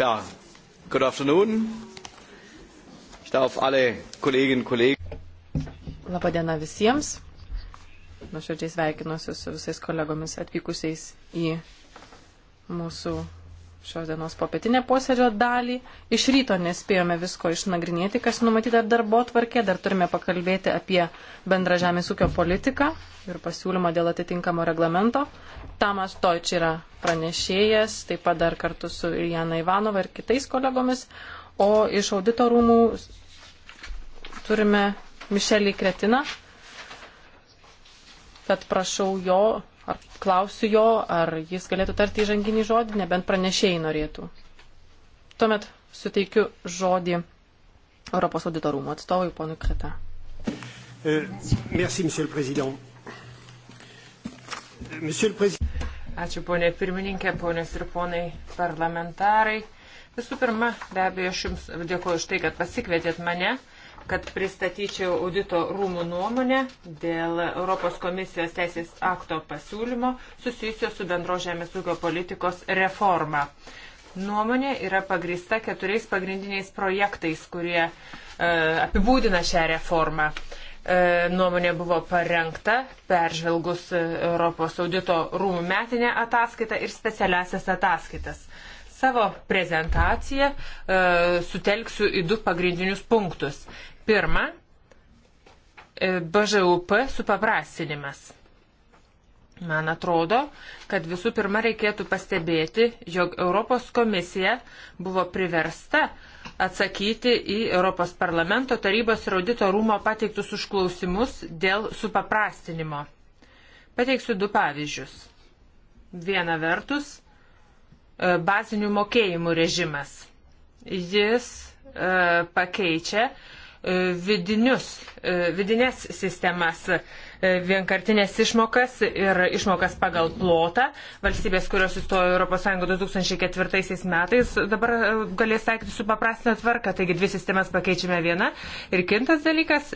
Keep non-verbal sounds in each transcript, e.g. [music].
Ja, good afternoon. Ich darf alle Kolleginnen und Kollegen. Labadiena visiems. Nuoširdžiai sveikinuosi su visais kolegomis atvykusiais į mūsų šios dienos popietinę posėdžio dalį. Iš ryto nespėjome visko išnagrinėti, kas numatyta darbo tvarkė. Dar turime pakalbėti apie bendrą žemės ūkio politiką ir pasiūlymą dėl atitinkamo reglamento. Tamas Toič yra pranešėjas, taip pat dar kartu su Jana Ivanova ir kitais kolegomis. O iš audito rūmų turime Mišelį Kretiną. Tad prašau jo klausiu jo, ar jis galėtų tarti įžanginį žodį, nebent pranešėjai norėtų. Tuomet suteikiu žodį Europos audito rūmų atstovui, ponui Kreta. Euh, Ačiū, ponė pirmininkė, ponės ir ponai parlamentarai. Visų pirma, be abejo, aš Jums dėkuoju už tai, kad pasikvietėt mane kad pristatyčiau audito rūmų nuomonę dėl Europos komisijos teisės akto pasiūlymo susijusio su bendro žemės ūkio politikos reforma. Nuomonė yra pagrįsta keturiais pagrindiniais projektais, kurie e, apibūdina šią reformą. E, nuomonė buvo parengta peržvelgus e, Europos audito rūmų metinę ataskaitą ir specialiasias ataskaitas savo prezentaciją e, sutelksiu į du pagrindinius punktus. Pirma, e, BŽUP supaprastinimas. Man atrodo, kad visų pirma reikėtų pastebėti, jog Europos komisija buvo priversta atsakyti į Europos parlamento tarybos ir audito rūmo pateiktus užklausimus dėl supaprastinimo. Pateiksiu du pavyzdžius. Viena vertus, e, bazinių mokėjimų režimas. Jis e, pakeičia E, vidinius, e, vidinės sistemas, e, vienkartinės išmokas ir išmokas pagal plotą. Valstybės, kurios įstojo ES 2004 metais, dabar galės taikyti su paprastinė tvarka, taigi dvi sistemas pakeičiame vieną. Ir kintas dalykas,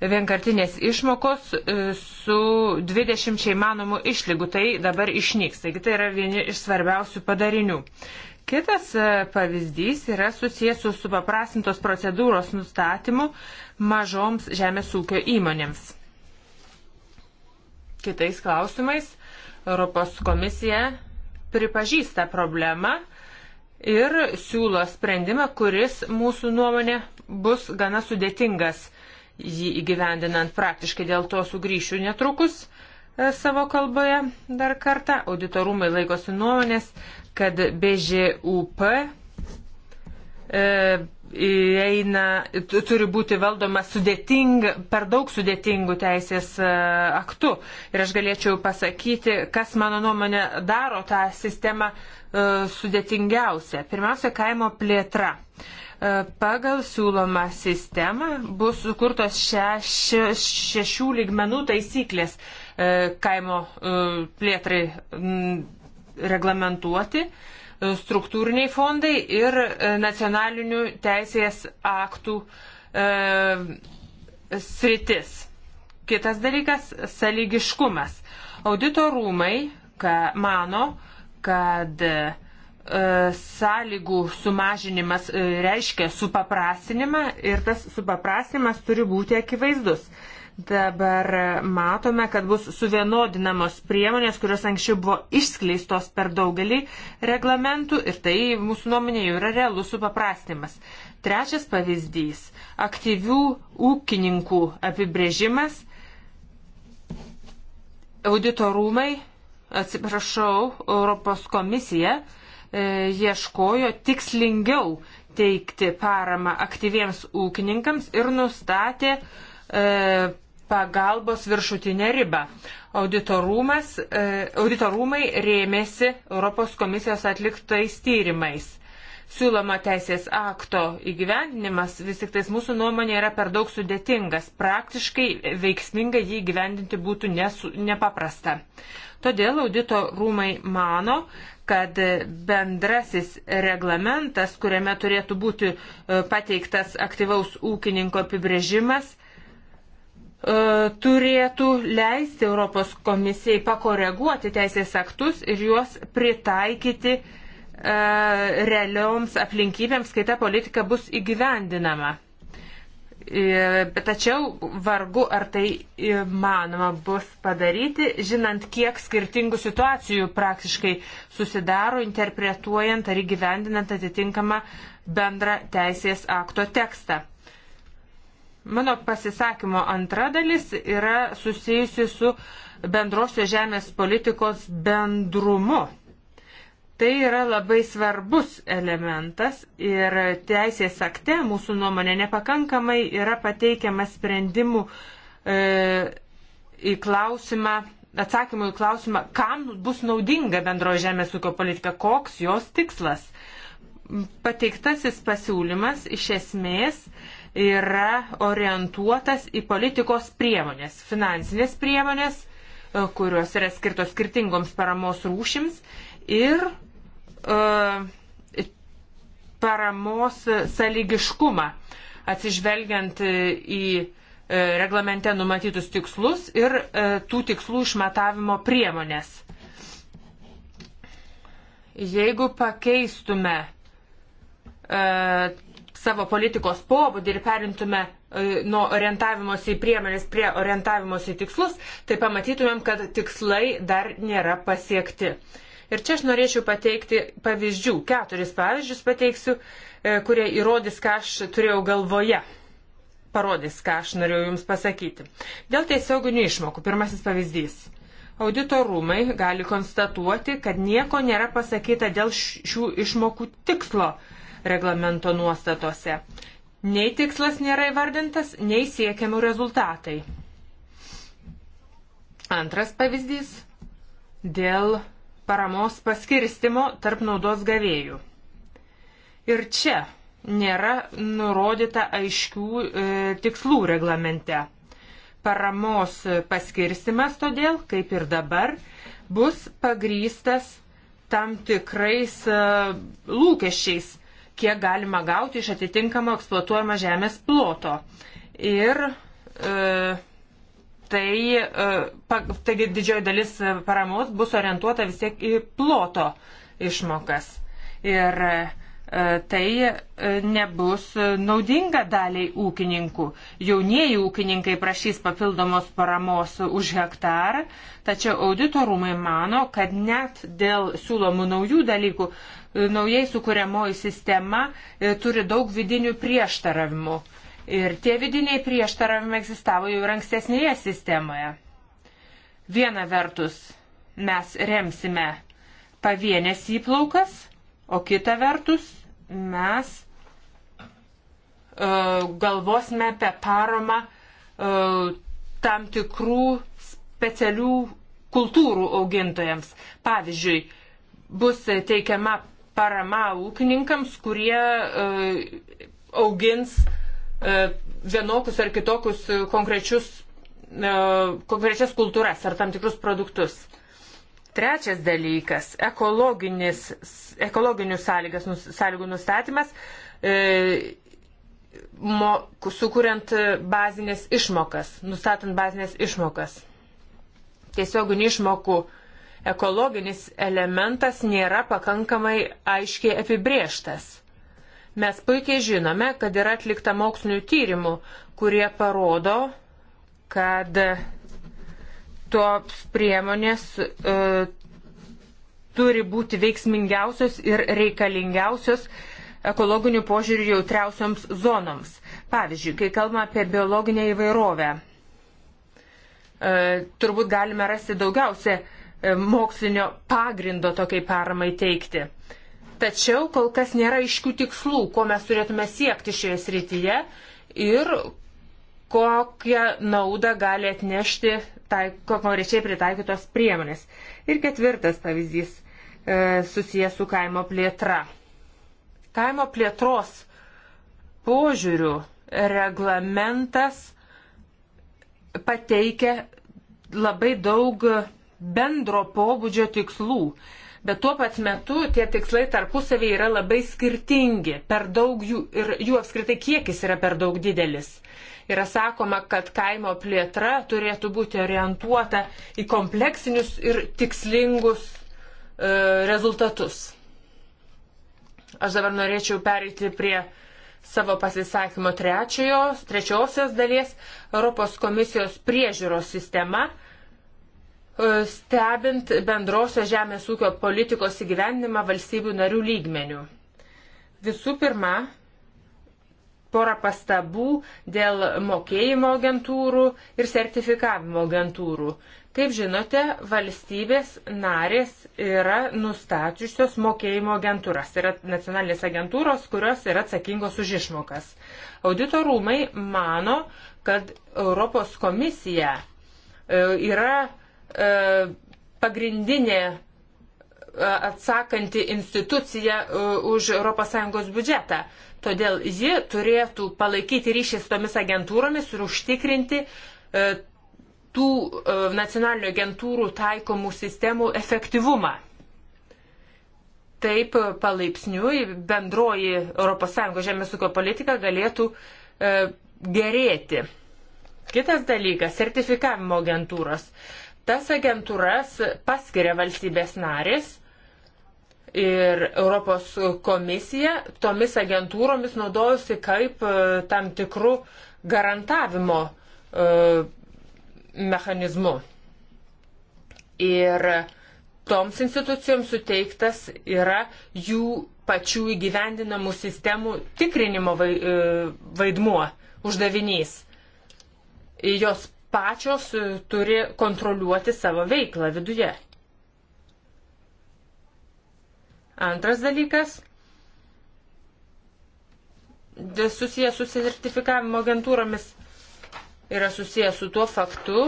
vienkartinės išmokos su 20 manomų išlygų, tai dabar išnyks. Taigi tai yra vieni iš svarbiausių padarinių. Kitas e, pavyzdys yra susijęs su supaprastintos procedūros nustatymu mažoms žemės ūkio įmonėms. Kitais klausimais Europos komisija pripažįsta problemą ir siūlo sprendimą, kuris mūsų nuomonė bus gana sudėtingas jį įgyvendinant praktiškai, dėl to sugrįšiu netrukus e, savo kalboje dar kartą. Auditorumai laikosi nuomonės, kad BŽUP e, įeina, turi būti valdoma sudėting, per daug sudėtingų teisės e, aktų. Ir aš galėčiau pasakyti, kas mano nuomonė daro tą sistemą e, sudėtingiausia. Pirmiausia, kaimo plėtra. Pagal siūlomą sistemą bus sukurtos šeš, šešių lygmenų taisyklės kaimo plėtrai mm, reglamentuoti e, struktūriniai fondai ir e, nacionalinių teisės aktų e, sritis. Kitas dalykas - saligiškumas. Audito rūmai ka, mano, kad e, sąlygų sumažinimas e, reiškia supaprastinimą ir tas supaprastinimas turi būti akivaizdus. E, Dabar matome, kad bus suvienodinamos priemonės, kurios anksčiau buvo išskleistos per daugelį reglamentų ir tai mūsų nuomonė jau yra realus supaprastimas. Trečias pavyzdys - aktyvių ūkininkų apibrėžimas. Auditorumai, atsiprašau, Europos komisija e, ieškojo tikslingiau teikti paramą aktyviems ūkininkams ir nustatė e, pagalbos viršutinę ribą. E, auditorumai rėmėsi Europos komisijos atliktais tyrimais. Siūloma teisės akto įgyvendinimas vis tik tais mūsų nuomonė yra per daug sudėtingas. Praktiškai veiksmingai jį įgyvendinti būtų nesu, nepaprasta. Todėl audito rūmai mano, kad bendrasis reglamentas, kuriame turėtų būti e, pateiktas aktyvaus ūkininko apibrėžimas, E, turėtų leisti Europos komisijai pakoreguoti teisės aktus ir juos pritaikyti e, realioms aplinkybėms, kai ta politika bus įgyvendinama. E, tačiau vargu ar tai įmanoma bus padaryti, žinant, kiek skirtingų situacijų praktiškai susidaro, interpretuojant ar įgyvendinant atitinkamą bendrą teisės akto tekstą. Mano pasisakymo antra dalis yra susijusi su bendrosios žemės politikos bendrumu. Tai yra labai svarbus elementas ir teisės akte mūsų nuomonė nepakankamai yra pateikiamas sprendimų e, į klausimą, atsakymų į klausimą, kam bus naudinga bendroji žemės ūkio politika, koks jos tikslas. Pateiktasis pasiūlymas iš esmės e, yra orientuotas į politikos priemonės, finansinės priemonės, e, kurios yra skirtos skirtingoms paramos rūšims ir e, paramos sąlygiškumą, atsižvelgiant į e, reglamente numatytus tikslus ir tų tikslų išmatavimo priemonės. Jeigu pakeistume savo politikos pobūdį ir perintume e, nuo orientavimosi į priemonės prie orientavimosi į tikslus, tai pamatytumėm, kad tikslai dar nėra pasiekti. Ir čia aš norėčiau pateikti pavyzdžių, keturis pavyzdžius pateiksiu, e, kurie įrodys, ką aš turėjau galvoje, parodys, ką aš norėjau Jums pasakyti. Dėl tiesioginių išmokų, pirmasis pavyzdys audito rūmai gali konstatuoti, kad nieko nėra pasakyta dėl šių išmokų tikslo reglamento nuostatose. Nei tikslas nėra įvardintas, nei siekiamų rezultatai. Antras pavyzdys - dėl paramos paskirstimo tarp naudos gavėjų. Ir čia nėra nurodyta aiškių e, tikslų reglamente. Paramos paskirstimas todėl, kaip ir dabar, bus pagrystas tam tikrais e, lūkesčiais kiek galima gauti iš atitinkamo eksploatuojamo žemės ploto. Ir e, tai, e, taigi didžioji dalis paramos bus orientuota vis tiek į ploto išmokas. Ir e, E, tai e, nebus naudinga daliai ūkininkų. Jaunieji ūkininkai prašys papildomos paramos už hektarą, tačiau auditorumai mano, kad net dėl siūlomų naujų dalykų e, naujai sukūriamoji sistema turi daug vidinių prieštaravimų. Ir tie vidiniai prieštaravimai egzistavo jau ir ankstesnėje sistemoje. Viena vertus, mes remsime pavienės įplaukas, O kita vertus, mes e, galvosime apie paramą e, tam tikrų specialių kultūrų augintojams. Pavyzdžiui, bus teikiama parama ūkininkams, kurie e, augins vienokius ar kitokius konkrečius, konkrečias kultūras ar tam tikrus produktus. Trečias dalykas - ekologinių sąlygas, sąlygų nustatymas, e, mo, sukuriant bazinės išmokas, nustatant bazinės išmokas. Tiesioginių išmokų ekologinis elementas nėra pakankamai aiškiai apibrieštas. Mes puikiai žinome, kad yra atlikta mokslinių tyrimų, kurie parodo, kad tos priemonės e, turi būti veiksmingiausios ir reikalingiausios ekologinių požiūrių jautriausioms zonoms. Pavyzdžiui, kai kalbame apie biologinę įvairovę, e, turbūt galime rasti daugiausia e, mokslinio pagrindo tokiai paramai teikti. Tačiau kol kas nėra iškių tikslų, ko mes turėtume siekti šioje srityje ir kokią naudą gali atnešti tai, konkrečiai pritaikytos priemonės. Ir ketvirtas pavyzdys e, susijęs su kaimo plėtra. Kaimo plėtros požiūrių reglamentas pateikia labai daug bendro pobūdžio tikslų, bet tuo pat metu tie tikslai tarpusavį yra labai skirtingi, per daug jų ir jų apskritai kiekis yra per daug didelis. E, Yra sakoma, kad kaimo plėtra turėtų būti orientuota į kompleksinius ir tikslingus e, rezultatus. Aš dabar norėčiau pereiti prie savo pasisakymo trečiojos, trečiosios dalies Europos komisijos priežiūros sistema e, stebint bendrosios žemės ūkio politikos įgyvendinimą valstybių narių lygmenių. Visų pirma, porą pastabų dėl mokėjimo agentūrų ir sertifikavimo agentūrų. Kaip žinote, valstybės narės yra nustačiusios mokėjimo agentūras. Tai yra nacionalinės agentūros, kurios yra atsakingos už išmokas. Audito rūmai mano, kad Europos komisija e, yra e, pagrindinė e, atsakanti institucija už ES biudžetą. Todėl ji turėtų palaikyti ryšį su tomis agentūromis ir užtikrinti e, tų e, nacionalinių agentūrų taikomų sistemų efektyvumą. Taip e, palaipsniui bendroji ES žemės ūkio politika galėtų gerėti. Kitas dalykas - sertifikavimo agentūros. Tas agentūras paskiria valstybės narės ir Europos komisija tomis agentūromis naudojusi kaip e, tam tikrų garantavimo e, mechanizmu. Ir toms institucijoms suteiktas yra jų pačių įgyvendinamų sistemų tikrinimo e, vaidmuo, uždavinys. Jos pačios turi kontroliuoti savo veiklą viduje. Antras dalykas susijęs su sertifikavimo agentūromis yra susijęs su tuo faktu,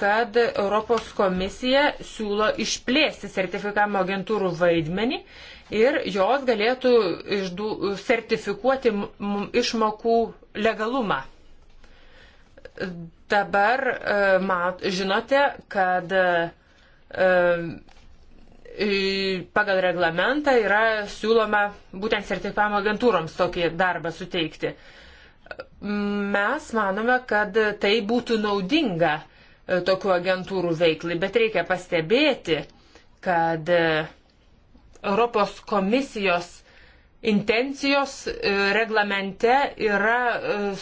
kad Europos komisija siūlo išplėsti sertifikavimo agentūrų vaidmenį ir jos galėtų išdu, sertifikuoti išmokų legalumą. Dabar e, mat, žinote, kad e, E, pagal reglamentą yra siūloma būtent sertifikavimo agentūroms tokį darbą suteikti. Mes manome, kad tai būtų naudinga e, tokių agentūrų veiklai, bet reikia pastebėti, kad e, Europos komisijos intencijos reglamente yra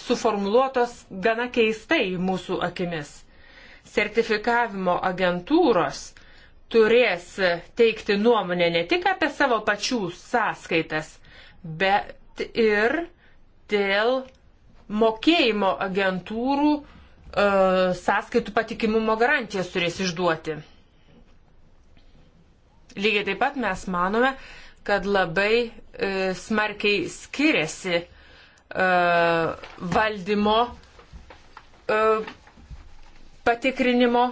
suformuluotos gana keistai mūsų akimis. Sertifikavimo agentūros turės teikti nuomonę ne tik apie savo pačių sąskaitas, bet ir dėl mokėjimo agentūrų e, sąskaitų patikimumo garantijas turės išduoti. Lygiai taip pat mes manome, kad labai e, smarkiai skiriasi e, valdymo e, patikrinimo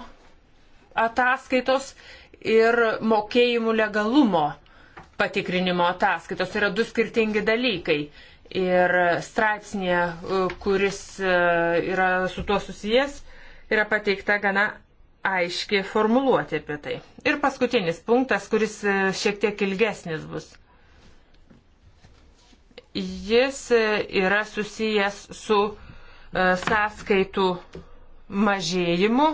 ataskaitos ir mokėjimų legalumo patikrinimo ataskaitos. Yra du skirtingi dalykai. Ir straipsnė, e, kuris e, yra su tuo susijęs, yra pateikta gana aiški formuluoti apie tai. Ir paskutinis punktas, kuris e, šiek tiek ilgesnis bus. Jis yra susijęs su sąskaitų mažėjimu,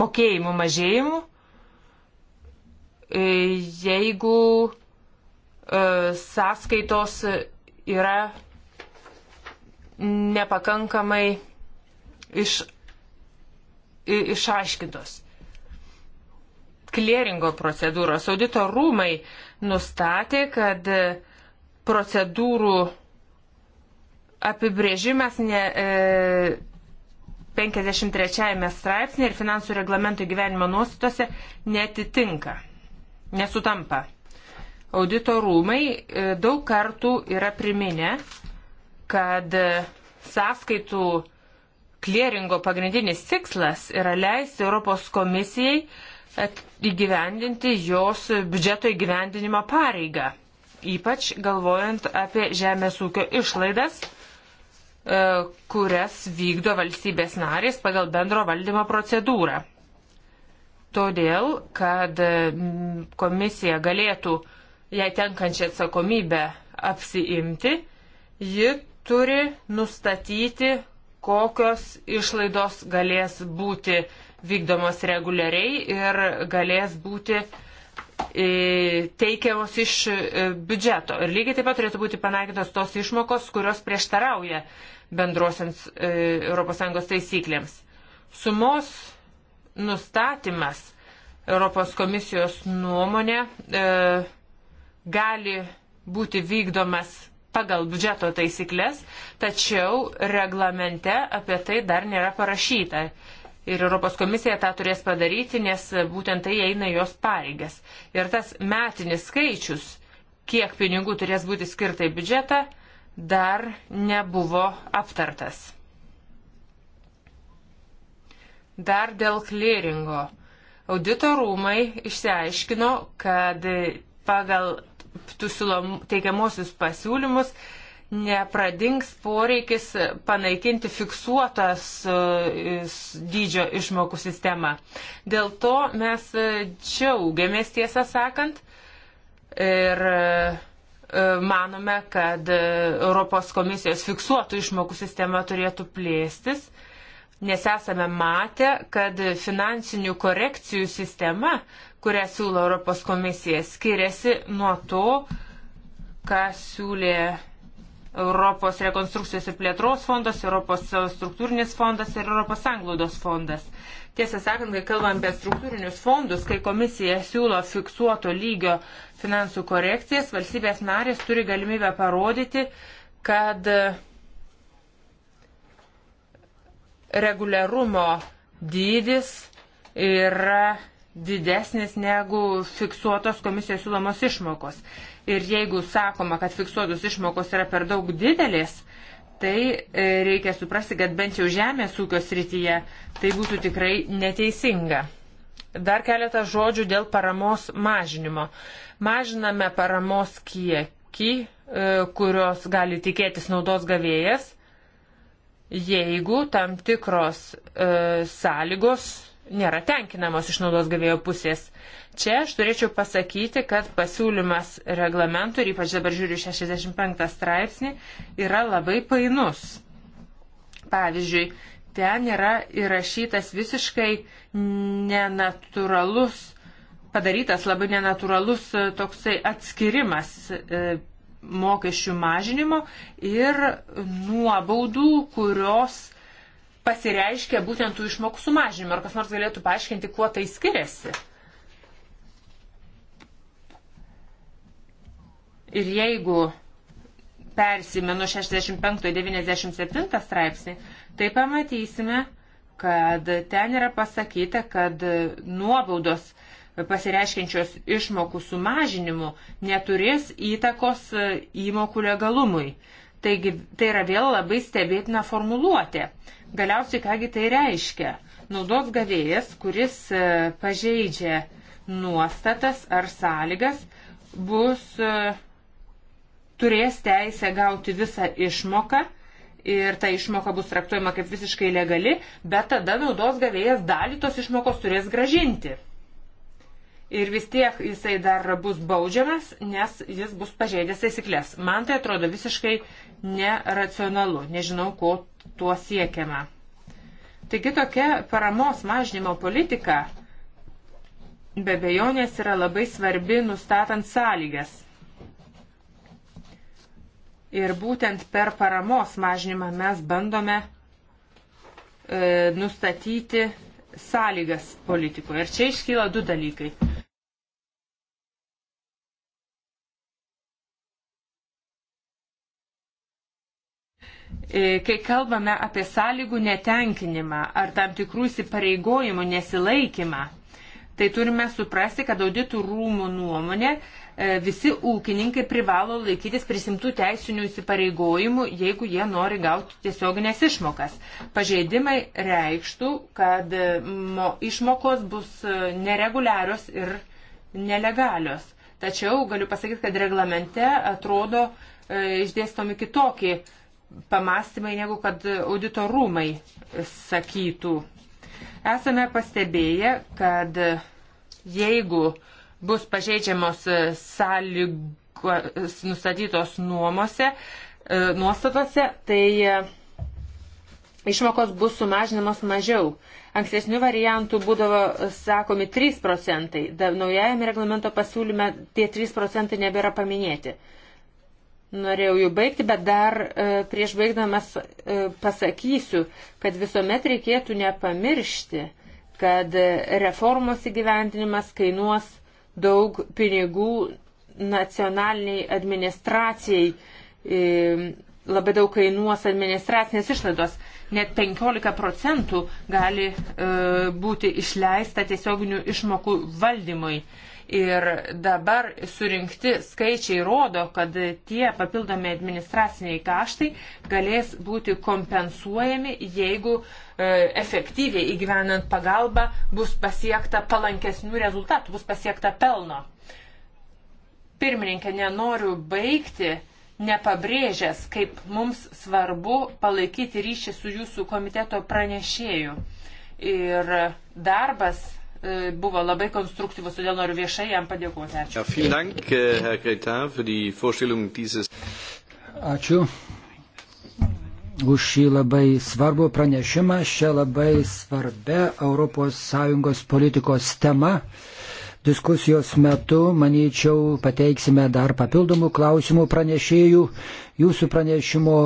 mokėjimų mažėjimu E, jeigu e, sąskaitos yra nepakankamai iš, išaiškintos. Klieringo procedūros audito rūmai nustatė, kad procedūrų apibrėžimas ne, e, 53 straipsnė ir finansų reglamento gyvenimo nuostatose netitinka nesutampa. Audito rūmai e, daug kartų yra priminę, kad e, sąskaitų klieringo pagrindinis tikslas yra leisti Europos komisijai e, įgyvendinti jos biudžeto įgyvendinimo pareigą, ypač galvojant apie žemės ūkio išlaidas, kurias vykdo valstybės narės pagal bendro valdymo procedūrą todėl, kad mm, komisija galėtų jai tenkančią atsakomybę apsiimti, ji turi nustatyti, kokios išlaidos galės būti vykdomos reguliariai ir galės būti e, teikiamos iš e, biudžeto. Ir lygiai taip pat turėtų būti panaikintos tos išmokos, kurios prieštarauja bendrosiams ES taisyklėms. Sumos nustatymas Europos komisijos nuomonė e, gali būti vykdomas pagal biudžeto taisyklės, tačiau reglamente apie tai dar nėra parašyta. Ir Europos komisija tą turės padaryti, nes būtent tai eina jos pareigas. Ir tas metinis skaičius, kiek pinigų turės būti skirta į biudžetą, dar nebuvo aptartas. Dar dėl klėringo. Audito rūmai išsiaiškino, kad pagal teikiamosius pasiūlymus nepradings poreikis panaikinti fiksuotas e, dydžio išmokų sistemą. Dėl to mes džiaugiamės tiesą sakant ir e, manome, kad e, Europos komisijos fiksuotų išmokų sistema turėtų plėstis nes esame matę, kad finansinių korekcijų sistema, kurią siūlo Europos komisija, skiriasi nuo to, ką siūlė Europos rekonstrukcijos ir plėtros fondas, Europos struktūrinis fondas ir Europos sanglaudos fondas. Tiesą sakant, kai kalbam apie struktūrinius fondus, kai komisija siūlo fiksuoto lygio finansų korekcijas, valstybės narės turi galimybę parodyti, kad uh, reguliarumo dydis yra didesnis negu fiksuotos komisijos siūlomos išmokos. Ir jeigu sakoma, kad fiksuotos išmokos yra per daug didelės, tai e, reikia suprasti, kad bent jau žemės ūkio srityje tai būtų tikrai neteisinga. Dar keletą žodžių dėl paramos mažinimo. Mažiname paramos kiekį, e, kurios gali tikėtis naudos gavėjas jeigu tam tikros e, sąlygos nėra tenkinamos iš naudos gavėjo pusės. Čia aš turėčiau pasakyti, kad pasiūlymas reglamentų, ir ypač dabar žiūriu 65 straipsnį, yra labai painus. Pavyzdžiui, ten yra įrašytas visiškai nenaturalus, padarytas labai nenaturalus e, toksai atskirimas e, mokesčių mažinimo ir nuobaudų, kurios pasireiškia būtent tų išmokų sumažinimo. Ar kas nors galėtų paaiškinti, kuo tai skiriasi? Ir jeigu persimenu 65-97 straipsnį, tai pamatysime, kad ten yra pasakyta, kad nuobaudos pasireiškiančios išmokų sumažinimu neturės įtakos e, įmokų legalumui. Taigi tai yra vėl labai stebėtina formuluotė. Galiausiai kągi tai reiškia? Naudos gavėjas, kuris e, pažeidžia nuostatas ar sąlygas, bus, e, turės teisę gauti visą išmoką ir ta išmoka bus traktuojama kaip visiškai legali, bet tada naudos gavėjas dalį tos išmokos turės gražinti ir vis tiek jisai dar bus baudžiamas, nes jis bus pažeidęs taisyklės. Man tai atrodo visiškai neracionalu, nežinau, ko tuo siekiama. Taigi tokia paramos mažnymo politika be bejonės yra labai svarbi nustatant sąlygas. Ir būtent per paramos mažinimą mes bandome e, nustatyti sąlygas politikoje. Ir čia iškyla du dalykai. E, kai kalbame apie sąlygų netenkinimą ar tam tikrų įsipareigojimų nesilaikymą, tai turime suprasti, kad auditų rūmų nuomonė e, visi ūkininkai privalo laikytis prisimtų teisinių įsipareigojimų, jeigu jie nori gauti tiesioginės išmokas. Pažeidimai reikštų, kad e, išmokos bus nereguliarios ir nelegalios. Tačiau galiu pasakyti, kad reglamente atrodo išdėstomi kitokie pamastymai, negu kad auditorumai sakytų. Esame pastebėję, kad jeigu bus pažeidžiamos sąlygos nustatytos nuomose, e, nuostatose, tai e, išmokos bus sumažinamos mažiau. Ankstesnių variantų būdavo sakomi 3 procentai, naujajame reglamento pasiūlyme tie 3 procentai nebėra paminėti. Norėjau jų baigti, bet dar e, prieš baigdamas e, pasakysiu, kad visuomet reikėtų nepamiršti, kad e, reformos įgyventinimas kainuos daug pinigų nacionaliniai administracijai, labai daug kainuos administracinės išlaidos. Net 15 procentų gali būti išleista tiesioginių išmokų valdymui. Ir dabar surinkti skaičiai rodo, kad tie papildomi administraciniai kaštai galės būti kompensuojami, jeigu e, efektyviai įgyvenant pagalbą bus pasiekta palankesnių rezultatų, bus pasiekta pelno. Pirmininkė, nenoriu baigti nepabrėžęs, kaip mums svarbu palaikyti ryšį su jūsų komiteto pranešėju. Ir darbas E, buvo labai konstruktyvus, todėl noriu viešai jam padėkoti. Ačiū. Äh, Ačiū už šį labai svarbų pranešimą, šią labai svarbę ES politikos temą. Diskusijos metu, manyčiau, pateiksime dar papildomų klausimų pranešėjų. Jūsų pranešimo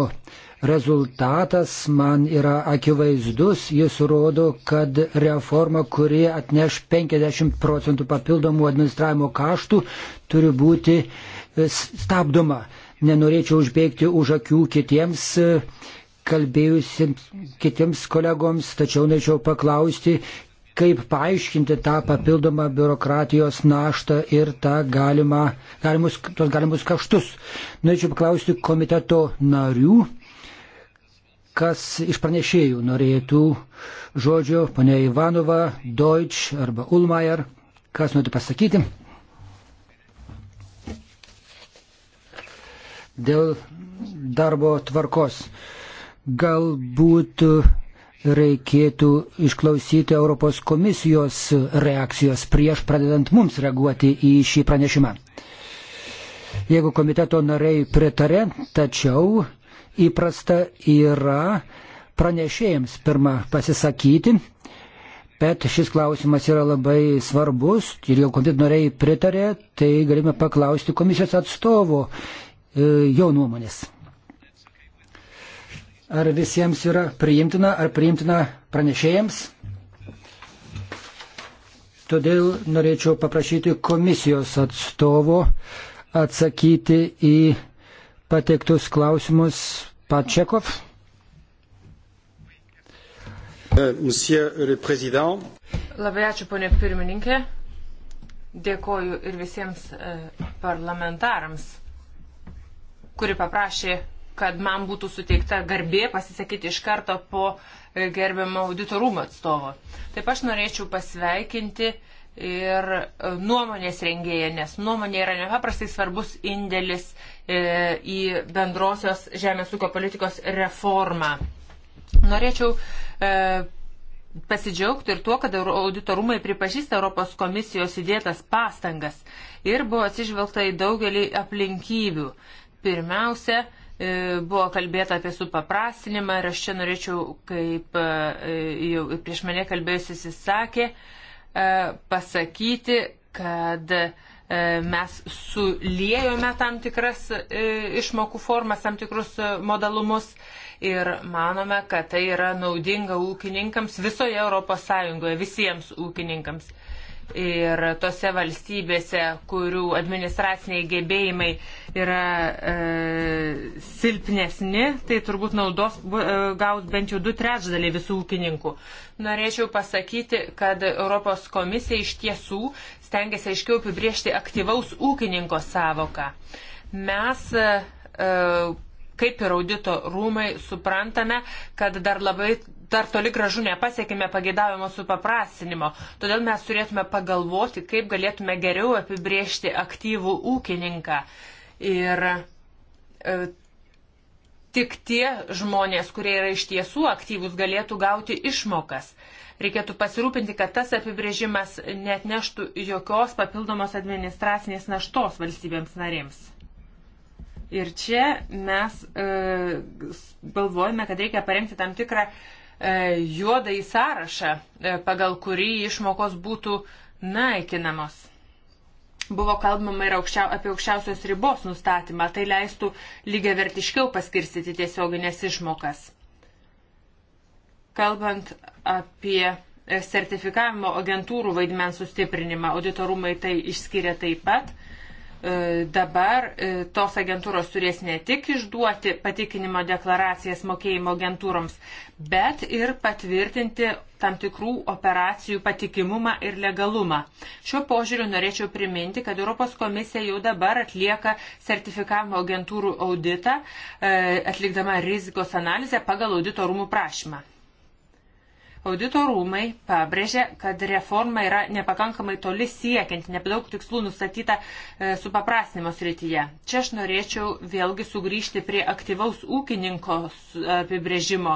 rezultatas man yra akivaizdus, jis rodo, kad reforma, kuri atneš 50 procentų papildomų administravimo kaštų, turi būti e, stabdoma. Nenorėčiau užbėgti už akių kitiems e, kalbėjusiems kitiems kolegoms, tačiau norėčiau paklausti, kaip paaiškinti tą papildomą biurokratijos naštą ir tą galima, galimus, tos galimus kaštus. Norėčiau paklausti komiteto narių kas iš pranešėjų norėtų žodžio, ponia Ivanova, Deutsch arba Ulmayer, kas norėtų pasakyti? Dėl darbo tvarkos. Galbūt reikėtų išklausyti Europos komisijos reakcijos prieš pradedant mums reaguoti į šį pranešimą. Jeigu komiteto nariai pritarė, tačiau įprasta yra pranešėjams pirmą pasisakyti, bet šis klausimas yra labai svarbus ir jau komiteto nariai pritarė, tai galime paklausti komisijos atstovo e, jo nuomonės. Ar visiems yra priimtina, ar priimtina pranešėjams? Todėl norėčiau paprašyti komisijos atstovo atsakyti į pateiktus klausimus Pačekov. Labai ačiū, ponė pirmininkė. Dėkoju ir visiems e, parlamentarams, kuri paprašė, kad man būtų suteikta garbė pasisakyti iš karto po e, gerbiamo auditorumo atstovo. Taip aš norėčiau pasveikinti ir e, nuomonės rengėja, nes nuomonė yra nepaprastai svarbus indėlis E, į bendrosios žemės ūkio politikos reformą. Norėčiau e, pasidžiaugti ir tuo, kad auditorumai pripažįsta Europos komisijos įdėtas pastangas ir buvo atsižvelgta į daugelį aplinkybių. Pirmiausia, e, buvo kalbėta apie supaprastinimą ir aš čia norėčiau, kaip jau prieš mane kalbėjusis įsakė, pasakyti, kad uh, E, mes suliejome tam tikras e, išmokų formas, tam tikrus e, modalumus ir manome, kad tai yra naudinga ūkininkams visoje ES, visiems ūkininkams ir tose valstybėse, kurių administraciniai gebėjimai yra e, silpnesni, tai turbūt naudos e, gaus bent jau du trečdaliai visų ūkininkų. Norėčiau pasakyti, kad Europos komisija iš tiesų stengiasi aiškiau apibriežti aktyvaus ūkininko savoką. Mes e, e kaip ir audito rūmai suprantame, kad dar labai dar toli gražu nepasiekime pageidavimo supaprastinimo. Todėl mes turėtume pagalvoti, kaip galėtume geriau apibriežti aktyvų ūkininką. Ir e, tik tie žmonės, kurie yra iš tiesų aktyvūs, galėtų gauti išmokas. Reikėtų pasirūpinti, kad tas apibrėžimas net neštų jokios papildomos administracinės naštos valstybėms narėms. Ir čia mes e, galvojame, kad reikia parengti tam tikrą E, juodai sąrašą, e, pagal kurį išmokos būtų naikinamos. Buvo kalbama ir aukščiau, apie aukščiausios ribos nustatymą, tai leistų lygiai vertiškiau paskirstyti tiesioginės išmokas. Kalbant apie e, sertifikavimo agentūrų vaidmens sustiprinimą, auditorumai tai išskiria taip pat E, dabar e, tos agentūros turės ne tik išduoti patikinimo deklaracijas mokėjimo agentūroms, bet ir patvirtinti tam tikrų operacijų patikimumą ir legalumą. Šiuo požiūriu norėčiau priminti, kad Europos komisija jau dabar atlieka sertifikavimo agentūrų auditą, e, atlikdama rizikos analizę pagal audito rūmų prašymą. Auditorumai pabrėžė, kad reforma yra nepakankamai toli siekianti, nebedaug tikslų nustatyta e, su paprasnimo srityje. Čia aš norėčiau vėlgi sugrįžti prie aktyvaus ūkininko apibrėžimo.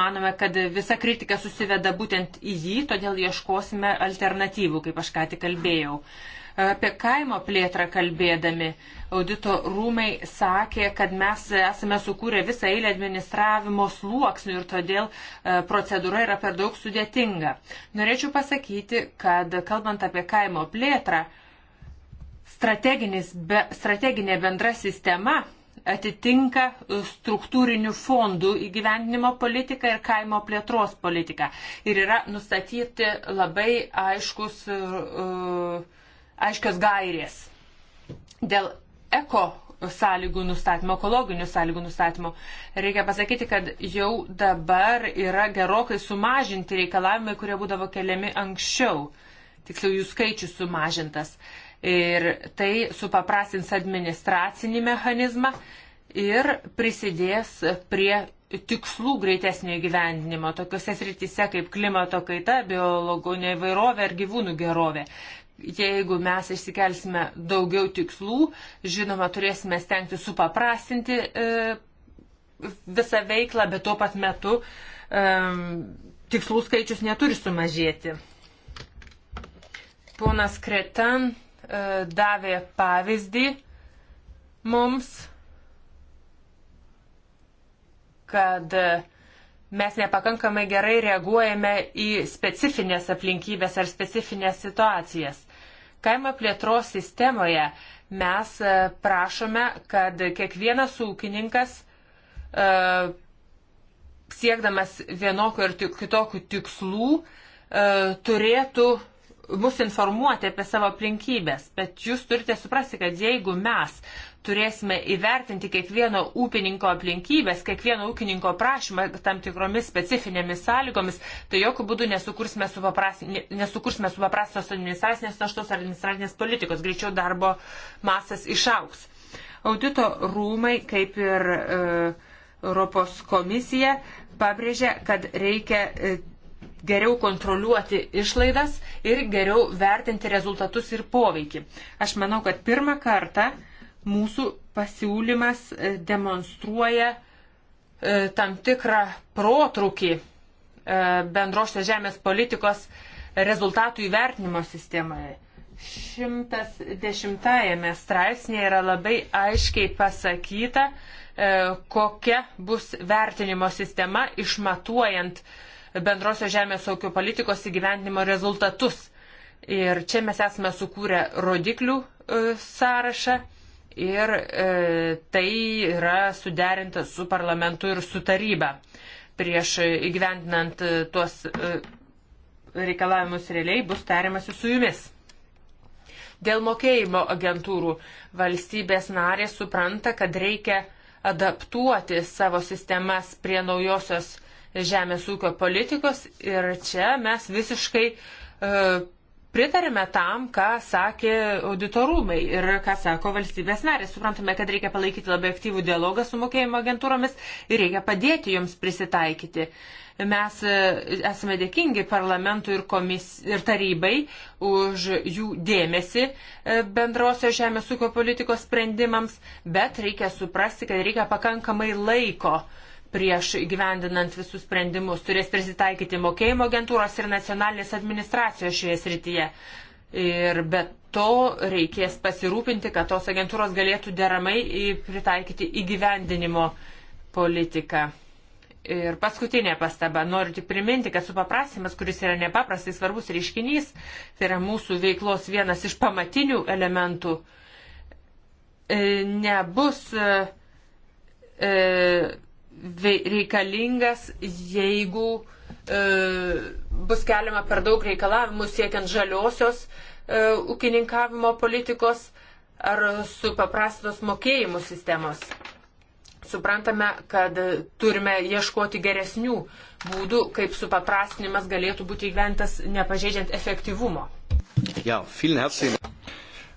Manome, kad visa kritika susiveda būtent į jį, todėl ieškosime alternatyvų, kaip aš ką tik kalbėjau. E, Apie kaimo plėtrą kalbėdami, audito rūmai sakė, kad mes esame sukūrę visą eilę administravimo sluoksnių ir todėl e, procedūra yra per daug sudėtinga. Norėčiau pasakyti, kad kalbant apie kaimo plėtrą, be, strateginė bendra sistema atitinka struktūrinių fondų įgyvendinimo politiką ir kaimo plėtros politiką. Ir yra nustatyti labai aiškus uh, aiškios gairės dėl eko sąlygų nustatymo, ekologinių sąlygų nustatymo. Reikia pasakyti, kad jau dabar yra gerokai sumažinti reikalavimai, kurie būdavo keliami anksčiau. Tiksliau, jų skaičius sumažintas. Ir tai supaprastins administracinį mechanizmą ir prisidės prie tikslų greitesnio įgyvendinimo tokiuose srityse kaip klimato kaita, biologinė įvairovė ir gyvūnų gerovė jeigu mes išsikelsime daugiau tikslų, žinoma, turėsime stengti supaprastinti e, visą veiklą, bet tuo pat metu e, tikslų skaičius neturi sumažėti. Ponas Kretan e, davė pavyzdį mums, kad e, mes nepakankamai gerai reaguojame į specifines aplinkybės ar specifines situacijas. Kaimo plėtros sistemoje mes e, prašome, kad kiekvienas ūkininkas e, siekdamas vienokių ir kitokių tikslų e, turėtų mus informuoti apie savo aplinkybės, bet jūs turite suprasti, kad jeigu mes turėsime įvertinti kiekvieno ūkininko aplinkybės, kiekvieno ūkininko prašymą tam tikromis specifinėmis sąlygomis, tai jokių būdų nesukursime supaprastos administracinės naštos ar administracinės politikos, greičiau darbo masas išauks. Audito rūmai, kaip ir e, Europos komisija, pabrėžia, kad reikia. E, geriau kontroliuoti išlaidas ir geriau vertinti rezultatus ir poveikį. Aš manau, kad pirmą kartą e, Mūsų pasiūlymas e, demonstruoja e, tam tikrą protrukį e, bendrošios žemės politikos rezultatų įvertinimo sistemoje. 110 straipsnėje yra labai aiškiai pasakyta, kokia bus vertinimo sistema išmatuojant bendrosios žemės aukio politikos įgyvendinimo rezultatus. Ir čia mes esame sukūrę rodiklių sąrašą ir e, tai yra suderinta su parlamentu ir su taryba. Prieš įgyvendinant e, tuos e, reikalavimus realiai bus tariamasi su jumis. Dėl mokėjimo agentūrų valstybės narės supranta, kad reikia adaptuoti savo sistemas prie naujosios žemės ūkio politikos ir čia mes visiškai e, pritarėme tam, ką sakė auditorumai ir ką sako valstybės narės. Suprantame, kad reikia palaikyti labai aktyvų dialogą su mokėjimo agentūromis ir reikia padėti joms prisitaikyti. Mes e, esame dėkingi parlamentui ir, komis, ir tarybai už jų dėmesį e, bendrosios žemės ūkio politikos sprendimams, bet reikia suprasti, kad reikia pakankamai laiko uh, prieš gyvendinant visus sprendimus. Turės prisitaikyti mokėjimo agentūros ir nacionalinės administracijos šioje srityje. Ir be to reikės pasirūpinti, kad tos agentūros galėtų deramai pritaikyti įgyvendinimo politiką. Ir paskutinė pastaba. Noriu tik priminti, kad supaprastinimas, kuris yra nepaprastai svarbus reiškinys, tai yra mūsų veiklos vienas iš pamatinių elementų, e, nebus e, e, reikalingas, jeigu e, bus keliama per daug reikalavimų siekiant žaliosios e, ūkininkavimo politikos ar supaprastos mokėjimų sistemos. Suprantame, kad turime ieškoti geresnių būdų, kaip supaprastinimas galėtų būti įgyventas nepažeidžiant efektyvumo. Ja,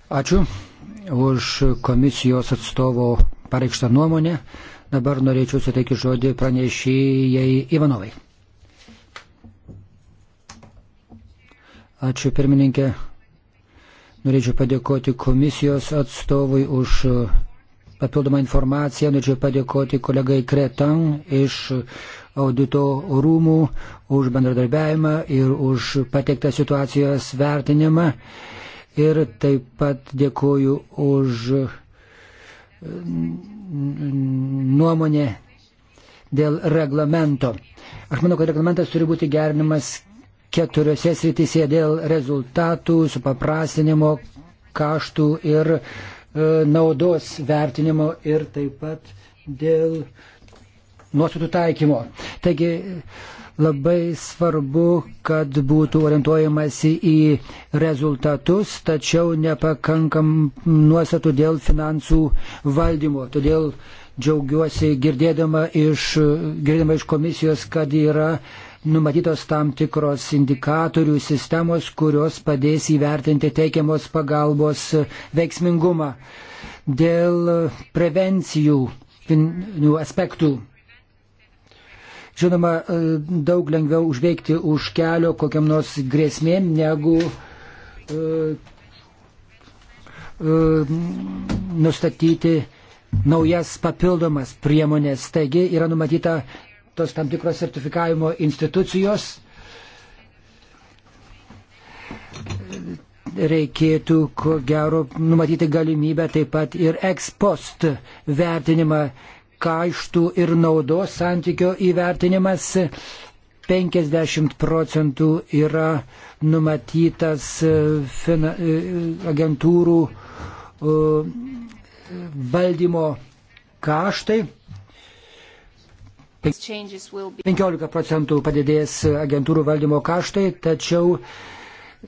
Ačiū už komisijos atstovo pareikštą nuomonę. Dabar norėčiau suteikti žodį pranešėjai Ivanovai. Ačiū pirmininkė. Norėčiau padėkoti komisijos atstovui už papildomą informaciją. Norėčiau padėkoti kolegai Kretan iš audito rūmų už bendradarbiavimą ir už pateiktą situacijos vertinimą. Ir taip pat dėkoju už nuomonė dėl reglamento. Aš manau, kad reglamentas turi būti gerinamas keturiose srityse dėl rezultatų, supaprastinimo, kaštų ir e, naudos vertinimo ir taip pat dėl nuostatų taikymo. Taigi Labai svarbu, kad būtų orientuojamasi į rezultatus, tačiau nepakankam nuostatų dėl finansų valdymo. Todėl džiaugiuosi girdėdama iš, girdėdama iš komisijos, kad yra numatytos tam tikros indikatorių sistemos, kurios padės įvertinti teikiamos pagalbos veiksmingumą. Dėl prevencijų aspektų žinoma, e, daug lengviau užveikti už kelio kokiam nors grėsmėm negu uh, uh, nustatyti naujas papildomas priemonės. Taigi yra numatyta tos tam tikros sertifikavimo institucijos. Reikėtų, ko gero, numatyti galimybę taip pat ir ex post vertinimą kaštų ir naudos santykio įvertinimas. 50 procentų yra numatytas e, fina, e, agentūrų e, valdymo kaštai. 15 procentų padidės agentūrų valdymo kaštai, tačiau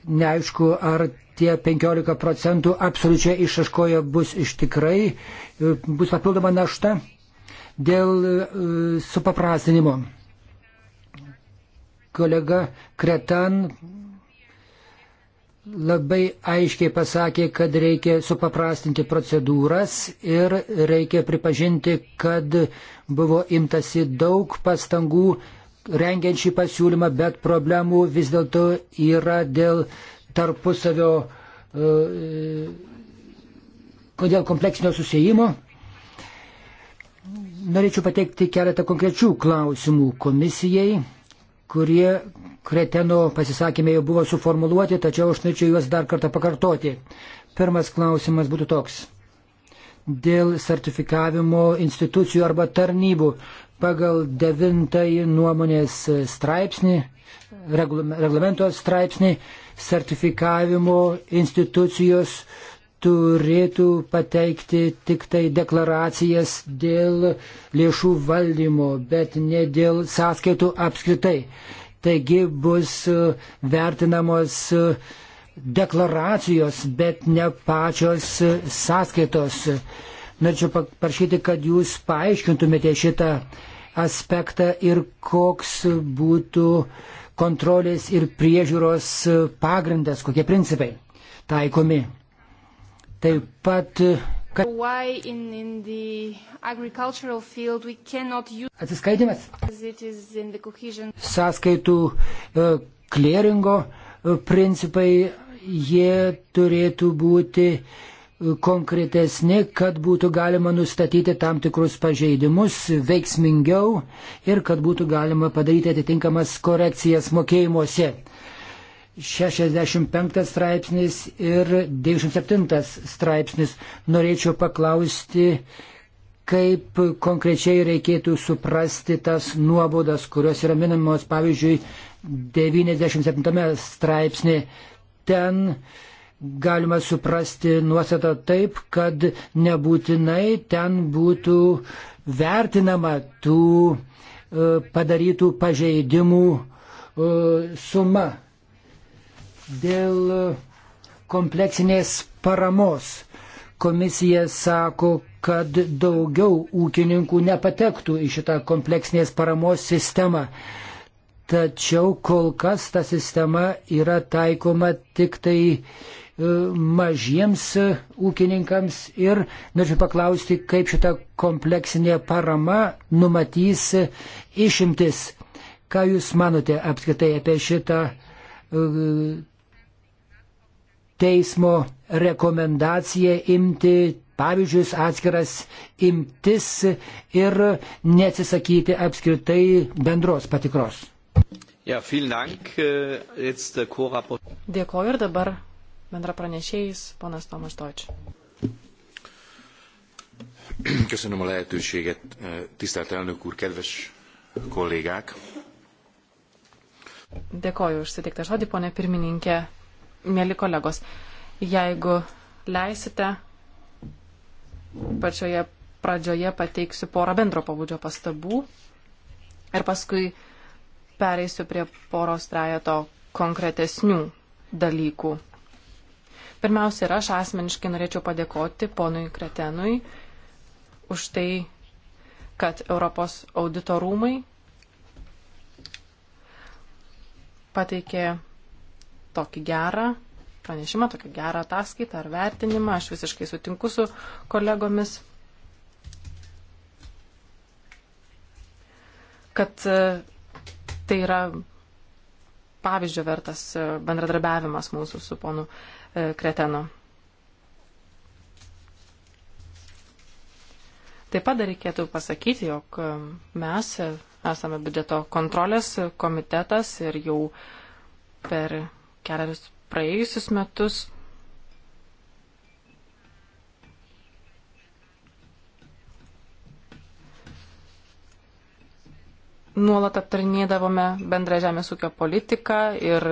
neaišku, ar tie 15 procentų absoliučiai išaškoja bus iš tikrai, bus papildoma našta. Dėl e, supaprastinimo. Kolega Kretan labai aiškiai pasakė, kad reikia supaprastinti procedūras ir reikia pripažinti, kad buvo imtasi daug pastangų rengiant šį pasiūlymą, bet problemų vis dėlto yra dėl tarpusavio, e, dėl kompleksinio susijimo norėčiau pateikti keletą konkrečių klausimų komisijai, kurie Kreteno pasisakymė jau buvo suformuluoti, tačiau aš norėčiau juos dar kartą pakartoti. Pirmas klausimas būtų toks. Dėl sertifikavimo institucijų arba tarnybų pagal devintąjį nuomonės straipsnį, reglamento straipsnį, sertifikavimo institucijos uh, turėtų pateikti tik tai deklaracijas dėl lėšų valdymo, bet ne dėl sąskaitų apskritai. Taigi bus e, vertinamos e, deklaracijos, bet ne pačios e, sąskaitos. Norėčiau paprašyti, kad jūs paaiškintumėte šitą aspektą ir koks būtų kontrolės ir priežiūros pagrindas, kokie principai taikomi. Taip pat. Kad... In, in use... Atsiskaitimas. Sąskaitų kleringo e, e, principai, jie turėtų būti e, konkretesni, kad būtų galima nustatyti tam tikrus pažeidimus veiksmingiau ir kad būtų galima padaryti atitinkamas korekcijas mokėjimuose. 65 straipsnis ir 97 straipsnis. Norėčiau paklausti, kaip konkrečiai reikėtų suprasti tas nuobodas, kurios yra minimos, pavyzdžiui, 97 straipsnė. Ten galima suprasti nuostatą taip, kad nebūtinai ten būtų vertinama tų e, padarytų pažeidimų e, suma Dėl kompleksinės paramos komisija sako, kad daugiau ūkininkų nepatektų į šitą kompleksinės paramos sistemą. Tačiau kol kas ta sistema yra taikoma tik tai e, mažiems e, ūkininkams ir norėčiau paklausti, kaip šita kompleksinė parama numatys e, išimtis. Ką Jūs manote apskritai apie šitą teismo rekomendacija imti pavyzdžius atskiras imtis ir neatsisakyti apskritai bendros patikros. Ja, dank, äh, Dėkoju ir dabar bendra pranešėjais, ponas Tomas Toč. Köszönöm a lehetőséget, äh, tisztelt elnök úr, kedves kollégák! Dėkoju už sutiktą žodį, ponė pirmininkė, Mėly kolegos, jeigu leisite, pačioje pradžioje pateiksiu porą bendro pabudžio pastabų ir paskui pereisiu prie poros trejato konkretesnių dalykų. Pirmiausia, ir aš asmeniškai norėčiau padėkoti ponui Kretenui už tai, kad Europos auditorumai pateikė tokį gerą pranešimą, tokią gerą ataskaitą ar vertinimą. Aš visiškai sutinku su kolegomis, kad e, tai yra pavyzdžio vertas e, bendradarbiavimas mūsų su ponu e, Kretenu. Taip pat dar reikėtų pasakyti, jog mes esame biudžeto kontrolės komitetas ir jau per keliarius praėjusius metus. Nuolat aptarinėdavome bendrą žemės ūkio politiką ir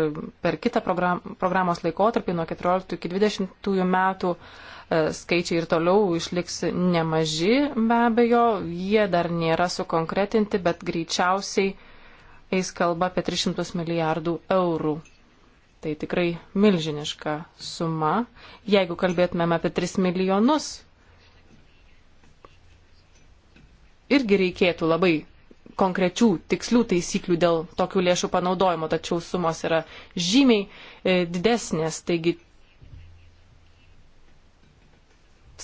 per kitą program, programos laikotarpį nuo 14 iki 20 metų e, skaičiai ir toliau išliks nemaži be abejo, jie dar nėra sukonkretinti, bet greičiausiai eis kalba apie 300 milijardų eurų Tai tikrai milžiniška suma. Jeigu kalbėtumėm apie 3 milijonus, irgi reikėtų labai konkrečių tikslių taisyklių dėl tokių lėšų panaudojimo, tačiau sumos yra žymiai e, didesnės. Taigi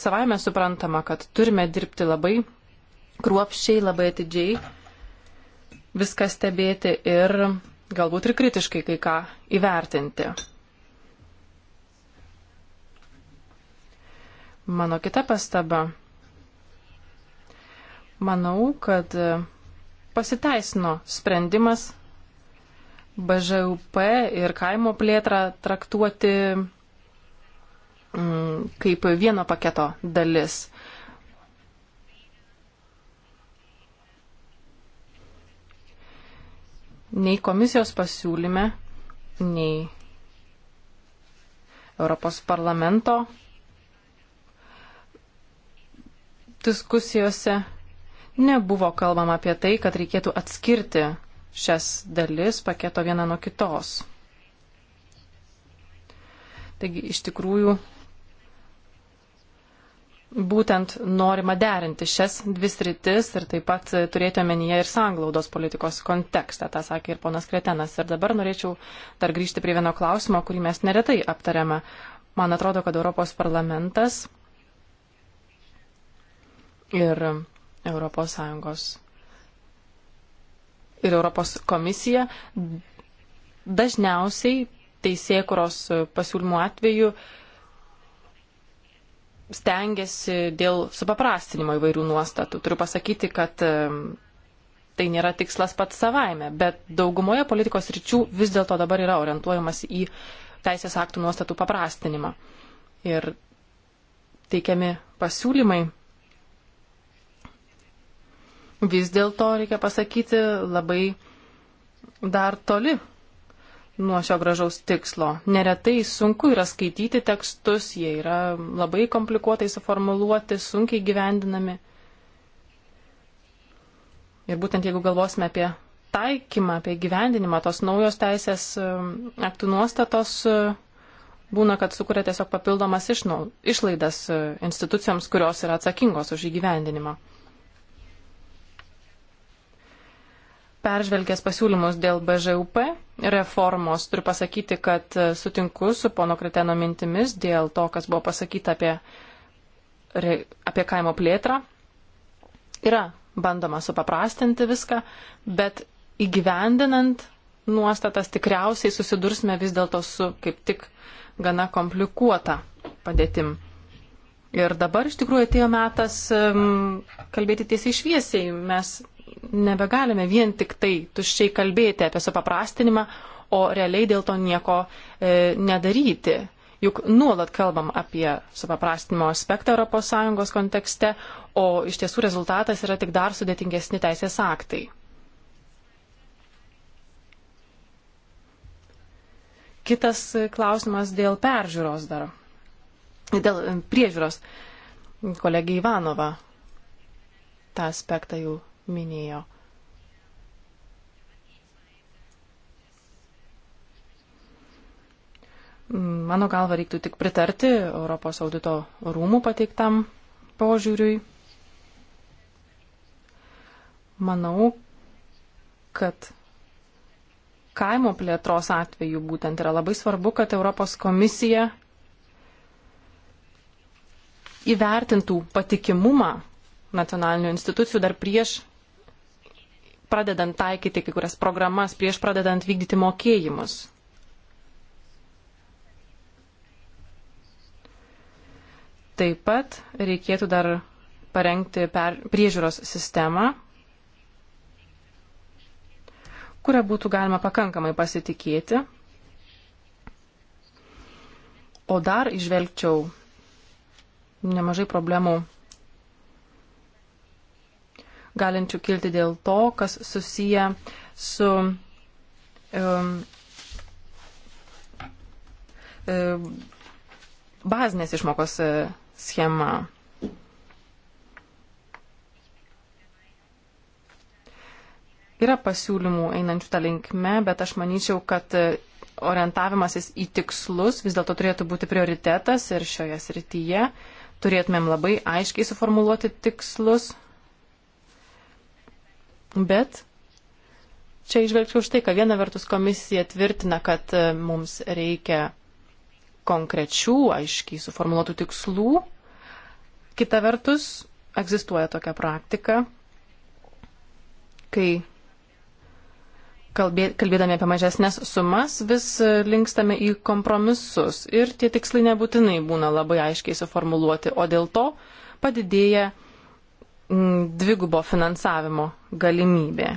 savaime suprantama, kad turime dirbti labai kruopščiai, labai atidžiai, viską stebėti ir galbūt ir kritiškai kai ką įvertinti. Mano kita pastaba. Manau, kad pasiteisino sprendimas BŽUP ir kaimo plėtrą traktuoti mm, kaip vieno paketo dalis. nei komisijos pasiūlyme, nei Europos parlamento diskusijose nebuvo kalbama apie tai, kad reikėtų atskirti šias dalis paketo vieną nuo kitos. Taigi iš tikrųjų būtent norima derinti šias dvi sritis ir taip pat e, turėti omenyje ir sanglaudos politikos kontekstą, tą sakė ir ponas Kretenas. Ir dabar norėčiau dar grįžti prie vieno klausimo, kurį mes neretai aptariame. Man atrodo, kad Europos parlamentas ir Europos Sąjungos ir Europos komisija dažniausiai teisėkuros pasiūlymų atveju uh, stengiasi dėl supaprastinimo įvairių nuostatų. Turiu pasakyti, kad tai nėra tikslas pats savaime, bet daugumoje politikos ryčių vis dėlto dabar yra orientuojamas į teisės aktų nuostatų paprastinimą. Ir teikiami pasiūlymai vis dėlto, reikia pasakyti, labai dar toli nuo šio gražaus tikslo. Neretai sunku yra skaityti tekstus, jie yra labai komplikuotai suformuluoti, sunkiai gyvendinami. Ir būtent jeigu galvosime apie taikymą, apie gyvendinimą, tos naujos teisės um, aktų nuostatos uh, būna, kad sukuria tiesiog papildomas išnau, išlaidas uh, institucijoms, kurios yra atsakingos už įgyvendinimą. peržvelgęs pasiūlymus dėl BŽUP reformos, turiu pasakyti, kad e, sutinku su pono Kreteno mintimis dėl to, kas buvo pasakyta apie, apie kaimo plėtrą. Yra bandoma supaprastinti viską, bet įgyvendinant nuostatas tikriausiai susidursime vis dėlto su kaip tik gana komplikuota padėtim. Ir dabar iš tikrųjų atėjo metas um, kalbėti tiesiai šviesiai. Mes nebegalime vien tik tai tuščiai kalbėti apie supaprastinimą, o realiai dėl to nieko e, nedaryti. Juk nuolat kalbam apie supaprastinimo aspektą ES kontekste, o iš tiesų rezultatas yra tik dar sudėtingesni teisės aktai. Kitas klausimas dėl peržiūros dar. Dėl e, priežiūros. Kolegija Ivanova tą aspektą jau minėjo. Mano galva reiktų tik pritarti Europos audito rūmų pateiktam požiūriui. Manau, kad kaimo plėtros atveju būtent yra labai svarbu, kad Europos komisija įvertintų patikimumą nacionalinių institucijų dar prieš pradedant taikyti kai kurias programas, prieš pradedant vykdyti mokėjimus. Taip pat reikėtų dar parengti per priežiūros sistemą, kurią būtų galima pakankamai pasitikėti. O dar išvelgčiau nemažai problemų galinčių kilti dėl to, kas susiję su um, um, bazinės išmokos e, schema. Yra pasiūlymų einančių tą linkme, bet aš manyčiau, kad e, orientavimasis į tikslus vis dėlto turėtų būti prioritetas ir šioje srityje turėtumėm labai aiškiai suformuluoti tikslus Bet čia išvelgčiau štai, kad viena vertus komisija tvirtina, kad e, mums reikia konkrečių, aiškiai suformuoluotų tikslų. Kita vertus, egzistuoja tokia praktika, kai kalbėdami apie mažesnės sumas vis e, linkstame į kompromisus ir tie tikslai nebūtinai būna labai aiškiai suformuoluoti, o dėl to padidėja dvigubo finansavimo galimybė.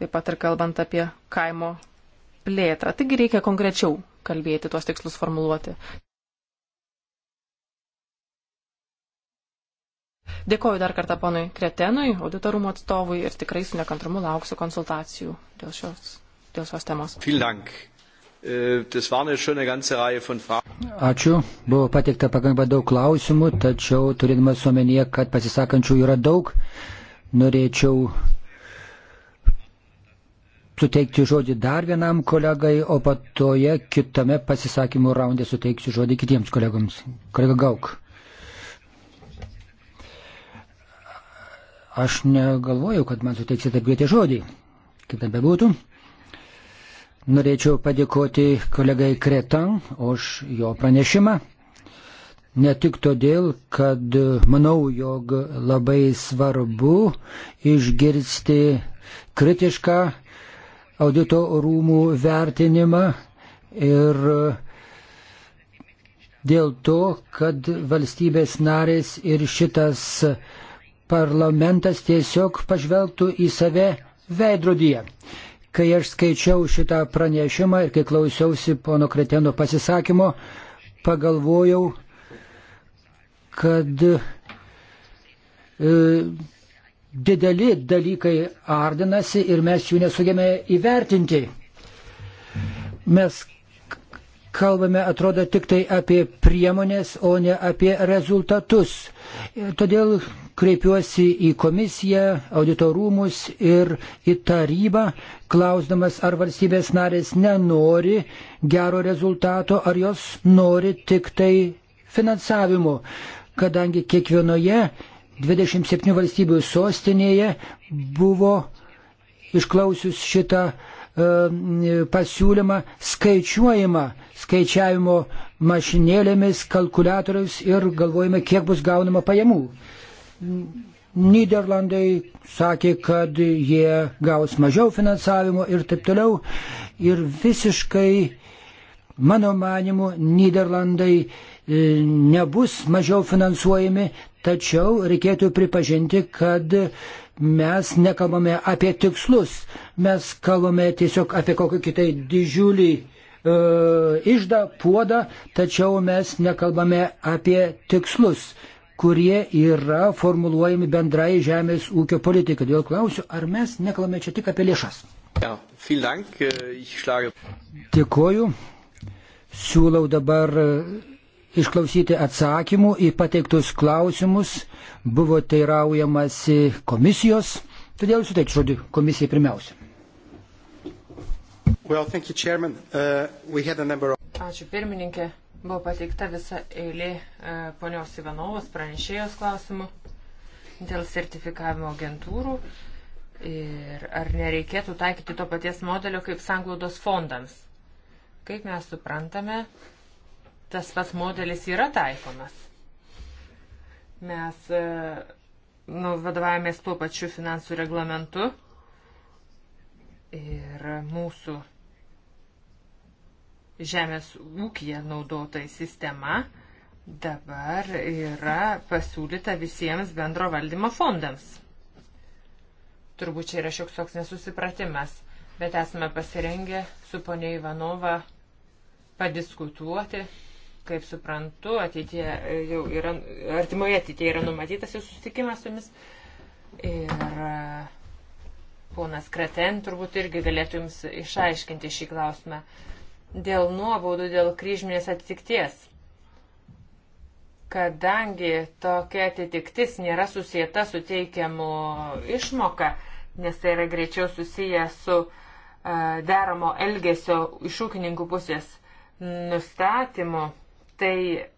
Taip pat ir kalbant apie kaimo plėtrą. Taigi reikia konkrečiau kalbėti, tuos tikslus formuluoti. Dėkoju dar kartą ponui Kretenui, auditorumo atstovui ir tikrai su nekantrumu lauksiu konsultacijų dėl šios, dėl šios temos. Vielen Dank. Äh, Ačiū. Buvo pateikta pakankamai daug klausimų, tačiau turėdamas omenyje, kad pasisakančių yra daug, norėčiau suteikti žodį dar vienam kolegai, o patoje kitame pasisakymų raundė suteiksiu žodį kitiems kolegoms. Kolega Gauk. Aš negalvojau, kad man suteiksite taip greitai žodį. Kaip ten bebūtų. Norėčiau padėkoti kolegai Kretan už jo pranešimą. Ne tik todėl, kad manau, jog labai svarbu išgirsti kritišką audito rūmų vertinimą ir dėl to, kad valstybės narės ir šitas parlamentas tiesiog pažvelgtų į save veidrodyje. Kai aš skaičiau šitą pranešimą ir kai klausiausi pono Kreteno pasisakymo, pagalvojau, kad e, dideli dalykai ardinasi ir mes jų nesugėmė įvertinti. Mes kalbame, atrodo, tik tai apie priemonės, o ne apie rezultatus. Todėl kreipiuosi į komisiją, auditorumus ir į tarybą, klausdamas, ar valstybės narės nenori gero rezultato, ar jos nori tik tai finansavimu, kadangi kiekvienoje 27 valstybių sostinėje buvo išklausius šitą pasiūlymą skaičiuojama skaičiavimo mašinėlėmis, kalkulatoriais ir galvojame, kiek bus gaunama pajamų. Niderlandai sakė, kad jie gaus mažiau finansavimo ir taip toliau. Ir visiškai, mano manimu, Niderlandai e, nebus mažiau finansuojami, tačiau reikėtų pripažinti, kad mes nekalbame apie tikslus, mes kalbame tiesiog apie kokį kitai didžiulį e, išdą, puodą, tačiau mes nekalbame apie tikslus kurie yra formuluojami bendrai žemės ūkio politikai. Todėl klausiu, ar mes nekalbame čia tik apie lėšas? Ja, dank, äh, Dėkoju. Siūlau dabar äh, išklausyti atsakymų į pateiktus klausimus. Buvo teiraujamasi komisijos, todėl suteiksiu žodį komisijai pirmiausia. Well, you, uh, of... Ačiū pirmininkė. Buvo pateikta visa eilė e, ponios Ivanovos pranešėjos klausimų dėl sertifikavimo agentūrų ir ar nereikėtų taikyti to paties modelio kaip sanglaudos fondams. Kaip mes suprantame, tas pats modelis yra taikomas. Mes e, nu, vadovavomės tuo pačiu finansų reglamentu ir mūsų žemės ūkija naudotai sistema dabar yra pasiūlyta visiems bendro valdymo fondams. Turbūt čia yra šioks toks nesusipratimas, bet esame pasirengę su ponia Ivanova padiskutuoti. Kaip suprantu, ateitie e, jau yra, artimoje ateitie yra numatytas jau susitikimas su jumis. Ir e, ponas Kreten turbūt irgi galėtų jums išaiškinti šį klausimą. Uh, dėl nuobaudų, dėl kryžminės atitikties. Kadangi tokia atitiktis nėra susijęta su teikiamu išmoka, nes tai yra greičiau susiję su uh, deramo elgesio iš ūkininkų pusės nustatymu, tai e,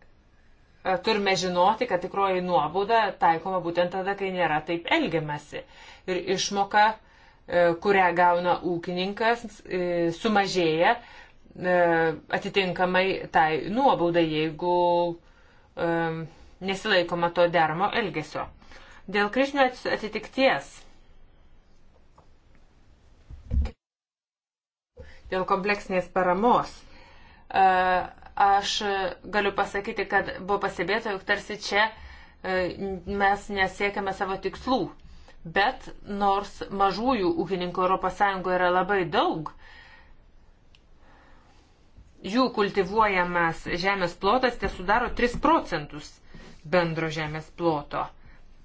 turime žinoti, kad tikroji nuobauda taikoma būtent tada, kai nėra taip elgiamasi. Ir išmoka, e, kurią gauna ūkininkas, sumažėja E, atitinkamai tai nuobaudai, jeigu e, nesilaikoma to deramo elgesio. Dėl kryžminio atitikties. Dėl kompleksinės paramos. E, aš galiu pasakyti, kad buvo pasibėta, jog tarsi čia mes nesiekiame savo tikslų. Bet nors mažųjų ūkininkų ES yra labai daug, jų kultivuojamas žemės plotas tie sudaro 3 procentus bendro žemės ploto.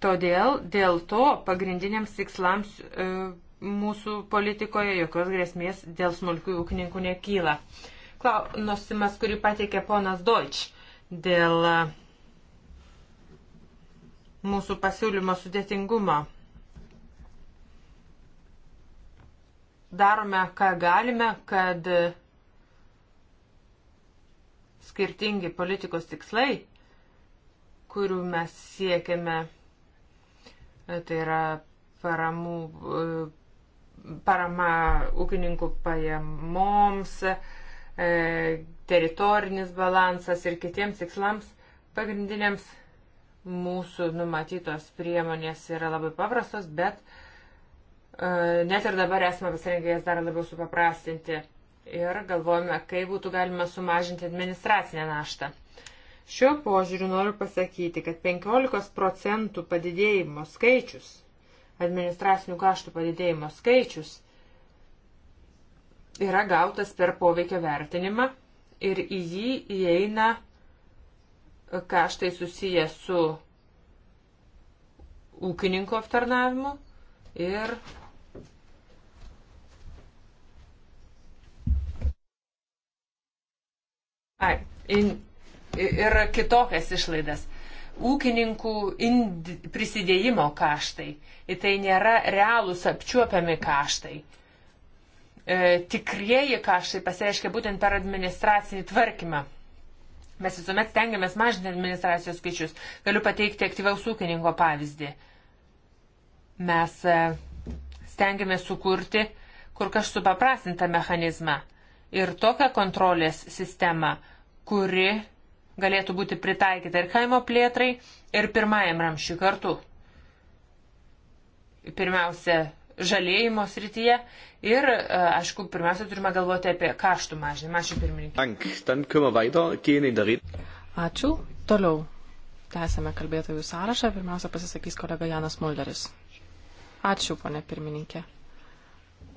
Todėl dėl to pagrindiniams tikslams e, mūsų politikoje jokios grėsmės dėl smulkių ūkininkų nekyla. Klausimas, kurį pateikė ponas Deutsch dėl e, mūsų pasiūlymo sudėtingumo. Darome, ką galime, kad skirtingi politikos tikslai, kurių mes siekiame, e, tai yra paramų, e, parama ūkininkų pajamoms, e, teritorinis balansas ir kitiems tikslams pagrindiniams mūsų numatytos priemonės yra labai paprastos, bet net ir dabar esame pasirengę jas dar labiau supaprastinti ir galvojame, kaip būtų galima sumažinti administracinę naštą. Šiuo požiūriu noriu pasakyti, kad 15 procentų padidėjimo skaičius, administracinių kaštų padidėjimo skaičius, yra gautas per poveikio vertinimą ir į jį įeina kaštai susiję su ūkininko aptarnavimu ir Ai, in, ir kitokias išlaidas. Ūkininkų indi, prisidėjimo kaštai. Į tai nėra realūs apčiuopiami kaštai. E, tikrieji kaštai pasireiškia būtent per administracinį tvarkymą. Mes visuomet stengiamės mažinti administracijos skaičius. Galiu pateikti aktyvaus ūkininko pavyzdį. Mes e, stengiamės sukurti kur kas supaprastintą mechanizmą ir tokią kontrolės sistemą, kuri galėtų būti pritaikyta ir kaimo plėtrai, ir pirmajam ramšiui kartu. Pirmiausia, žalėjimo srityje ir, e, aišku, pirmiausia, turime galvoti apie kaštų mažinimą. Ačiū pirmininkai. Ačiū. Toliau. Tęsėme kalbėtojų sąrašą. Pirmiausia, pasisakys kolega Janas Mulderis. Ačiū, ponė pirmininkė.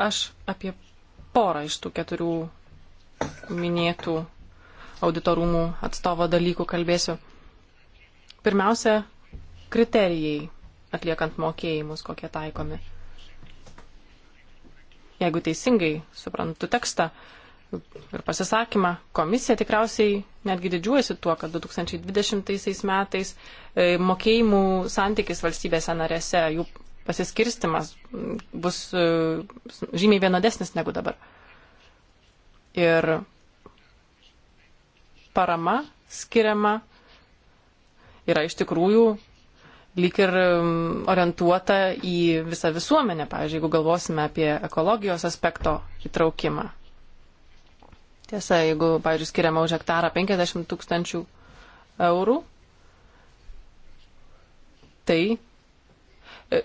Aš apie porą iš tų keturių minėtų auditorumų atstovo dalykų kalbėsiu. Pirmiausia, kriterijai atliekant mokėjimus, kokie taikomi. Jeigu teisingai suprantu tekstą ir pasisakymą, komisija tikriausiai netgi didžiuojasi tuo, kad 2020 metais e, mokėjimų santykis valstybėse narėse, jų pasiskirstimas bus e, žymiai vienodesnis negu dabar. Ir parama skiriama yra iš tikrųjų lyg ir um, orientuota į visą visuomenę, pavyzdžiui, jeigu galvosime apie ekologijos aspekto įtraukimą. Tiesa, jeigu, pavyzdžiui, skiriama už hektarą 50 tūkstančių eurų, tai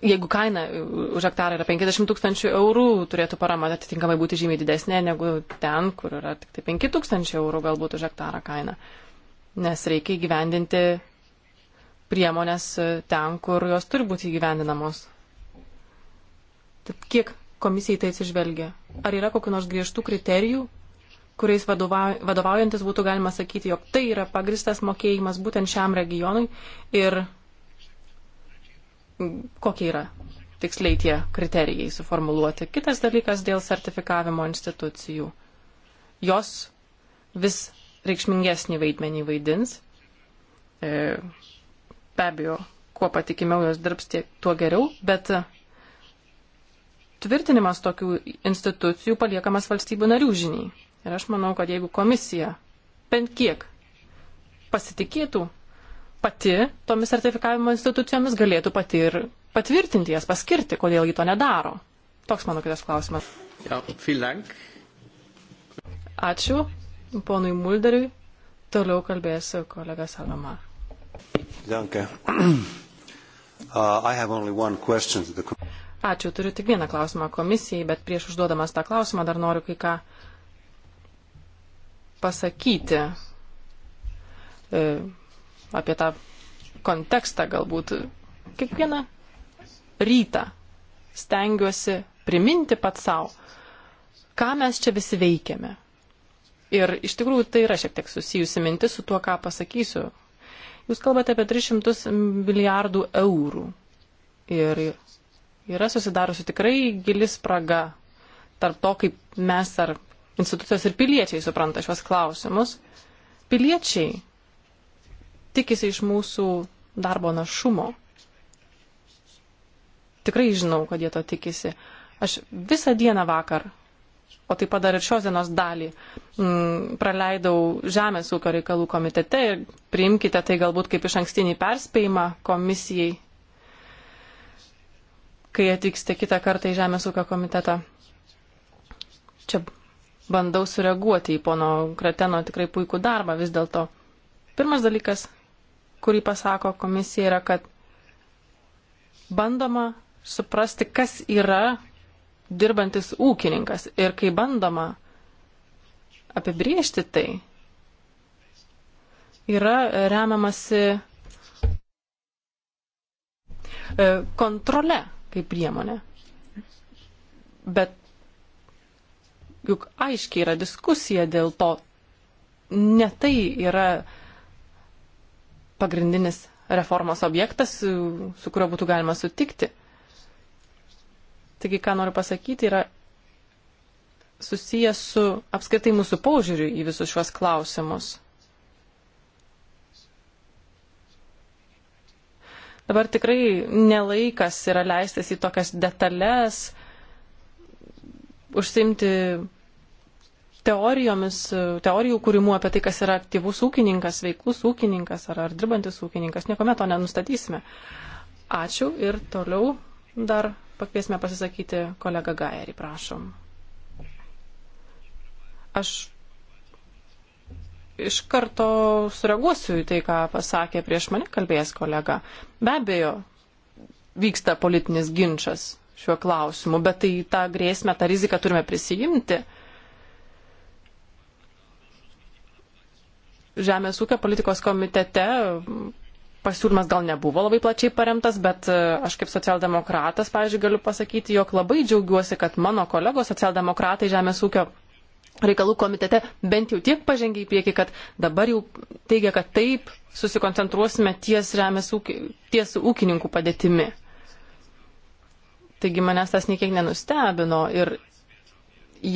jeigu kaina už hektarą yra 50 tūkstančių eurų, turėtų parama atitinkamai būti žymiai didesnė negu ten, kur yra tik tai 5 tūkstančių eurų galbūt už hektarą kaina. Nes reikia įgyvendinti priemonės ten, kur jos turi būti įgyvendinamos. Tad kiek komisijai tai atsižvelgia? Ar yra kokiu nors griežtų kriterijų, kuriais vadovaujantis būtų galima sakyti, jog tai yra pagristas mokėjimas būtent šiam regionui ir kokie yra tiksliai tie kriterijai suformuluoti. Kitas dalykas dėl sertifikavimo institucijų. Jos vis reikšmingesnį vaidmenį vaidins. E, be abejo, kuo patikimiau jos dirbs, tiek tuo geriau, bet tvirtinimas tokių institucijų paliekamas valstybių narių žiniai. Ir aš manau, kad jeigu komisija bent kiek pasitikėtų pati tomis sertifikavimo institucijomis galėtų pati ir patvirtinti jas, paskirti, kodėl ji to nedaro. Toks mano kitas klausimas. Ja, Ačiū ponui Mulderiui. Toliau kalbės kolega Salama. Danke. Uh, the... Ačiū, turiu tik vieną klausimą komisijai, bet prieš užduodamas tą klausimą dar noriu kai ką pasakyti. E apie tą kontekstą galbūt kiekvieną rytą stengiuosi priminti pat savo, ką mes čia visi veikiame. Ir iš tikrųjų tai yra šiek tiek susijusi mintis su tuo, ką pasakysiu. Jūs kalbate apie 300 milijardų eurų. Ir yra susidariusi tikrai gili spraga tarp to, kaip mes ar institucijos ir piliečiai supranta šios klausimus. Piliečiai tikisi iš mūsų darbo našumo. Tikrai žinau, kad jie to tikisi. Aš visą dieną vakar, o taip pat dar ir šios dienos dalį, m, mm, praleidau Žemės ūkio reikalų komitete ir priimkite tai galbūt kaip iš ankstinį perspėjimą komisijai, kai atvyksite kitą kartą į Žemės ūkio komitetą. Čia bandau sureaguoti į pono Kreteno tikrai puikų darbą vis dėlto. Pirmas dalykas kurį pasako komisija, yra, kad bandoma suprasti, kas yra dirbantis ūkininkas. Ir kai bandoma apibriežti tai, yra remiamasi e, kontrole kaip priemonė. Bet juk aiškiai yra diskusija dėl to, ne tai yra pagrindinis reformos objektas, su kuriuo būtų galima sutikti. Taigi, ką noriu pasakyti, yra susijęs su apskritai mūsų paužiūriu į visus šiuos klausimus. Dabar tikrai nelaikas yra leistis į tokias detalės, užsimti teorijomis, teorijų kūrimu apie tai, kas yra aktyvus ūkininkas, veiklus ūkininkas ar, ar dirbantis ūkininkas. Niekuomet to nenustatysime. Ačiū ir toliau dar pakviesime pasisakyti kolegą Gajerį, prašom. Aš iš karto sureaguosiu į tai, ką pasakė prieš mane kalbėjęs kolega. Be abejo, vyksta politinis ginčas šiuo klausimu, bet tai tą grėsmę, tą riziką turime prisijimti. Uh, Žemės ūkio politikos komitete pasiūlymas gal nebuvo labai plačiai paremtas, bet e, aš kaip socialdemokratas, pavyzdžiui, galiu pasakyti, jog labai džiaugiuosi, kad mano kolegos socialdemokratai Žemės ūkio reikalų komitete bent jau tiek pažengiai į priekį, kad dabar jau teigia, kad taip susikoncentruosime ties, ūki, ties ūkininkų padėtimi. Taigi manęs tas niekiek nenustebino ir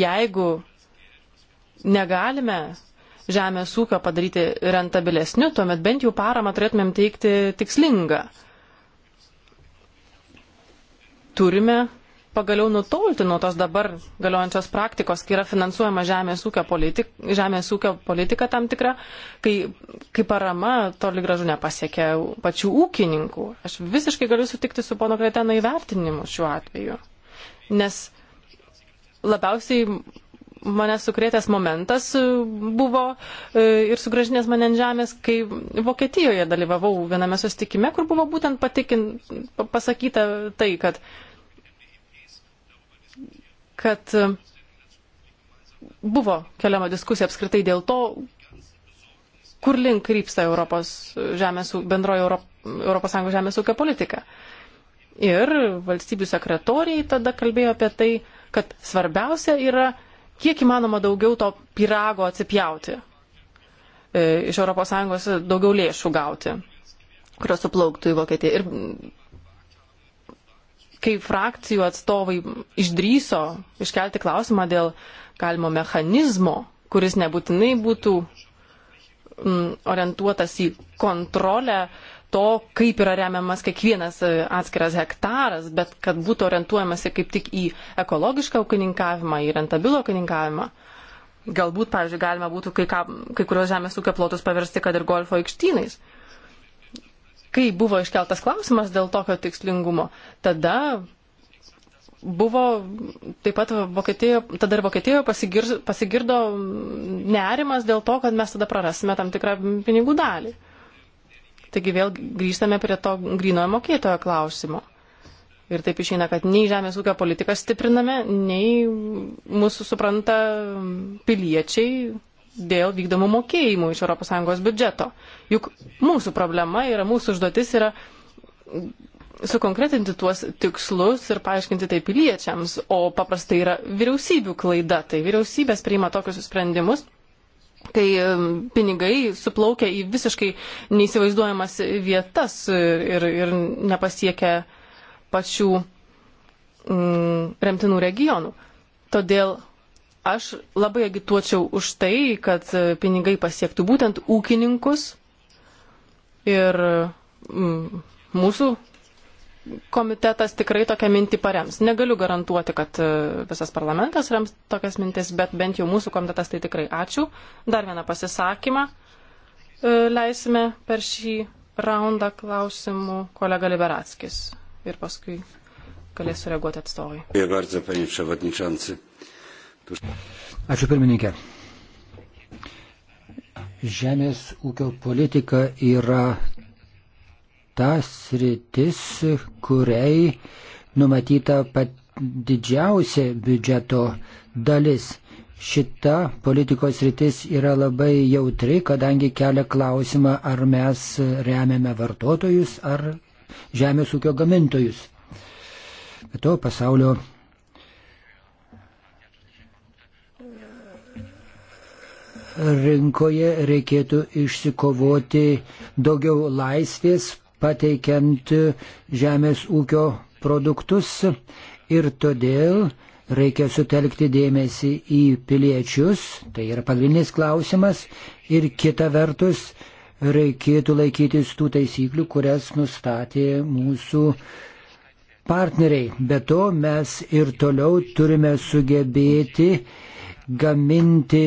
jeigu negalime žemės ūkio padaryti rentabilesniu, tuomet bent jau paramą turėtumėm teikti tikslingą. Turime pagaliau nutolti nuo tos dabar galiojančios praktikos, kai yra finansuojama žemės ūkio, politik, žemės ūkio politika tam tikra, kai, kai parama toli gražu nepasiekia pačių ūkininkų. Aš visiškai galiu sutikti su pono Kreteno įvertinimu šiuo atveju. Nes labiausiai mane sukrėtęs momentas e, buvo e, ir sugražinęs mane ant žemės, kai Vokietijoje dalyvavau viename sustikime, kur buvo būtent patikin, pasakyta tai, kad, kad e, buvo keliama diskusija apskritai dėl to, kur link krypsta Europos žemės, bendroji Europ, Europos Sąjungos žemės ūkio politika. Ir valstybių sekretoriai tada kalbėjo apie tai, kad svarbiausia yra kiek įmanoma daugiau to pirago atsipjauti, e, iš ES daugiau lėšų gauti, kurios suplauktų į Vokietiją. Ir kai frakcijų atstovai išdryso iškelti klausimą dėl galimo mechanizmo, kuris nebūtinai būtų mm, orientuotas į kontrolę to, kaip yra remiamas kiekvienas e, atskiras hektaras, bet kad būtų orientuojamasi kaip tik į ekologišką ūkininkavimą, į rentabilų ūkininkavimą. Galbūt, pavyzdžiui, galima būtų kai, ką, kai kurios žemės ūkio plotus paversti, kad ir golfo aikštynais. Kai buvo iškeltas klausimas dėl tokio tikslingumo, tada buvo taip pat Vokietijoje, tada ir Vokietijoje pasigir, pasigirdo nerimas dėl to, kad mes tada prarasime tam tikrą pinigų dalį. Mhm. Taigi vėl grįžtame prie to grinojo mokėtojo klausimo. Ir taip išeina, kad nei žemės ūkio politiką stipriname, nei mūsų supranta piliečiai dėl vykdomų mokėjimų iš ES biudžeto. Juk mūsų problema yra, mūsų užduotis yra sukonkretinti tuos tikslus ir paaiškinti tai piliečiams, o paprastai yra vyriausybių klaida. Tai vyriausybės priima tokius sprendimus, kai pinigai suplaukia į visiškai neįsivaizduojamas vietas ir, ir nepasiekia pačių mm, remtinų regionų. Todėl aš labai agituočiau už tai, kad pinigai pasiektų būtent ūkininkus ir mm, mūsų komitetas tikrai tokią mintį parems. Negaliu garantuoti, kad e, visas parlamentas rems tokias mintis, bet bent jau mūsų komitetas tai tikrai ačiū. Dar vieną pasisakymą e, leisime per šį raundą klausimų kolega Liberatskis ir paskui galės sureaguoti atstovai. Ačiū pirmininkė. Žemės ūkio politika yra tas rytis, kuriai numatyta pat didžiausia biudžeto dalis. Šita politikos rytis yra labai jautri, kadangi kelia klausimą, ar mes remiame vartotojus ar žemės ūkio gamintojus. Be to pasaulio e, rinkoje reikėtų išsikovoti daugiau laisvės pateikiant žemės ūkio produktus ir todėl reikia sutelkti dėmesį į piliečius, tai yra pagrindinis klausimas, ir kita vertus reikėtų laikytis tų taisyklių, kurias nustatė mūsų partneriai. Be to mes ir toliau turime sugebėti gaminti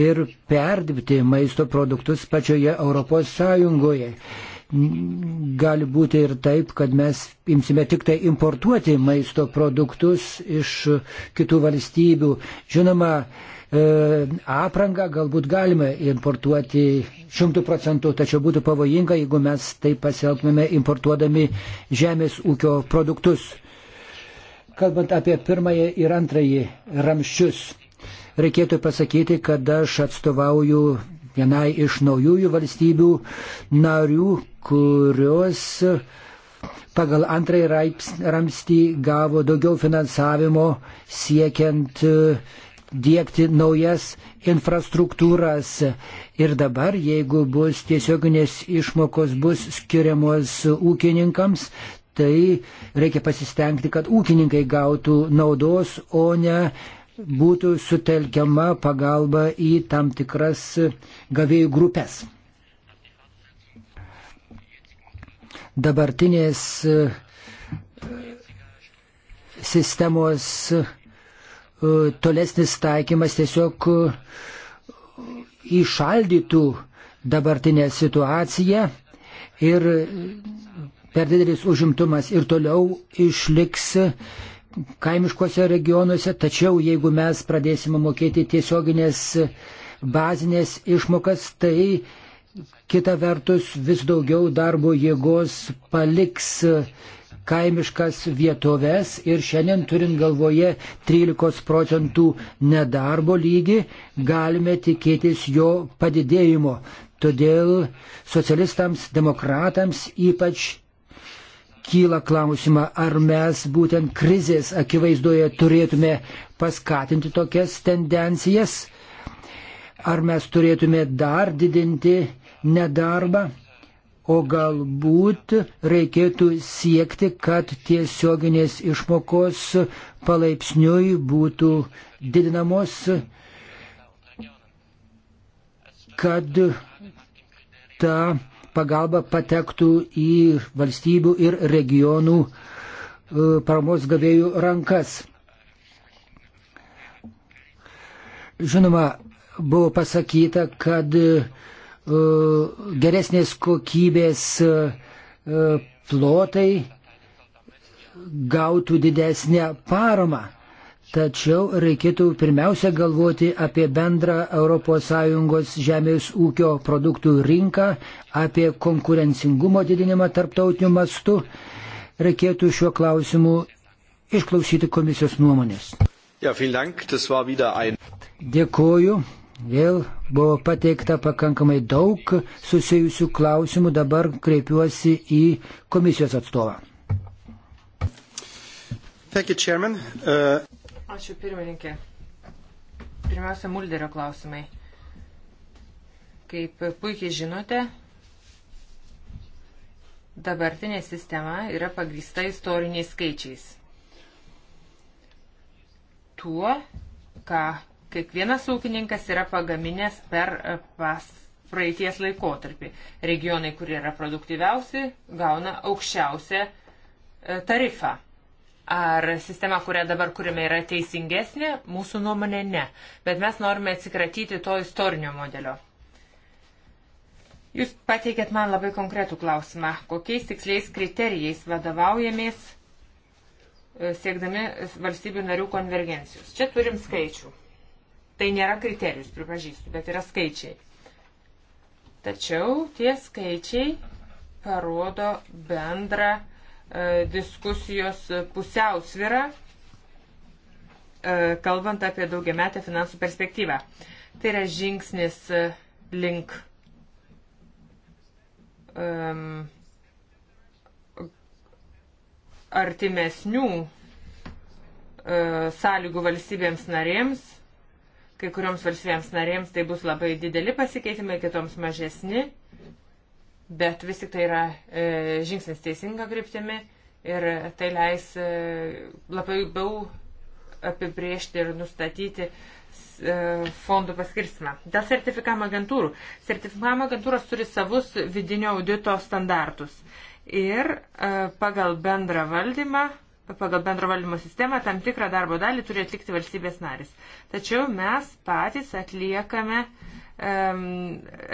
ir perdirbti maisto produktus pačioje Europos Sąjungoje gali būti ir taip, kad mes imsime tik tai importuoti maisto produktus iš kitų valstybių. Žinoma, e, aprangą galbūt galime importuoti šimtų procentų, tačiau būtų pavojinga, jeigu mes taip pasielgtume importuodami žemės ūkio produktus. Kalbant apie pirmąjį ir antrąjį ramščius, reikėtų pasakyti, kad aš atstovauju vienai iš naujųjų valstybių narių, kurios pagal antrąjį ramstį gavo daugiau finansavimo siekiant e, dėkti naujas infrastruktūras. Ir dabar, jeigu bus tiesioginės išmokos bus skiriamos ūkininkams, tai reikia pasistengti, kad ūkininkai gautų naudos, o ne būtų sutelkiama pagalba į tam tikras gavėjų grupės. Dabartinės e, sistemos e, tolesnis taikymas tiesiog e, įšaldytų dabartinę situaciją ir per didelis užimtumas ir toliau išliks kaimiškose regionuose, tačiau jeigu mes pradėsime mokėti tiesioginės bazinės išmokas, tai kita vertus vis daugiau darbo jėgos paliks kaimiškas vietoves ir šiandien turint galvoje 13 procentų nedarbo lygį, galime tikėtis jo padidėjimo. Todėl socialistams, demokratams, ypač kyla klausima, ar mes būtent krizės akivaizdoje turėtume paskatinti tokias tendencijas, ar mes turėtume dar didinti nedarbą, o galbūt reikėtų siekti, kad tiesioginės išmokos palaipsniui būtų didinamos, kad ta pagalba patektų į valstybių ir regionų e, paramos gavėjų rankas. Žinoma, buvo pasakyta, kad e, geresnės kokybės e, plotai gautų didesnę paramą. Tačiau reikėtų pirmiausia galvoti apie bendrą ES žemės ūkio produktų rinką, apie konkurencingumo didinimą tarptautiniu mastu. Reikėtų šiuo klausimu išklausyti komisijos nuomonės. Ja, dank, ein... Dėkuoju. Vėl buvo pateikta pakankamai daug susijusių klausimų. Dabar kreipiuosi į komisijos atstovą. Thank you, Chairman. Uh... Ačiū pirmininkė. Pirmiausia, Mulderio klausimai. Kaip puikiai žinote, dabartinė sistema yra pagrįsta istoriniais skaičiais. Tuo, ką kiekvienas ūkininkas yra pagaminęs per e, pas praeities laikotarpį. Regionai, kurie yra produktyviausi, gauna aukščiausią e, tarifą. Ar sistema, kurią dabar kuriame, yra teisingesnė? Mūsų nuomonė ne. Bet mes norime atsikratyti to istorinio modelio. Jūs pateikėt man labai konkretų klausimą. Kokiais tiksliais kriterijais vadovaujamės e, siekdami valstybių narių konvergencijos? Čia turim skaičių. Tai nėra kriterijus, pripažįstu, bet yra skaičiai. Tačiau tie skaičiai parodo bendrą uh, E, diskusijos pusiausvyrą, e, kalbant apie daugiametę finansų perspektyvą. Tai yra žingsnis link um, artimesnių uh, sąlygų valstybėms narėms. Kai kurioms valstybėms narėms tai bus labai dideli pasikeitimai, kitoms mažesni bet vis tik tai yra e, žingsnis teisinga kryptimi ir tai leis e, labai bau apibriežti ir nustatyti e, fondų paskirstimą. Dėl sertifikavimo agentūrų. Sertifikavimo agentūros turi savus vidinio audito standartus ir e, pagal bendrą valdymą pagal bendro valdymo sistemą tam tikrą darbo dalį turi atlikti valstybės narys. Tačiau mes patys atliekame uh,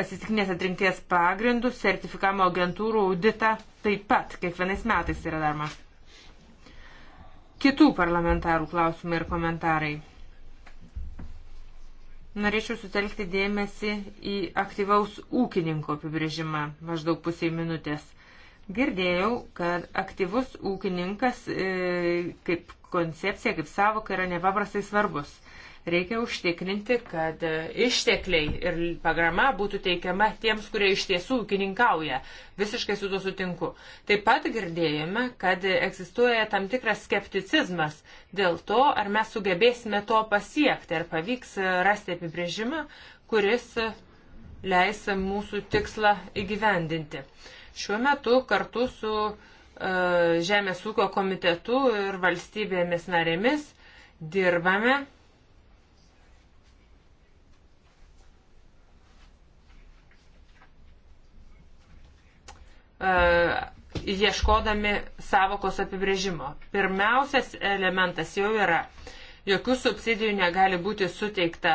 atsitiknės atrinkties pagrindus, sertifikavimo agentūrų auditą taip pat kiekvienais metais yra daroma. Kitų parlamentarų klausimai ir komentarai. Norėčiau sutelkti dėmesį į aktyvaus ūkininko apibrėžimą maždaug pusiai minutės. Girdėjau, kad aktyvus ūkininkas e, kaip koncepcija, kaip savoka yra nepaprastai svarbus. Reikia užtikrinti, kad ištekliai ir programa būtų teikiama tiems, kurie iš tiesų ūkininkauja. Visiškai su to sutinku. Taip pat girdėjome, kad egzistuoja tam tikras skepticizmas dėl to, ar mes sugebėsime to pasiekti, ar pavyks rasti apibrėžimą, kuris leis mūsų tikslą įgyvendinti. Šiuo metu kartu su e, Žemės ūkio komitetu ir valstybėmis narėmis dirbame E, ieškodami savokos apibrėžimo. Pirmiausias elementas jau yra, jokių subsidijų negali būti suteikta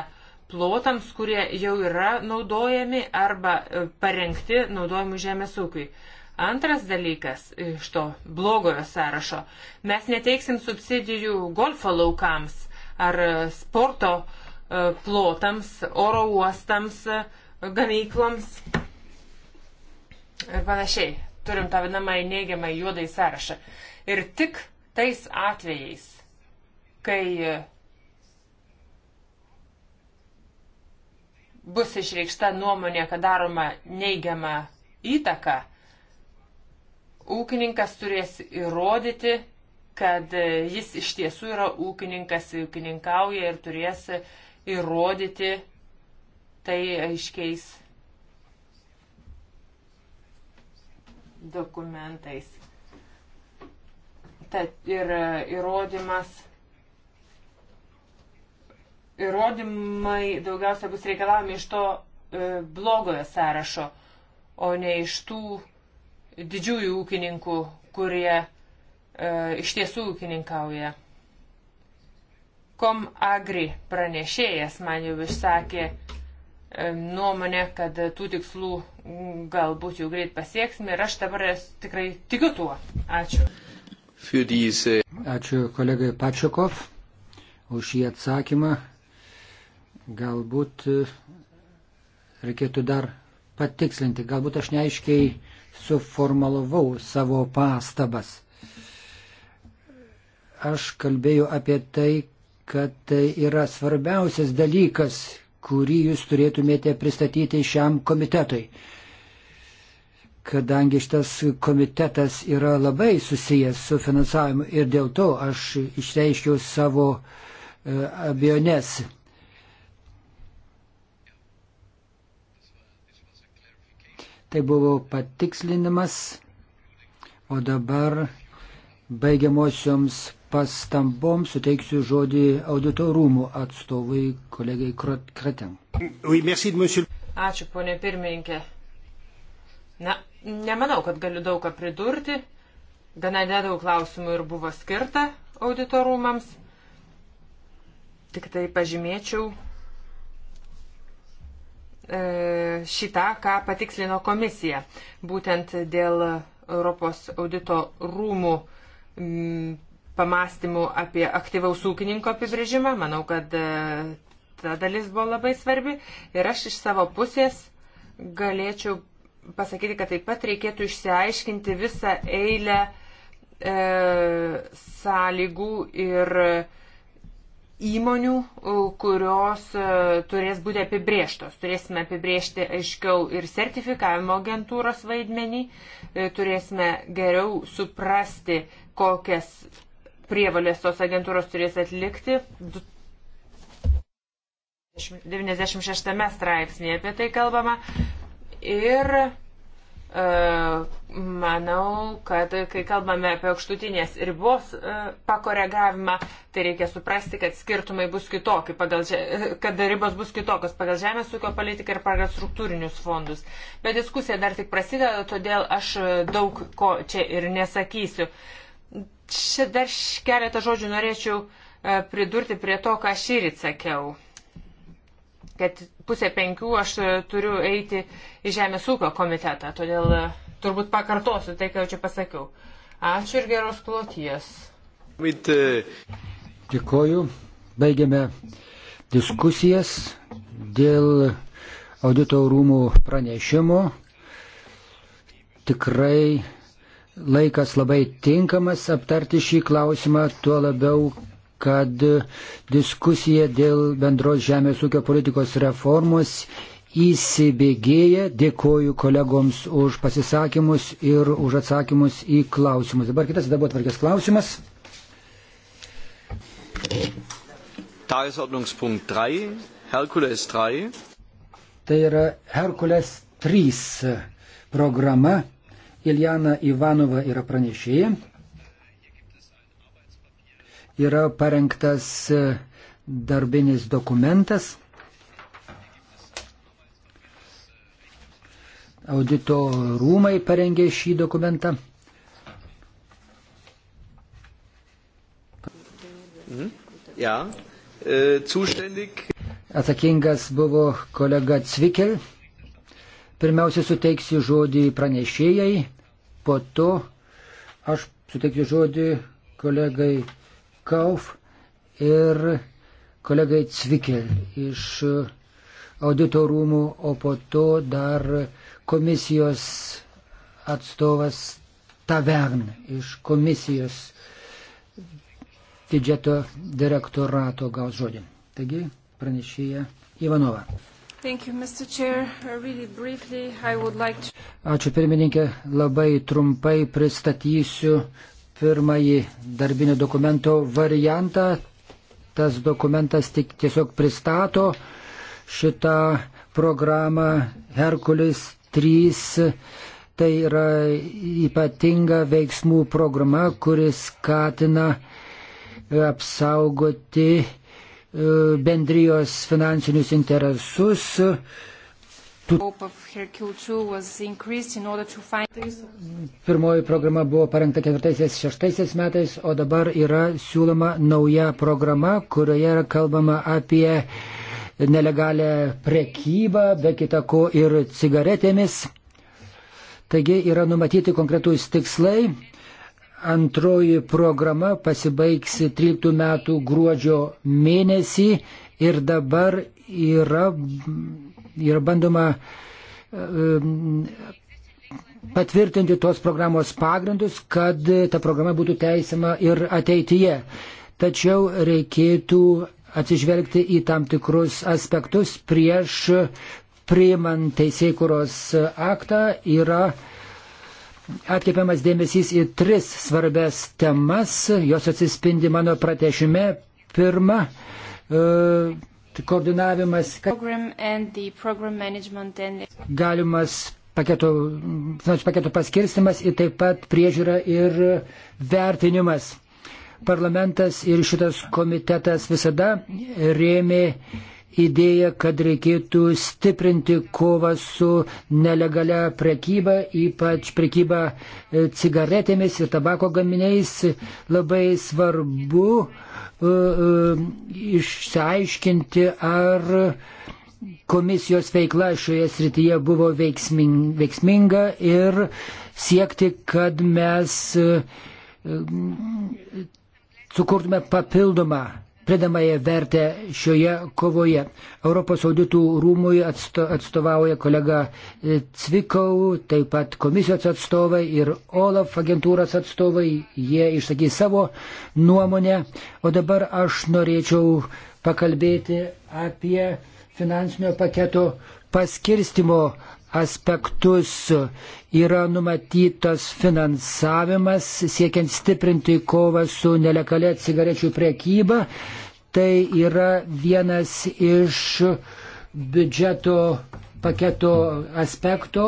plotams, kurie jau yra naudojami arba e, parengti naudojimų žemės ūkiui. Antras dalykas iš to blogojo sąrašo. Mes neteiksim subsidijų golfo laukams ar sporto e, plotams, oro uostams, gamykloms ir panašiai. Turim tą vadinamąjį neigiamą juodąjį sąrašą. Ir tik tais atvejais, kai e, bus išreikšta nuomonė, kad daroma neigiama įtaka, ūkininkas turės įrodyti, kad e, jis iš tiesų yra ūkininkas, ūkininkauja ir turės įrodyti tai aiškiais dokumentais. Tad ir e, įrodymas. Įrodymai daugiausia bus reikalavami iš to e, blogojo sąrašo, o ne iš tų didžiųjų ūkininkų, kurie e, iš tiesų ūkininkauja. Kom Agri pranešėjas man jau išsakė e, nuomonę, kad tų tikslų galbūt jau greit pasieksime ir aš dabar tikrai tikiu tuo. Ačiū. Ačiū kolegai Pačiakov už šį atsakymą. Galbūt e, reikėtų dar patikslinti, galbūt aš neaiškiai suformalavau savo pastabas. Aš kalbėjau apie tai, kad tai yra svarbiausias dalykas, kurį jūs turėtumėte pristatyti šiam komitetui. Kadangi šitas komitetas yra labai susijęs su finansavimu ir dėl to aš išreiškiau savo e, abejonės. Tai buvo patikslinimas, o dabar baigiamosioms pastamboms suteiksiu žodį auditorumų atstovai kolegai Kratem. Ačiū, ponė pirmininkė. Na, nemanau, kad galiu daug ką pridurti. Gana nedaug klausimų ir buvo skirta auditorumams. Tik tai pažymėčiau e, šitą, ką patikslino komisija, būtent dėl Europos audito rūmų pamastymų apie aktyvaus ūkininko apibrėžimą. Manau, kad e, ta dalis buvo labai svarbi. Ir aš iš savo pusės galėčiau pasakyti, kad taip pat reikėtų išsiaiškinti visą eilę e, sąlygų ir įmonių, e, kurios e, turės būti apibrieštos. Turėsime apibriežti aiškiau ir sertifikavimo agentūros vaidmenį, turėsime geriau suprasti, kokias prievalės tos agentūros turės atlikti. 96 straipsnėje apie tai kalbama. Ir e, manau, kad kai kalbame apie aukštutinės ribos e, pakoregavimą, tai reikia suprasti, kad skirtumai bus kitokie, pagal, [laughs] kad ribos bus kitokios pagal žemės ūkio politiką ir pagal struktūrinius fondus. Bet diskusija dar tik prasideda, todėl aš daug ko čia ir nesakysiu. Uh, Čia dar keletą žodžių norėčiau e, pridurti prie to, ką šįryt sakiau. Kad pusė penkių aš e, turiu eiti į Žemės ūkio komitetą, todėl e, turbūt pakartosiu tai, ką jau čia pasakiau. Ačiū ir geros kloties. Dėkoju. Baigiame diskusijas dėl audito rūmų pranešimo. Tikrai laikas labai tinkamas aptarti šį klausimą, tuo labiau, kad diskusija dėl bendros žemės ūkio politikos reformos įsibėgėja. Dėkoju kolegoms už pasisakymus ir už atsakymus į klausimus. Dabar kitas darbo atvarkės klausimas. Tagesordnungspunkt 3, Herkules 3. Tai yra Herkules 3 programa Iljana Ivanova yra pranešėja. Yra parengtas e, darbinis dokumentas. Audito rūmai parengė šį dokumentą. Mhm. Ja, äh, zuständig. Atsakingas buvo kolega Cvikel. Pirmiausia, suteiksiu žodį pranešėjai, po to aš suteiksiu žodį kolegai Kauf ir kolegai Cvikel iš audito rūmų, o po to dar komisijos atstovas Tavern iš komisijos didžeto direktorato gaus žodį. Taigi pranešėja Ivanova. You, uh, really like to... Ačiū pirmininkė, labai trumpai pristatysiu pirmąjį darbinio dokumento variantą. Tas dokumentas tik tiesiog pristato šitą programą Herkulis 3 tai yra ypatinga veiksmų programa, kuris skatina e, apsaugoti E, bendrijos finansinius interesus. Pirmoji programa buvo parengta 4-6 metais, o dabar yra siūloma nauja programa, kurioje yra kalbama apie nelegalę prekybą, be kitako ir cigaretėmis. Taigi yra numatyti konkretūs tikslai Antroji programa pasibaigs 13 metų gruodžio mėnesį ir dabar yra, yra bandoma patvirtinti tos programos pagrindus, kad ta programa būtų teisima ir ateityje. Tačiau reikėtų atsižvelgti į tam tikrus aspektus prieš priimant teisėkuros aktą yra uh, atkipiamas dėmesys į tris svarbes temas, jos atsispindi mano pratešime. Pirma, uh, koordinavimas, galimas paketo, finansų paketo paskirstimas ir taip pat priežiūra ir vertinimas. Parlamentas ir šitas komitetas visada rėmė uh, idėja, kad reikėtų stiprinti kovą su nelegalia prekyba, ypač prekyba e, cigaretėmis ir tabako gaminiais. Labai svarbu uh, uh, išsiaiškinti, ar komisijos veikla šioje srityje buvo veiksming, veiksminga ir siekti, kad mes uh, sukurtume papildomą pridamąją vertę šioje kovoje. Europos auditų rūmui atsto, atstovauja kolega e, Cvikau, taip pat komisijos atstovai ir OLAF agentūros atstovai. Jie išsakys savo nuomonę. O dabar aš norėčiau pakalbėti apie finansinio paketo paskirstimo aspektus yra numatytas finansavimas siekiant stiprinti kovą su nelegalia cigarečių priekyba, tai yra vienas iš biudžeto paketo aspekto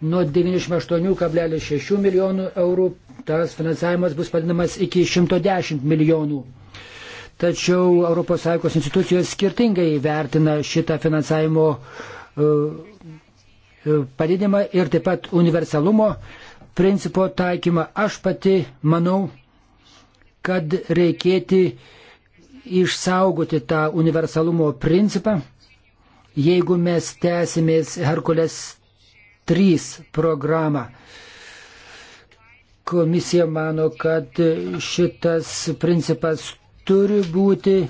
nuo 98,6 milijonų eurų tas finansavimas bus padinamas iki 110 milijonų. Tačiau ES institucijos skirtingai vertina šitą finansavimo e, e, padidimą ir taip pat universalumo principo taikymą. Aš pati manau, kad reikėti išsaugoti tą universalumo principą, jeigu mes tęsimės Herkules 3 programą. Komisija mano, kad šitas principas turi būti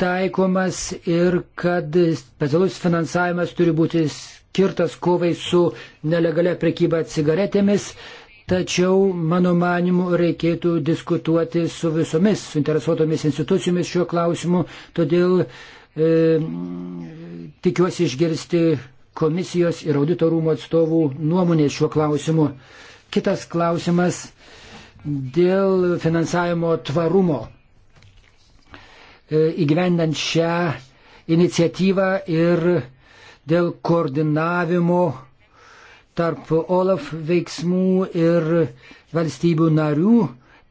taikomas ir kad specialus finansavimas turi būti skirtas kovai su nelegalia prekyba cigaretėmis. Tačiau, mano manimu, reikėtų diskutuoti su visomis suinteresuotomis institucijomis šiuo klausimu, todėl e, tikiuosi išgirsti komisijos ir auditorumo atstovų nuomonės šiuo klausimu. Kitas klausimas dėl finansavimo tvarumo. E, įgyvendant šią iniciatyvą ir dėl koordinavimo tarp OLAF veiksmų ir valstybių narių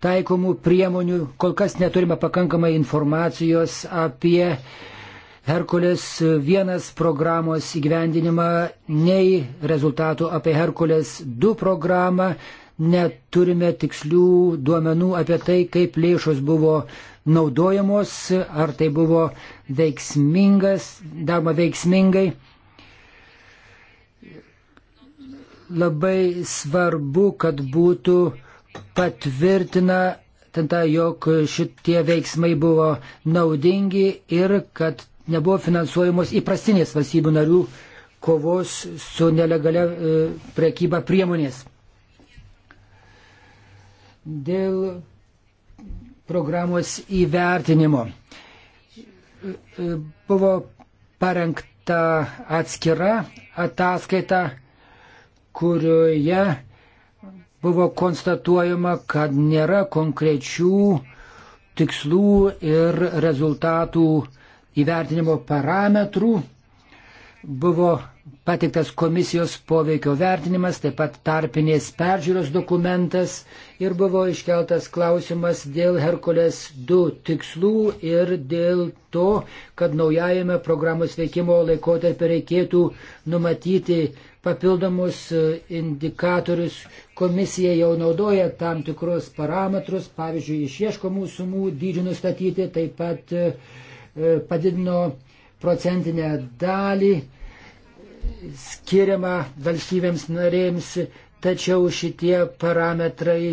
taikomų priemonių. Kol kas neturime pakankamai informacijos apie Herkules vienas programos įgyvendinimą, nei rezultatų apie Herkules 2 programą, neturime tikslių duomenų apie tai, kaip lėšos buvo naudojamos, ar tai buvo veiksmingas, daroma veiksmingai. labai svarbu, kad būtų patvirtina, tenta, jog šitie veiksmai buvo naudingi ir kad nebuvo finansuojamos įprastinės valstybių narių kovos su nelegalia e, prekyba priemonės. Dėl programos įvertinimo e, e, buvo parengta atskira ataskaita kurioje buvo konstatuojama, kad nėra konkrečių tikslų ir rezultatų įvertinimo parametrų. Buvo pateiktas komisijos poveikio vertinimas, taip pat tarpinės peržiūros dokumentas ir buvo iškeltas klausimas dėl Herkulės 2 tikslų ir dėl to, kad naujajame programos veikimo laikotarpį reikėtų numatyti papildomus e, indikatorius. Komisija jau naudoja tam tikrus parametrus, pavyzdžiui, išieškomų sumų dydžių nustatyti, taip pat e, e, padidino procentinę dalį skiriamą valstybėms narėms, tačiau šitie parametrai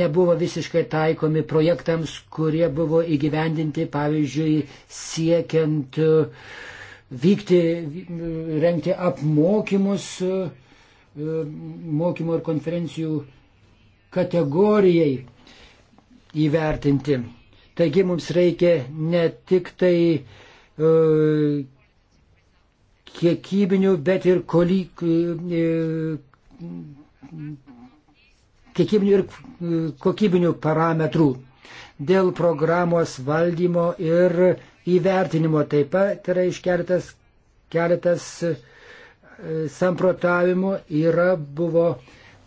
nebuvo visiškai taikomi projektams, kurie buvo įgyvendinti, pavyzdžiui, siekiant uh, vykti, renkti apmokymus e, e, mokymo ir konferencijų kategorijai įvertinti. Taigi mums reikia ne tik tai e, kiekybinių, bet ir kolyk, e, e, kiekybinių ir kokybinių parametrų dėl programos valdymo ir įvertinimo taip pat yra iškeltas keletas e, samprotavimų yra buvo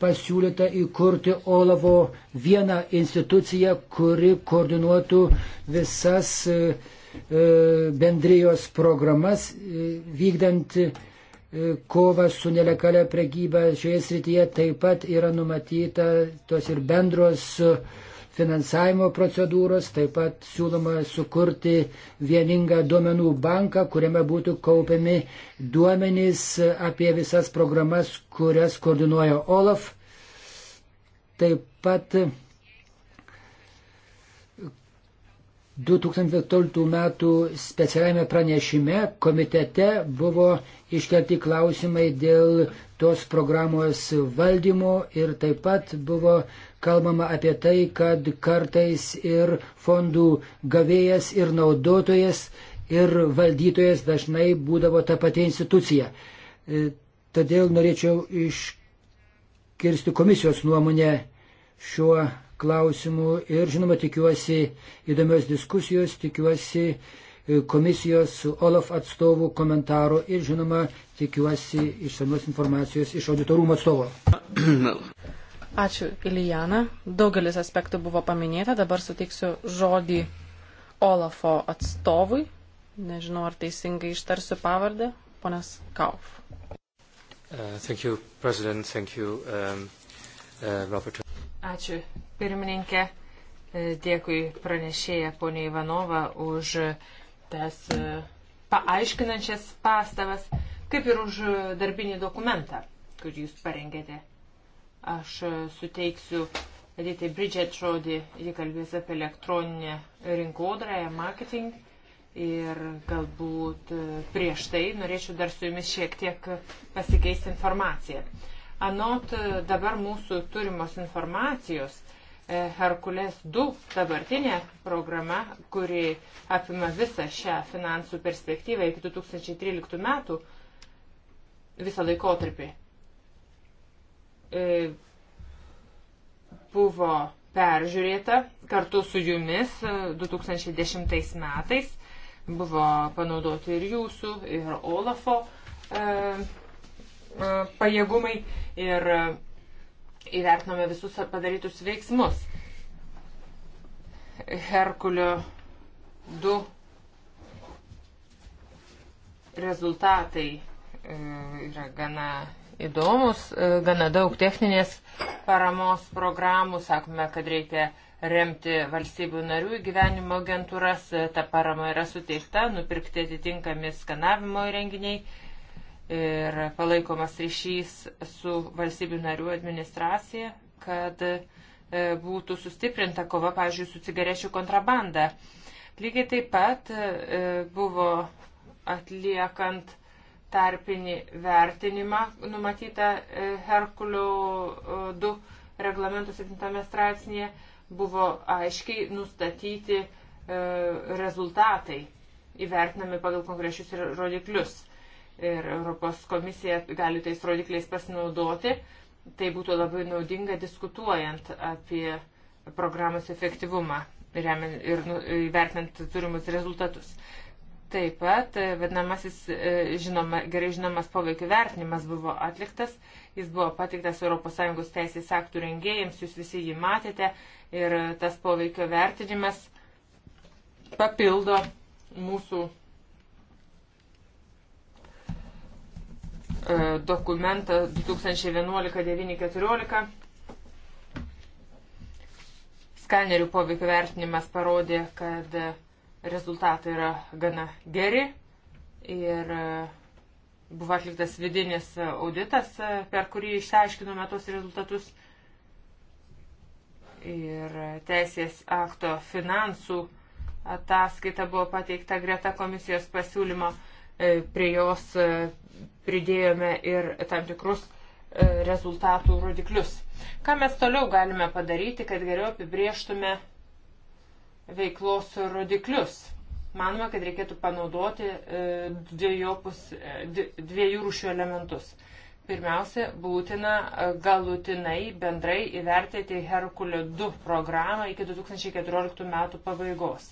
pasiūlyta įkurti Olavo vieną instituciją, kuri koordinuotų visas e, e, bendrijos programas, vykdant kovą su nelegalia prekyba šioje srityje. Taip pat yra numatyta tos ir bendros uh, finansavimo procedūros, taip pat siūloma sukurti vieningą duomenų banką, kuriame būtų kaupiami duomenys apie visas programas, kurias koordinuoja OLAF. Taip pat 2012 m. specialiame pranešime komitete buvo iškelti klausimai dėl tos programos valdymo ir taip pat buvo kalbama apie tai, kad kartais ir fondų gavėjas, ir naudotojas, ir valdytojas dažnai būdavo ta pati institucija. E, todėl norėčiau iškirsti komisijos nuomonę šiuo klausimu ir, žinoma, tikiuosi įdomios diskusijos, tikiuosi e, komisijos OLAF atstovų komentaro ir, žinoma, tikiuosi išsamios informacijos iš auditorumo atstovo. [coughs] Ačiū, Ilijana. Daugelis aspektų buvo paminėta. Dabar suteiksiu žodį Olafo atstovui. Nežinau, ar teisingai ištarsiu pavardę. Ponas Kauf. Uh, thank you, President. Thank you, um, uh, Robert. Ačiū, pirmininkė. E, dėkui pranešėja ponė Ivanova už tas e, paaiškinančias pastabas, kaip ir už darbinį dokumentą, kurį jūs parengėte. Aš suteiksiu Editai Bridget žodį, ji kalbės apie elektroninę rinkodarą, marketing. Ir galbūt e, prieš tai norėčiau dar su jumis šiek tiek pasikeisti informaciją. Anot e, dabar mūsų turimos informacijos, e, Herkules 2 dabartinė programa, kuri apima visą šią finansų perspektyvą iki 2013 metų, visą laikotarpį, E, buvo peržiūrėta kartu su jumis 2010 e, metais. Buvo panaudoti ir jūsų, ir Olafo e, e, pajėgumai ir e, įvertinome visus padarytus veiksmus. Herkulio 2 rezultatai e, yra gana įdomus, e, gana daug techninės paramos programų, sakome, kad reikia remti valstybių narių gyvenimo agentūras, e, ta parama yra suteikta, nupirkti atitinkami skanavimo įrenginiai ir palaikomas ryšys su valstybių narių administracija, kad e, būtų sustiprinta kova, pavyzdžiui, su cigarečių kontrabanda. Lygiai taip pat buvo atliekant tarpinį vertinimą numatytą e, Herkulio 2 e, reglamento 7 straipsnėje buvo aiškiai nustatyti e, rezultatai įvertinami pagal konkrečius rodiklius. Ir Europos komisija gali tais rodikliais pasinaudoti. Tai būtų labai naudinga diskutuojant apie programos efektyvumą remiant ir nu, įvertinant turimus rezultatus. Taip pat e, vadinamasis e, žinoma, gerai žinomas poveikio vertinimas buvo atliktas, jis buvo patiktas ES teisės aktų rengėjams, jūs visi jį matėte ir e, tas poveikio vertinimas papildo mūsų dokumentą 2011-914. Skanerių poveikio vertinimas parodė, kad Rezultatai yra gana geri ir e, buvo atliktas vidinis auditas, e, per kurį išsiaiškinome tos rezultatus. Ir e, teisės akto finansų ataskaita buvo pateikta greta komisijos pasiūlymo. Prie jos pridėjome ir tam tikrus rezultatų rodiklius. Ką mes toliau galime padaryti, kad geriau apibrieštume veiklos rodiklius. Manoma, kad reikėtų panaudoti e, dviejopus, e, dviejų rūšių elementus. Pirmiausia, būtina e, galutinai bendrai įvertinti Herkulio 2 programą iki 2014 metų pabaigos.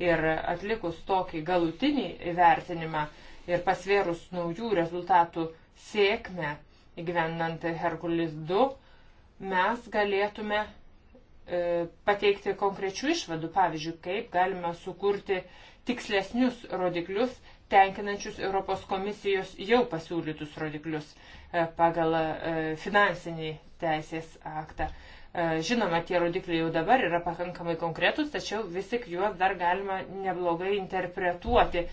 Ir atlikus tokį galutinį įvertinimą ir pasvėrus naujų rezultatų sėkmę įgyvendant Herkulis 2, mes galėtume E, pateikti konkrečių išvadų, pavyzdžiui, kaip galima sukurti tikslesnius rodiklius, tenkinančius Europos komisijos jau pasiūlytus rodiklius e, pagal e, finansinį teisės aktą. Žinoma, tie rodikliai jau dabar yra pakankamai konkretus, tačiau vis tik juos dar galima neblogai interpretuoti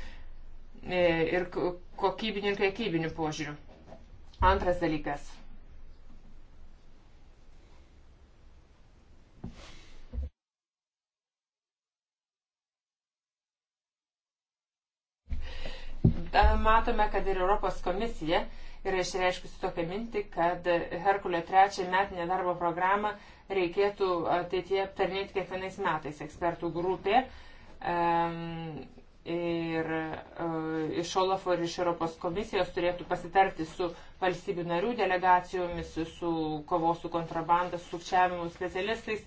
ir kokybinių ir kiekybinių požiūrių. Antras dalykas matome, kad ir Europos komisija yra išreiškusi tokią mintį, kad Herkulio trečią metinę darbo programą reikėtų ateityje aptarnėti kiekvienais metais ekspertų grupė. Um, ir uh, iš Olafo ir iš Europos komisijos turėtų pasitarti su valstybių narių delegacijomis, su kovos su kontrabanda, su sukčiavimu specialistais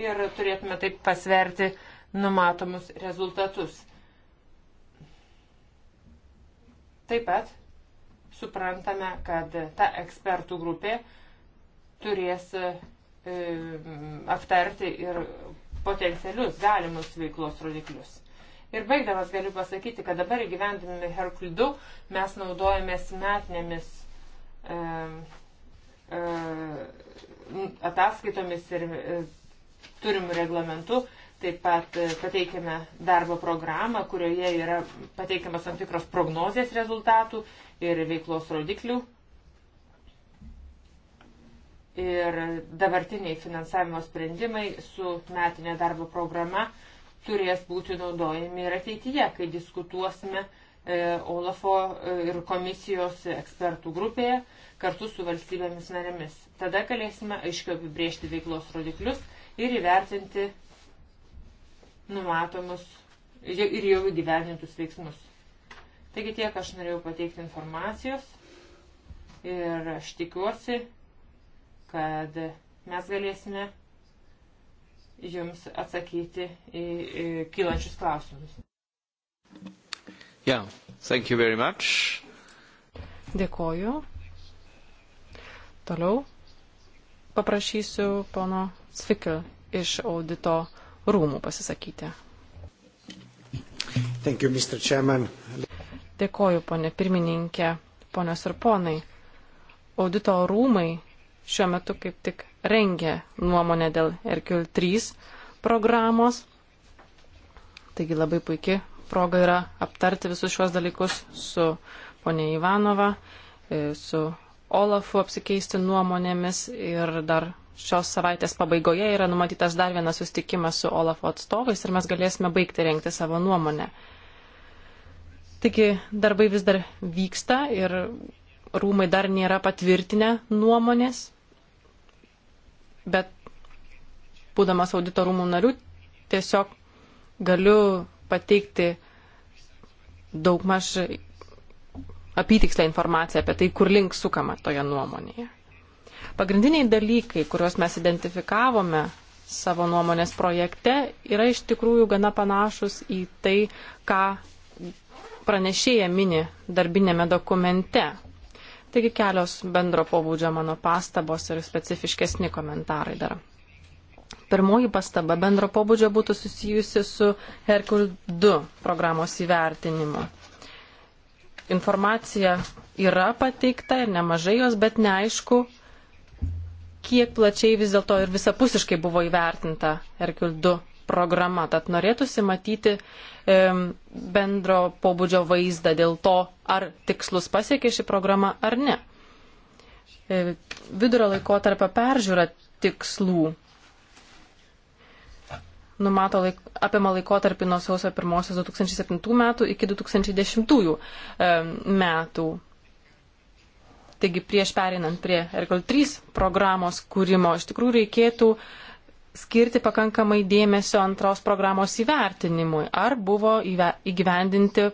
ir turėtume taip pasverti numatomus rezultatus. Taip pat suprantame, kad ta ekspertų grupė turės e, aptarti ir potencialius galimus veiklos rodiklius. Ir baigdamas galiu pasakyti, kad dabar įgyvendinami Herkul 2 mes naudojamės metinėmis e, e, ataskaitomis ir e, turimų reglamentų Taip pat e, pateikėme darbo programą, kurioje yra pateikiamas tam tikros prognozijas rezultatų ir veiklos rodiklių. Ir dabartiniai finansavimo sprendimai su metinė darbo programa turės būti naudojami ir ateityje, kai diskutuosime e, Olafo e, ir komisijos ekspertų grupėje kartu su valstybėmis narėmis. Tada galėsime aiškiau apibriežti veiklos rodiklius ir įvertinti numatomus ir jau įgyvendintus veiksmus. Taigi tiek aš norėjau pateikti informacijos ir aš tikiuosi, kad mes galėsime jums atsakyti į, į kylančius klausimus. Yeah, thank you very much. Dėkoju. Toliau paprašysiu pono Cvikio iš audito rūmų pasisakyti. Thank you, Mr. Chairman. Dėkoju, ponė pirmininkė, ponios ir ponai. Audito rūmai šiuo metu kaip tik rengia nuomonę dėl Erkiul 3 programos. Taigi labai puikia proga yra aptarti visus šios dalykus su ponė Ivanova, e, su Olafu apsikeisti nuomonėmis ir dar šios savaitės pabaigoje yra numatytas dar vienas sustikimas su Olafo atstovais ir mes galėsime baigti renkti savo nuomonę. Taigi darbai vis dar vyksta ir rūmai dar nėra patvirtinę nuomonės, bet būdamas audito rūmų narių tiesiog galiu pateikti daugmaž apytikslę informaciją apie tai, kur link sukama toje nuomonėje. Pagrindiniai dalykai, kuriuos mes identifikavome savo nuomonės projekte, yra iš tikrųjų gana panašus į tai, ką pranešėja mini darbinėme dokumente. Taigi kelios bendro pobūdžio mano pastabos ir specifiškesni komentarai dar. Pirmoji pastaba bendro pobūdžio būtų susijusi su Herkul 2 programos įvertinimu. Informacija yra pateikta ir nemažai jos, bet neaišku, kiek plačiai vis dėlto ir visapusiškai buvo įvertinta Erkil 2 programa. Tad norėtųsi matyti e, bendro pobūdžio vaizdą dėl to, ar tikslus pasiekė ši programa ar ne. E, vidurio laiko tarp peržiūra tikslų numato laik, apima laikotarpį nuo sausio 1 2007 metų iki 2010 metų. Taigi prieš perinant prie Ergal 3 programos kūrimo, iš tikrųjų reikėtų skirti pakankamai dėmesio antros programos įvertinimui, ar buvo įgyvendinti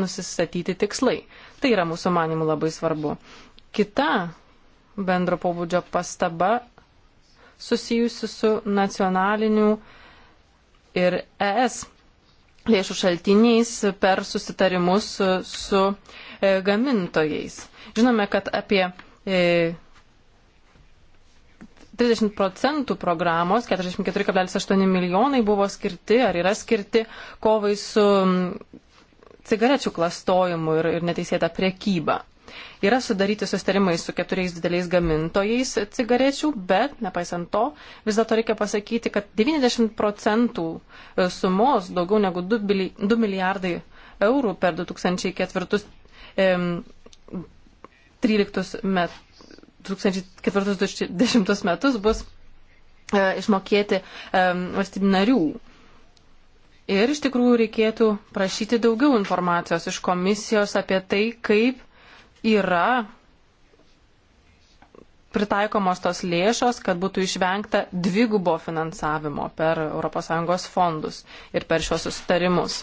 nusistatyti tikslai. Tai yra mūsų manimų labai svarbu. Kita bendro pobūdžio pastaba susijusi su nacionaliniu ir ES lėšų šaltiniais per susitarimus su, su E, gamintojais. Žinome, kad apie 30 e, procentų programos, 44,8 milijonai buvo skirti ar yra skirti kovai su cigarečių klastojimu ir, ir neteisėta priekyba. Yra sudaryti sustarimai su keturiais dideliais gamintojais cigarečių, bet nepaisant to, vis dėlto reikia pasakyti, kad 90 procentų e, sumos, daugiau negu 2 milijardai eurų per 2004 13 met, 2004-2010 metus bus e, išmokėti valstybių narių. Ir iš tikrųjų reikėtų prašyti daugiau informacijos iš komisijos apie tai, kaip yra pritaikomos tos lėšos, kad būtų išvengta dvigubo finansavimo per ES fondus ir per šios sustarimus.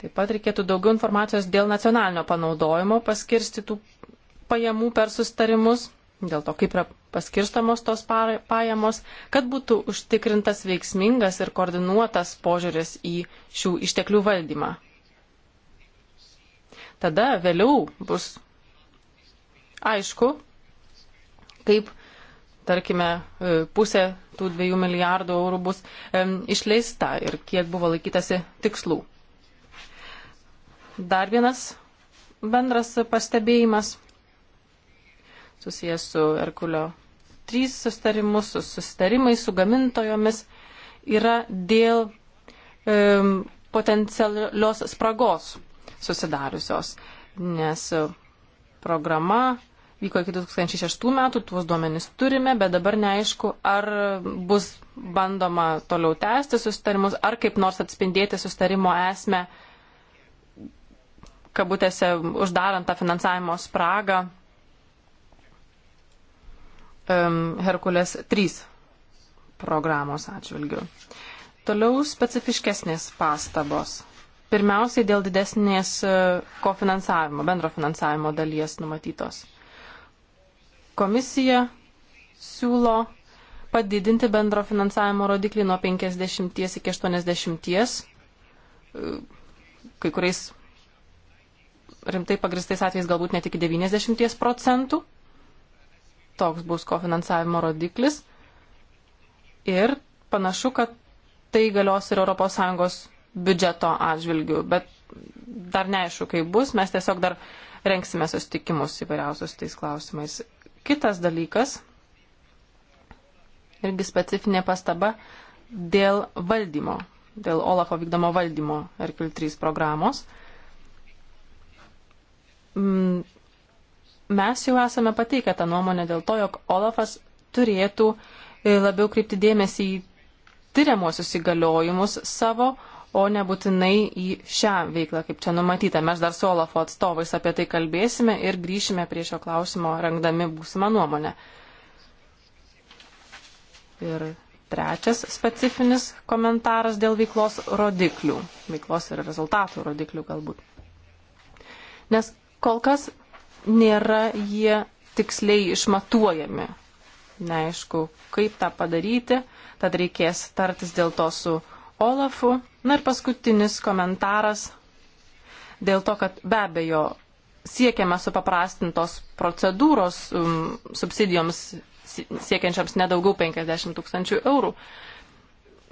Taip pat reikėtų daugiau informacijos dėl nacionalinio panaudojimo paskirstytų pajamų per sustarimus, dėl to, kaip yra paskirstamos tos pajamos, kad būtų užtikrintas veiksmingas ir koordinuotas požiūris į šių išteklių valdymą. Tada vėliau bus aišku, kaip, tarkime, e, pusė tų dviejų milijardų eurų bus išleista ir kiek buvo laikytasi tikslų. Dar vienas bendras pastebėjimas susijęs su Erkulio 3 sustarimu, su sustarimais, su gamintojomis yra dėl e, potencialios spragos susidariusios, nes programa vyko iki 2006 metų, tuos duomenys turime, bet dabar neaišku, ar bus bandoma toliau tęsti sustarimus, ar kaip nors atspindėti sustarimo esmę kabutėse uždarant tą finansavimo spragą Herkules 3 programos atžvilgiu. Toliau specifiškesnės pastabos. Pirmiausiai dėl didesnės e, kofinansavimo, bendro finansavimo dalies numatytos. Komisija siūlo padidinti bendro finansavimo rodiklį nuo 50 iki 80. E, kai kuriais rimtai pagristais atvejais galbūt net iki 90 procentų. Toks bus kofinansavimo rodiklis. Ir panašu, kad tai galios ir ES biudžeto atžvilgių, bet dar neaišku, kaip bus, mes tiesiog dar renksime susitikimus įvairiausius tais klausimais. Kitas dalykas, irgi specifinė pastaba, dėl valdymo, dėl OLAFO vykdomo valdymo RKL3 programos. Uh, Mm, mes jau esame pateikę tą nuomonę dėl to, jog Olafas turėtų e, labiau krypti dėmesį į tyriamuosius įgaliojimus savo, o nebūtinai į šią veiklą, kaip čia numatyta. Mes dar su Olafo atstovais apie tai kalbėsime ir grįšime prie šio klausimo, rengdami būsimą nuomonę. Ir trečias specifinis komentaras dėl veiklos rodiklių, veiklos ir rezultatų rodiklių galbūt. Nes Kol kas nėra jie tiksliai išmatuojami. Neaišku, kaip tą padaryti, tad reikės tartis dėl to su Olafu. Na ir paskutinis komentaras dėl to, kad be abejo siekiame supaprastintos procedūros um, subsidijoms siekiančiams nedaugiau 50 tūkstančių eurų. Uh,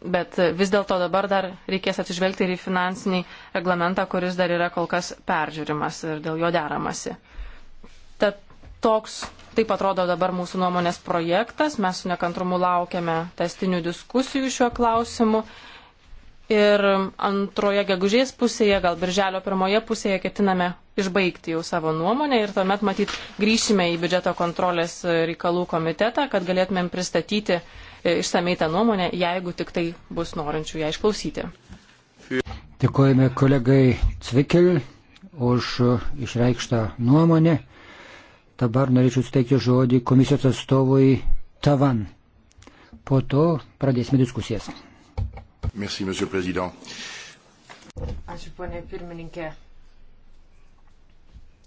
bet vis dėlto dabar dar reikės atsižvelgti ir į finansinį reglamentą, kuris dar yra kol kas peržiūrimas ir dėl jo deramasi. Tad toks, taip atrodo dabar mūsų nuomonės projektas, mes su nekantrumu laukiame testinių diskusijų šiuo klausimu. Ir antroje gegužės pusėje, gal birželio pirmoje pusėje ketiname išbaigti jau savo nuomonę ir tuomet matyt grįšime į biudžeto kontrolės reikalų komitetą, kad galėtumėm pristatyti uh, E, išsamei tą nuomonę, jeigu tik tai bus norinčių ją išklausyti. Dėkojame kolegai Cvikil už išreikštą nuomonę. Dabar norėčiau suteikti žodį komisijos atstovui Tavan. Po to pradėsime diskusijas. Merci, monsieur président. Ačiū, ponė pirmininkė.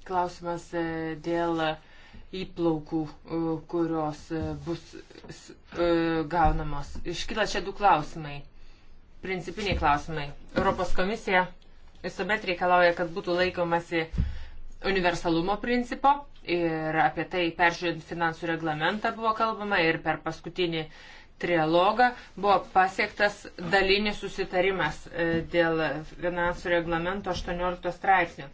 Klausimas e, dėl įplaukų, e, kurios e, bus e, gaunamos. Iškyla čia du klausimai. Principiniai klausimai. Europos komisija visuomet reikalauja, kad būtų laikomasi universalumo principo ir apie tai peržiūrint finansų reglamentą buvo kalbama ir per paskutinį uh, trialogą buvo pasiektas dalinis susitarimas e, dėl finansų reglamento 18 straipsnio.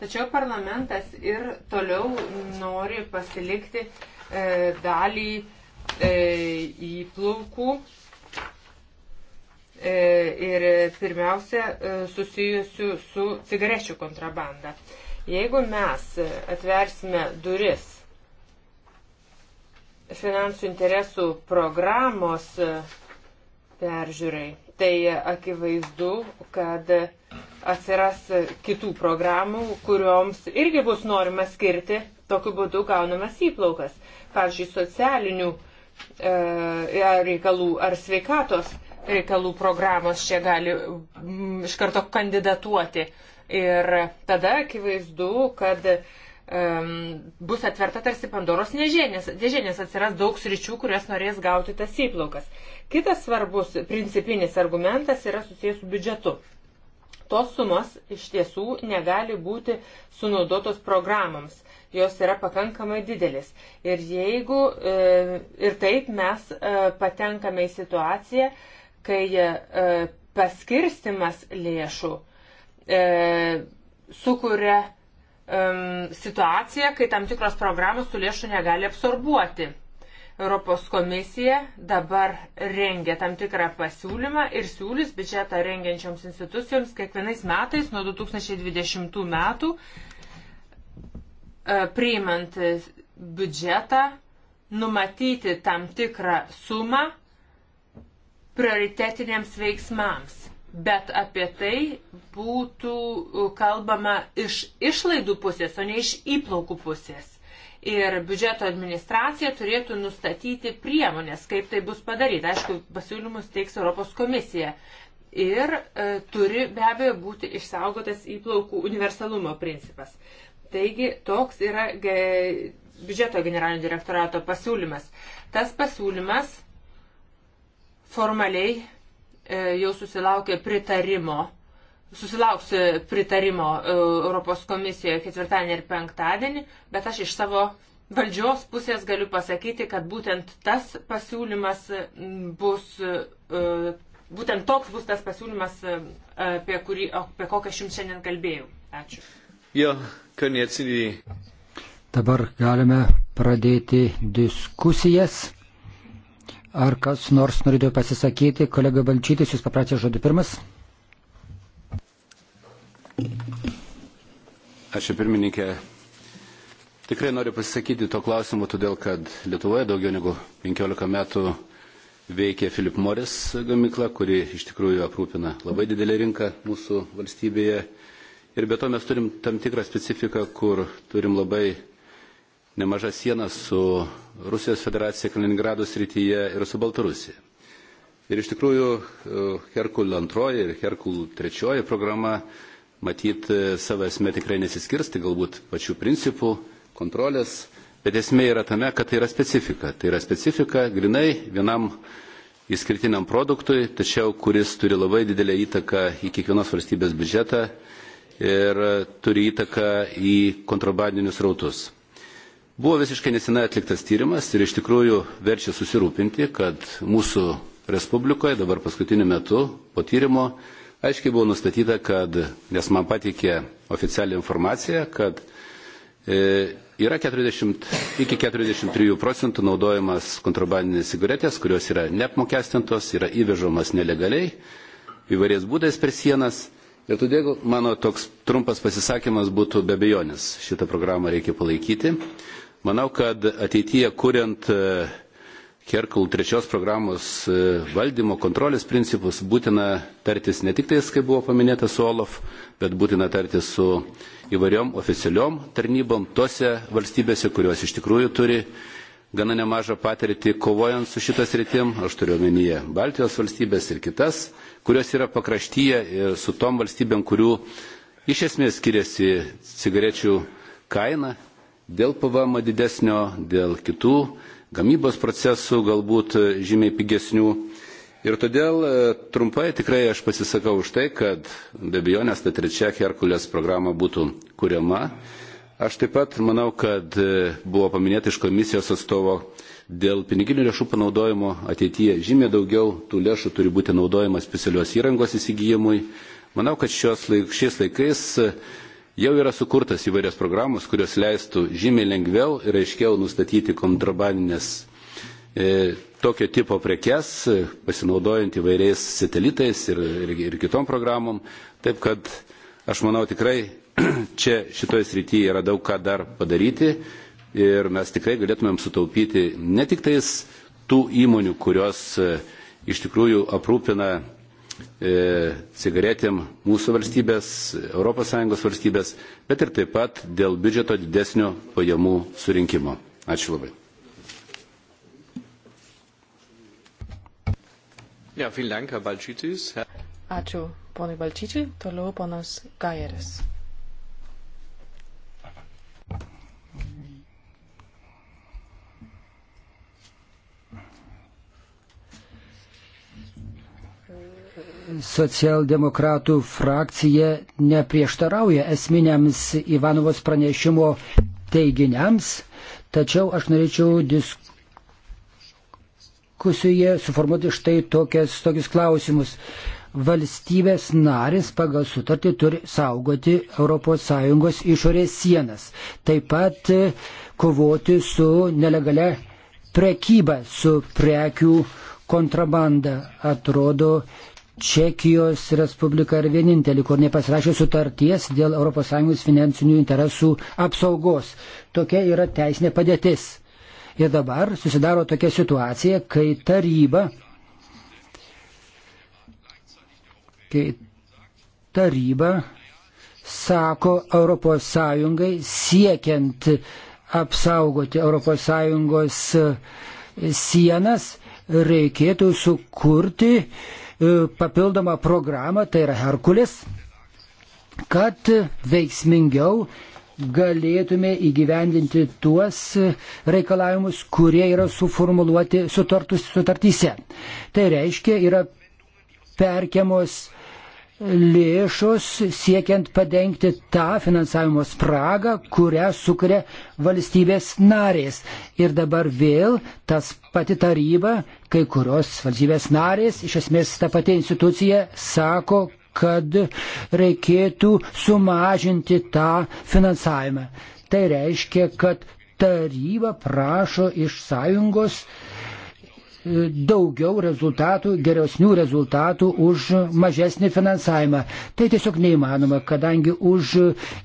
Tačiau parlamentas ir toliau nori pasilikti e, dalį e, įplaukų ir pirmiausia susijusių su cigarečių kontrabanda. Jeigu mes atversime duris finansų interesų programos e, peržiūrai, tai akivaizdu, kad atsiras kitų programų, kurioms irgi bus norima skirti tokiu būdu gaunamas įplaukas. Pavyzdžiui, socialinių e, reikalų ar sveikatos reikalų programos čia gali m, mm, iš karto kandidatuoti. Ir tada akivaizdu, kad um, bus atverta tarsi Pandoros dėžė, nes atsiras daug sričių, kurias norės gauti tas įplaukas. Kitas svarbus principinis argumentas yra susijęs su biudžetu. Tos sumos iš tiesų negali būti sunaudotos programoms jos yra pakankamai didelis. Ir jeigu e, ir taip mes e, patenkame į situaciją, kai e, paskirstimas lėšų e, sukuria e, um, situacija, kai tam tikros programos tų lėšų negali absorbuoti. Europos komisija dabar rengia tam tikrą pasiūlymą ir siūlys biudžetą rengiančioms institucijoms kiekvienais metais nuo 2020 metų e, priimant biudžetą numatyti tam tikrą sumą prioritetiniams veiksmams bet apie tai būtų e, kalbama iš išlaidų pusės, o ne iš įplaukų pusės. Ir biudžeto administracija turėtų nustatyti priemonės, kaip tai bus padaryta. Aišku, pasiūlymus teiks Europos komisija. Ir e, turi be abejo būti išsaugotas įplaukų universalumo principas. Taigi toks yra ge, biudžeto generalinio direktorato pasiūlymas. Tas pasiūlymas formaliai E, jau susilaukė pritarimo, susilauks pritarimo e, Europos komisijoje ketvirtadienį ir penktadienį, bet aš iš savo valdžios pusės galiu pasakyti, kad būtent tas pasiūlymas e, bus, būtent toks bus tas pasiūlymas, apie, kurį, apie kokią aš jums šiandien kalbėjau. Ačiū. Jo, Dabar galime pradėti diskusijas. Ar kas nors norėtų pasisakyti? Kolega Balčytis, jūs paprašėte žodį pirmas. Ačiū pirmininkė. Tikrai noriu pasisakyti to klausimu, todėl kad Lietuvoje daugiau negu 15 metų veikia Philip Morris gamykla, kuri iš tikrųjų aprūpina labai didelę rinką mūsų valstybėje. Ir be to mes turim tam tikrą specifiką, kur turim labai nemažą sieną su Rusijos federacija Kaliningrado srityje ir su Baltarusija. Ir iš tikrųjų e, Herkul antroji ir Herkul trečioji programa matyt e, savo esmė tikrai nesiskirsti, galbūt pačių principų, kontrolės, bet esmė yra tame, kad tai yra specifika. Tai yra specifika grinai vienam išskirtiniam produktui, tačiau kuris turi labai didelę įtaką į kiekvienos valstybės biudžetą ir turi įtaką į kontrabandinius rautus. Buvo visiškai nesenai atliktas tyrimas ir iš tikrųjų verčia susirūpinti, kad mūsų Respublikoje dabar paskutiniu metu po tyrimo aiškiai buvo nustatyta, kad, nes man patikė oficialią informaciją, kad e, yra 40, iki 43 procentų naudojamas kontrabandinės cigaretės, kurios yra neapmokestintos, yra įvežomas nelegaliai, įvairiais būdais per sienas. Ir todėl mano toks trumpas pasisakymas būtų be bejonės. Šitą programą reikia palaikyti. Manau, kad ateityje, kuriant Kerkul e, trečios programos e, valdymo kontrolės principus, būtina tartis ne tik tais, kaip buvo paminėta, su OLAF, bet būtina tartis su įvairiom oficialiom tarnybom tose valstybėse, kurios iš tikrųjų turi gana nemažą patirtį kovojant su šitas rytim, aš turiu omenyje Baltijos valstybės ir kitas, kurios yra pakraštyje ir e, su tom valstybėm, kurių iš esmės skiriasi cigarečių kaina, dėl PVM didesnio, dėl kitų gamybos procesų galbūt e, žymiai pigesnių. Ir todėl e, trumpai tikrai aš pasisakau už tai, kad be abejonės ta trečia Herkulės programa būtų kuriama. Aš taip pat manau, kad e, buvo paminėta iš komisijos atstovo dėl piniginių lėšų panaudojimo ateityje žymiai daugiau tų lėšų turi būti naudojama specialios įrangos įsigijimui. Manau, kad šios laik, šiais laikais Jau yra sukurtas įvairias programos, kurios leistų žymiai lengviau ir aiškiau nustatyti kontrabandinės e, tokio tipo prekes, pasinaudojant įvairiais satelitais ir, ir, ir kitom programom. Taip kad aš manau tikrai [clears throat] čia šitoje srityje yra daug ką dar padaryti ir mes tikrai galėtumėm sutaupyti ne tik tais tų įmonių, kurios e, iš tikrųjų aprūpina E, cigaretėm mūsų valstybės, ES valstybės, bet ir taip pat dėl biudžeto didesnio pajamų surinkimo. Ačiū labai. Ja, dank, Ačiū ponui Balčyčiui, toliau ponas Gajeris. socialdemokratų frakcija neprieštarauja esminiams Ivanovos pranešimo teiginiams, tačiau aš norėčiau diskusijoje suformuoti štai tokias, tokius klausimus. Valstybės narės pagal sutartį turi saugoti ES išorės sienas, taip pat e, kovoti su nelegale prekyba, su prekių kontrabanda. Atrodo, Čekijos Respublika yra vienintelė, kur nepasirašė sutarties dėl ES finansinių interesų apsaugos. Tokia yra teisinė padėtis. Ir dabar susidaro tokia situacija, kai taryba, kai taryba sako ES siekiant apsaugoti ES sienas, reikėtų sukurti E, papildomą programą, tai yra Herkulis, kad veiksmingiau galėtume įgyvendinti tuos reikalavimus, kurie yra suformuluoti sutartus, sutartyse. Tai reiškia, yra perkiamos uh, lėšos siekiant padengti tą finansavimo spragą, kurią sukuria valstybės narės. Ir dabar vėl tas pati taryba, kai kurios valstybės narės, iš esmės ta pati institucija, sako, kad reikėtų sumažinti tą finansavimą. Tai reiškia, kad taryba prašo iš sąjungos daugiau rezultatų, geresnių rezultatų už mažesnį finansavimą. Tai tiesiog neįmanoma, kadangi už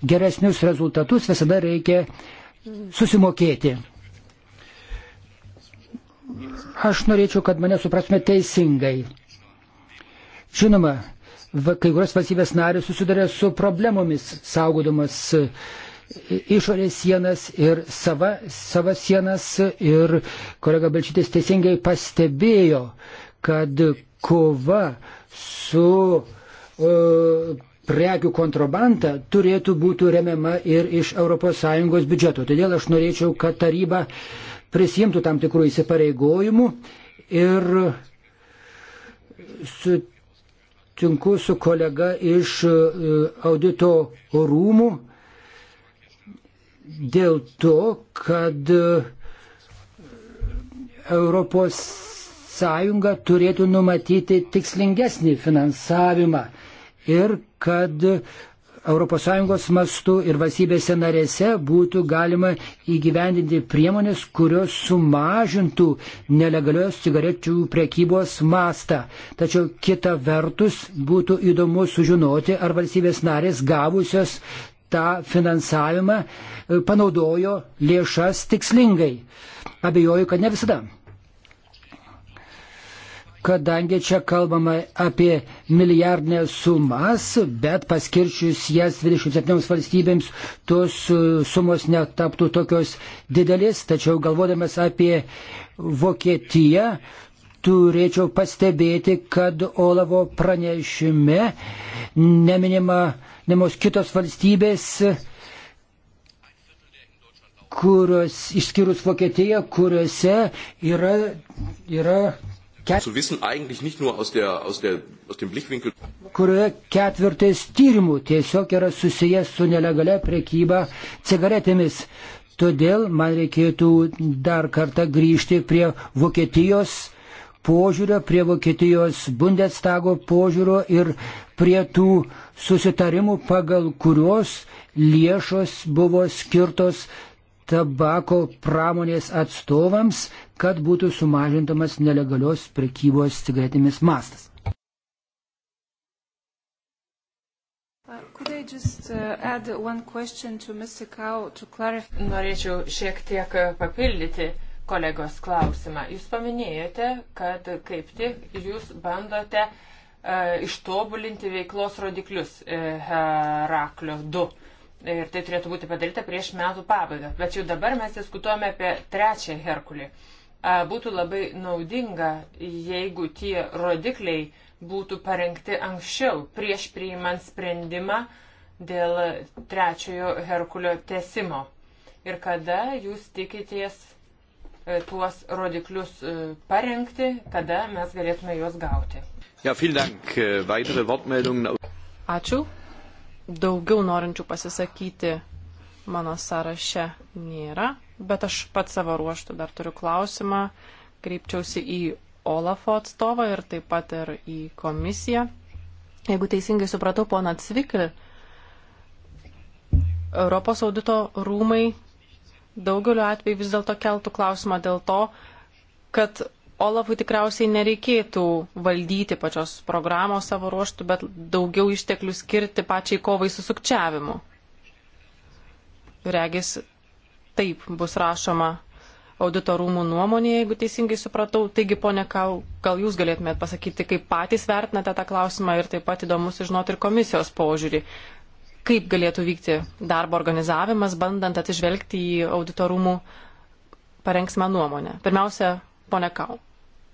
geresnius rezultatus visada reikia susimokėti. Aš norėčiau, kad mane suprasme teisingai. Žinoma, kai kurios valstybės narius susiduria su problemomis saugodamas išorės sienas ir sava, sava sienas. Ir kolega Balčytis teisingai pastebėjo, kad kova su uh, prekių kontrabanda turėtų būti remiama ir iš ES biudžeto. Todėl aš norėčiau, kad taryba prisimtų tam tikrų įsipareigojimų ir sutinku su kolega iš e, audito rūmų, dėl to, kad e, Europos Sąjunga turėtų numatyti tikslingesnį finansavimą ir kad ES mastu ir valstybėse narėse būtų galima įgyvendinti priemonės, kurios sumažintų nelegalios cigarečių prekybos mastą. Tačiau kita vertus būtų įdomu sužinoti, ar valstybės narės gavusios tą finansavimą e, panaudojo lėšas tikslingai. Abejoju, kad ne visada. Kadangi čia kalbama apie milijardinę sumas, bet paskirčius jas 27 valstybėms, tos e, sumos netaptų tokios didelis, tačiau galvodamas apie Vokietiją, turėčiau pastebėti, kad Olavo pranešime neminima nemos kitos valstybės, kurios, išskyrus Vokietiją, kuriuose yra. yra kurioje ketvirtis tyrimų tiesiog yra susijęs su nelegalia prekyba cigaretėmis. Todėl man reikėtų dar kartą grįžti prie Vokietijos požiūrio, prie Vokietijos Bundestago požiūrio ir prie tų susitarimų, pagal kuriuos lėšos buvo skirtos tabako pramonės atstovams, kad būtų sumažintamas nelegalios prekybos cigaretėmis mastas. Uh, uh, Norėčiau šiek tiek uh, papildyti kolegos klausimą. Jūs paminėjote, kad kaip tik jūs bandote e, ištobulinti veiklos rodiklius e, Heraklio 2. Ir tai turėtų būti padaryta prieš metų pabaigą. Bet jau dabar mes diskutuojame apie trečią Herkulį. E, būtų labai naudinga, jeigu tie rodikliai būtų parengti anksčiau, prieš priimant sprendimą dėl trečiojo Herkulio tesimo. Ir kada jūs tikitės E, tuos rodiklius e, parengti, kada mes galėtume juos gauti. Ja, dank. Äh, Ačiū. Daugiau norinčių pasisakyti mano sąraše nėra, bet aš pat savo ruoštų dar turiu klausimą. Kreipčiausi į Olafo atstovą ir taip pat ir į komisiją. Jeigu teisingai supratau, pona Cvikl, Europos audito rūmai daugeliu atveju vis dėlto keltų klausimą dėl to, kad Olafui tikriausiai nereikėtų valdyti pačios programos savo ruoštų, bet daugiau išteklių skirti pačiai kovai su sukčiavimu. Regis taip bus rašoma auditorumų nuomonė, jeigu teisingai supratau. Taigi, ponė, gal, gal jūs galėtumėt pasakyti, kaip patys vertinate tą klausimą ir taip pat įdomu sužinoti ir komisijos požiūrį kaip galėtų vykti darbo organizavimas, bandant atsižvelgti į auditorumų parengsmą nuomonę. Pirmiausia, pone Kau,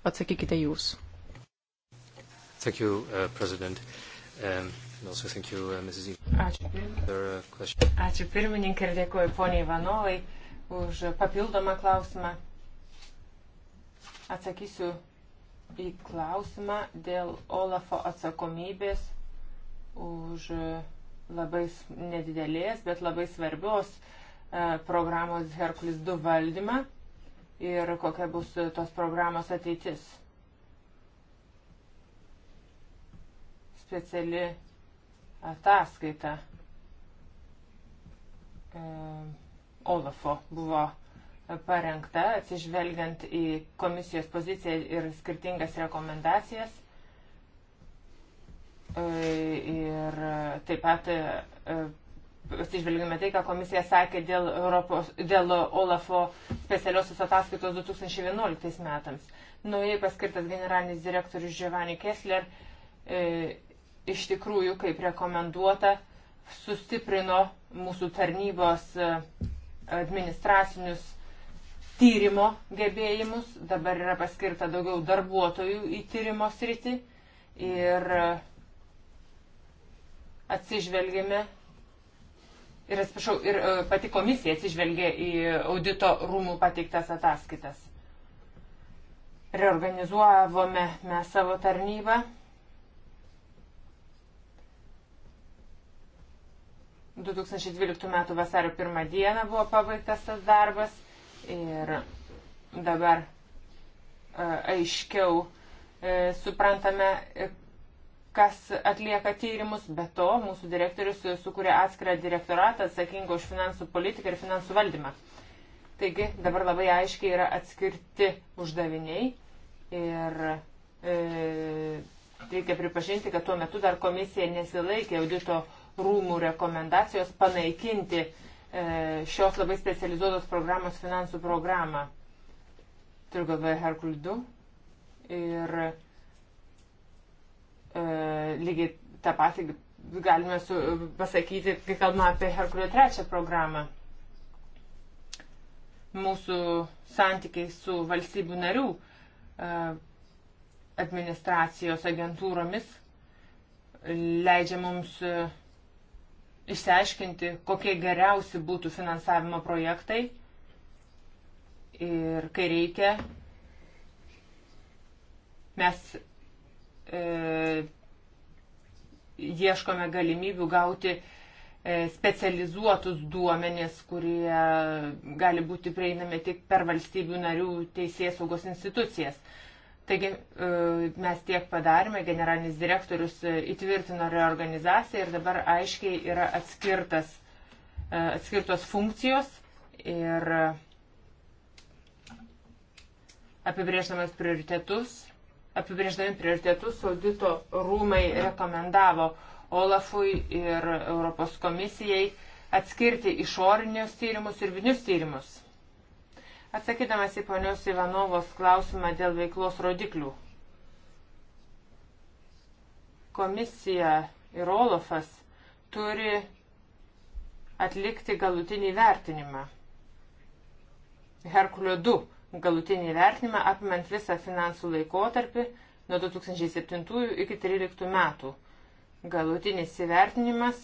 atsakykite jūs. Thank you, uh, President. Um, also thank you, uh, Mrs. Ačiū. Uh, Ačiū pirmininkai ir dėkuoju poniai Ivanovai už papildomą klausimą. Atsakysiu į klausimą dėl Olafo atsakomybės už uh, labai nedidelės, bet labai svarbios e, programos Herkulis 2 valdymą ir kokia bus e, tos programos ateitis. Speciali ataskaita e, Olafo buvo parengta atsižvelgiant į komisijos poziciją ir skirtingas rekomendacijas E, ir taip pat pasižvelgime e, tai, ką komisija sakė dėl, Europos, dėl Olafo specialiosios ataskaitos 2011 metams. Naujai paskirtas generalinis direktorius Giovanni Kessler e, iš tikrųjų, kaip rekomenduota, sustiprino mūsų tarnybos e, administracinius tyrimo gebėjimus. Dabar yra paskirta daugiau darbuotojų į tyrimo sritį. Ir e, atsižvelgėme ir, atsiprašau, ir e, pati komisija atsižvelgė į audito rūmų pateiktas ataskaitas. Reorganizuavome mes savo tarnybą. Du 2012 m. vasario 1 dieną buvo pabaigtas tas darbas ir dabar e, aiškiau e, suprantame, kas atlieka tyrimus, bet to mūsų direktorius sukūrė atskirą direktoratą atsakingą už finansų politiką ir finansų valdymą. Taigi dabar labai aiškiai yra atskirti uždaviniai ir e, reikia pripažinti, kad tuo metu dar komisija nesilaikė audito rūmų rekomendacijos panaikinti e, šios labai specializuotos programos finansų programą. Turiu galvoje Herkul 2 ir E, lygiai tą patį galime su, pasakyti, kai kalbame apie Herkulio trečią programą. Mūsų santykiai su valstybių narių e, administracijos agentūromis leidžia mums e, išsiaiškinti, kokie geriausi būtų finansavimo projektai ir kai reikia, mes E, ieškome galimybių gauti e, specializuotus duomenis, kurie gali būti prieinami tik per valstybių narių teisės saugos institucijas. Taigi e, mes tiek padarėme, generalinis direktorius įtvirtino reorganizaciją ir dabar aiškiai yra atskirtas, atskirtos funkcijos ir apibrėžtamas prioritetus apibrėždami prioritetus, audito rūmai rekomendavo Olafui ir Europos komisijai atskirti išorinius tyrimus ir vidinius tyrimus. Atsakydamas į ponios Ivanovos klausimą dėl veiklos rodiklių. Komisija ir Olafas turi atlikti galutinį vertinimą. Herkulio 2 galutinį vertinimą apimant visą finansų laikotarpį nuo 2007 iki 2013 metų. Galutinis įvertinimas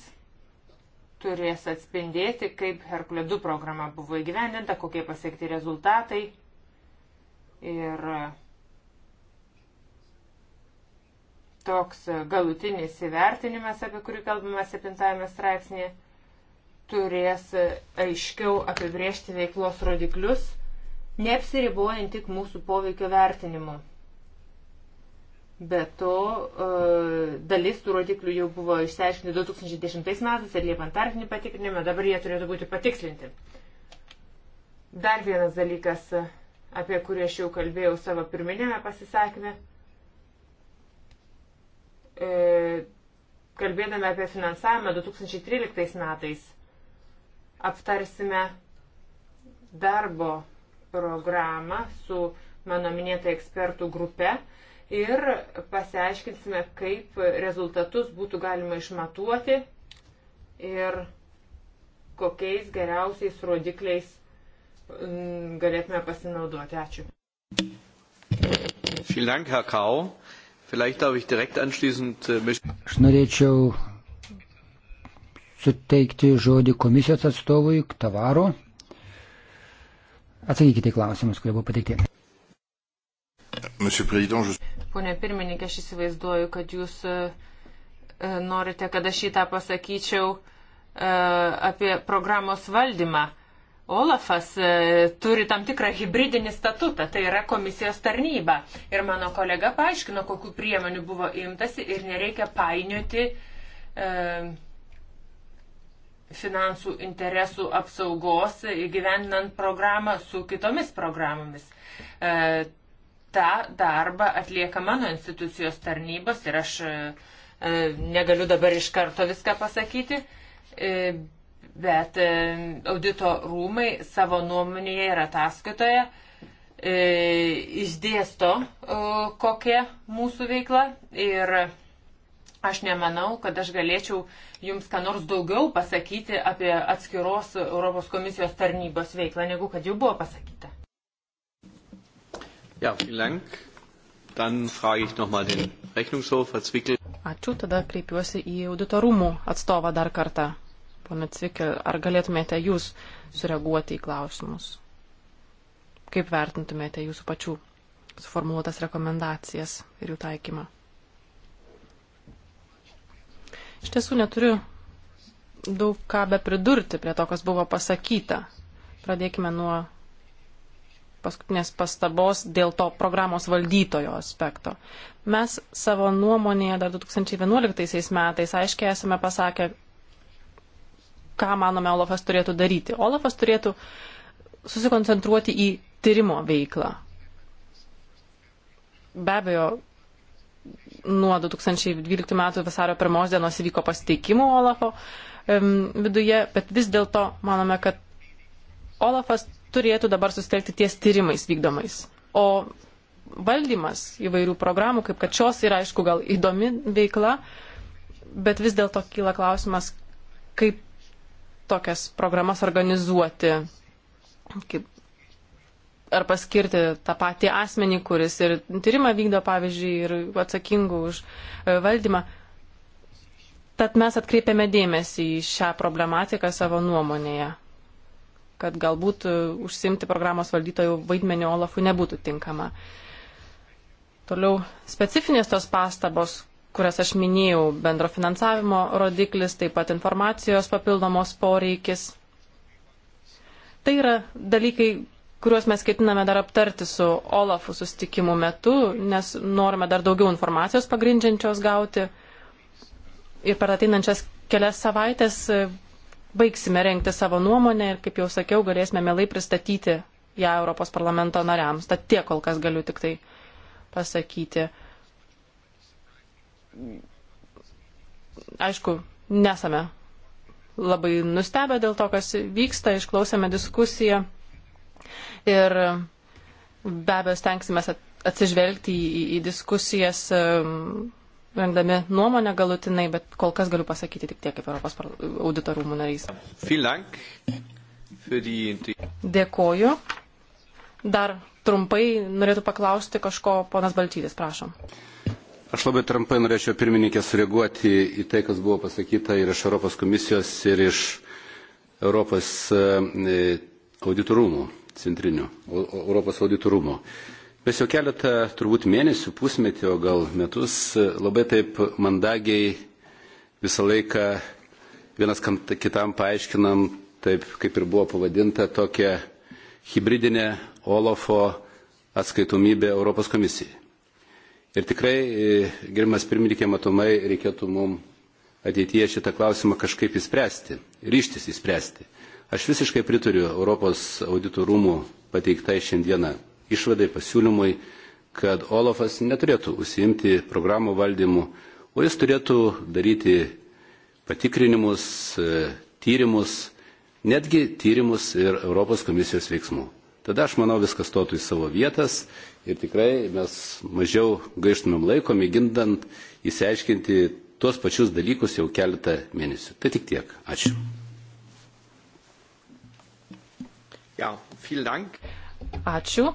turės atspindėti, kaip Herkulė 2 programa buvo įgyvendinta, kokie pasiekti rezultatai ir toks galutinis įvertinimas, apie kurį kalbama 7 straipsnėje, turės aiškiau apibriežti veiklos rodiklius neapsiribuojant tik mūsų poveikio vertinimu. Be to, e, dalis tų rodiklių jau buvo išsiaiškinti 2010 metais ir liepant tarpinį patikrinimą, dabar jie turėtų būti patikslinti. Dar vienas dalykas, e, apie kurį aš jau kalbėjau savo pirminėme pasisakymė, e, kalbėdami apie finansavimą 2013 metais, aptarsime darbo programą su mano minėta ekspertų grupe ir pasiaiškinsime, kaip rezultatus būtų galima išmatuoti ir kokiais geriausiais rodikliais mm, galėtume pasinaudoti. Ačiū. Äh, Aš norėčiau suteikti žodį komisijos atstovui Tavaro. Atsakykite į klausimus, kurie buvo pateikti. Pone pirmininkė, aš įsivaizduoju, kad jūs e, e, norite, kad aš šitą pasakyčiau e, apie programos valdymą. Olafas turi tam tikrą hybridinį statutą, tai yra komisijos tarnyba. Ir mano kolega paaiškino, kokiu priemoniu buvo imtasi ir nereikia painioti uh, finansų interesų apsaugos įgyvendinant programą su kitomis programomis. E, Ta darba atlieka mano institucijos tarnybos ir aš e, e, negaliu dabar iš karto viską pasakyti, bet audito rūmai savo nuomonėje ir ataskaitoje išdėsto kokia mūsų veikla ir Aš nemanau, kad aš galėčiau jums ką nors daugiau pasakyti apie atskiros Europos komisijos tarnybos veiklą, negu kad jau buvo pasakyta. Ja, Dank. Dann frage ich nochmal den Rechnungshof, Herr Zwickel. Ačiū, tada kreipiuosi į auditorumų atstovą dar kartą. Pone Cvikel, ar galėtumėte jūs sureaguoti į klausimus? Kaip vertintumėte jūsų pačių suformuotas rekomendacijas ir jų taikymą? Iš tiesų neturiu daug ką be pridurti prie to, kas buvo pasakyta. Pradėkime nuo paskutinės pastabos dėl to programos valdytojo aspekto. Mes savo nuomonėje dar 2011 metais aiškiai esame pasakę, ką manome Olafas turėtų daryti. Olafas turėtų susikoncentruoti į tyrimo veiklą. Be abejo, nuo 2012 metų vasario pirmos dienos įvyko pasiteikimų Olafo viduje, bet vis dėlto manome, kad Olafas turėtų dabar susitelkti ties tyrimais vykdomais. O valdymas įvairių programų, kaip kad šios yra, aišku, gal įdomi veikla, bet vis dėlto kyla klausimas, kaip tokias programas organizuoti, kaip ar paskirti tą patį asmenį, kuris ir tyrimą vykdo, pavyzdžiui, ir atsakingų už e, valdymą. Tad mes atkreipiame dėmesį į šią problematiką savo nuomonėje, kad galbūt e, užsimti programos valdytojų vaidmenį Olafui nebūtų tinkama. Toliau specifinės tos pastabos, kurias aš minėjau, bendro finansavimo rodiklis, taip pat informacijos papildomos poreikis. Tai yra dalykai, kuriuos mes ketiname dar aptarti su Olafu sustikimų metu, nes norime dar daugiau informacijos pagrindžiančios gauti. Ir per ateinančias kelias savaitės e, baigsime renkti savo nuomonę ir, kaip jau sakiau, galėsime mielai pristatyti ją Europos parlamento nariams. Tad tiek kol kas galiu tik tai pasakyti. Aišku, nesame labai nustebę dėl to, kas vyksta, išklausėme diskusiją ir be abejo stengsime atsižvelgti į, į diskusijas, um, rengdami nuomonę galutinai, bet kol kas galiu pasakyti tik tiek kaip Europos auditorumų narys. Dėkoju. Dar trumpai norėtų paklausti kažko ponas Balčytis, prašom. Aš labai trumpai norėčiau pirmininkė sureaguoti į tai, kas buvo pasakyta ir iš Europos komisijos, ir iš Europos e, e, auditorumų. E, centrinio Europos auditų rūmo. Mes jau keletą turbūt mėnesių, pusmetį, o gal metus labai taip mandagiai visą laiką vienas kitam paaiškinam, taip kaip ir buvo pavadinta, tokia hybridinė Olofo atskaitomybė Europos komisijai. Ir tikrai, e, gerimas pirmininkė, matomai reikėtų mums ateityje šitą klausimą kažkaip įspręsti, ryštis įspręsti. Aš visiškai pritariu Europos auditų rūmų pateiktai šiandieną išvadai pasiūlymui, kad Olafas neturėtų užsiimti programų valdymu, o jis turėtų daryti patikrinimus, e, tyrimus, netgi tyrimus ir Europos komisijos veiksmų. Tada aš manau viskas stotų į savo vietas ir tikrai mes mažiau gaištumėm laiko mėgindant įsiaiškinti tuos pačius dalykus jau keletą mėnesių. Tai tik tiek. Ačiū. Ja, vielen Dank. Ačiū.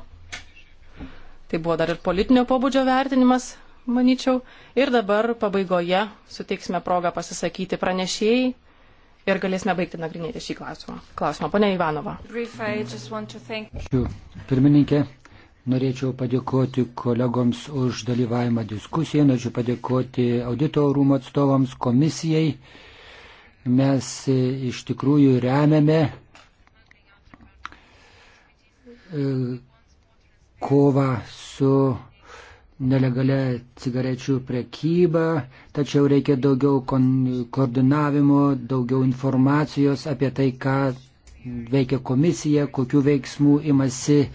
Tai buvo dar ir politinio pobūdžio vertinimas, manyčiau. Ir dabar pabaigoje suteiksime progą pasisakyti pranešėjai ir galėsime baigti nagrinėti šį klausimą. Klausimą, ponia Ivanova. Ačiū. Pirmininkė, norėčiau padėkoti kolegoms už dalyvavimą diskusiją, norėčiau padėkoti audito rūmų atstovams, komisijai. Mes e, iš tikrųjų remiame E, kovą su nelegalia cigarečių prekyba, tačiau reikia daugiau koordinavimo, daugiau informacijos apie tai, ką veikia komisija, kokiu veiksmu imasi e,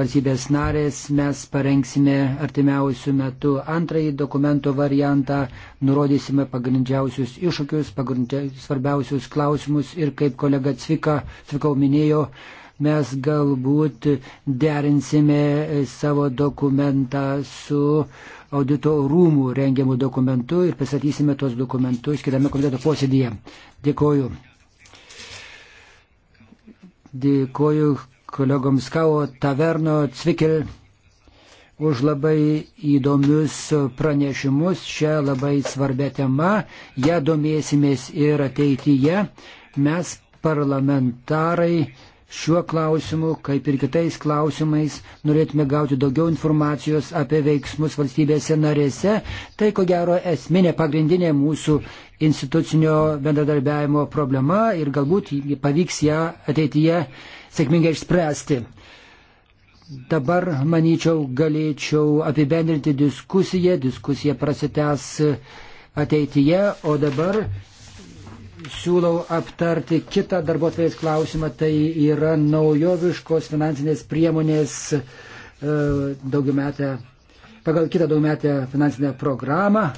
valstybės narės. Mes parengsime artimiausių metų antrąjį dokumento variantą, nurodysime pagrindžiausius iššūkius, pagrindžiausius svarbiausius klausimus ir kaip kolega Cvika, Cvikau minėjo, Mes galbūt derinsime savo dokumentą su audito rūmų rengiamų dokumentų ir pristatysime tos dokumentus kitame komiteto posėdėje. Dėkoju. Dėkoju kolegoms Kavo Taverno Cvikel už labai įdomius pranešimus šią labai svarbę temą. Ja domėsimės ir ateityje. Mes parlamentarai Šiuo klausimu, kaip ir kitais klausimais, norėtume gauti daugiau informacijos apie veiksmus valstybėse narėse. Tai ko gero esminė pagrindinė mūsų institucinio bendradarbiavimo problema ir galbūt pavyks ją ateityje sėkmingai išspręsti. Dabar, manyčiau, galėčiau apibendrinti diskusiją. Diskusija prasitęs ateityje, o dabar siūlau aptarti kitą darbo atvejais klausimą, tai yra naujoviškos finansinės priemonės e, daugiametę, pagal kitą daugiametę finansinę programą.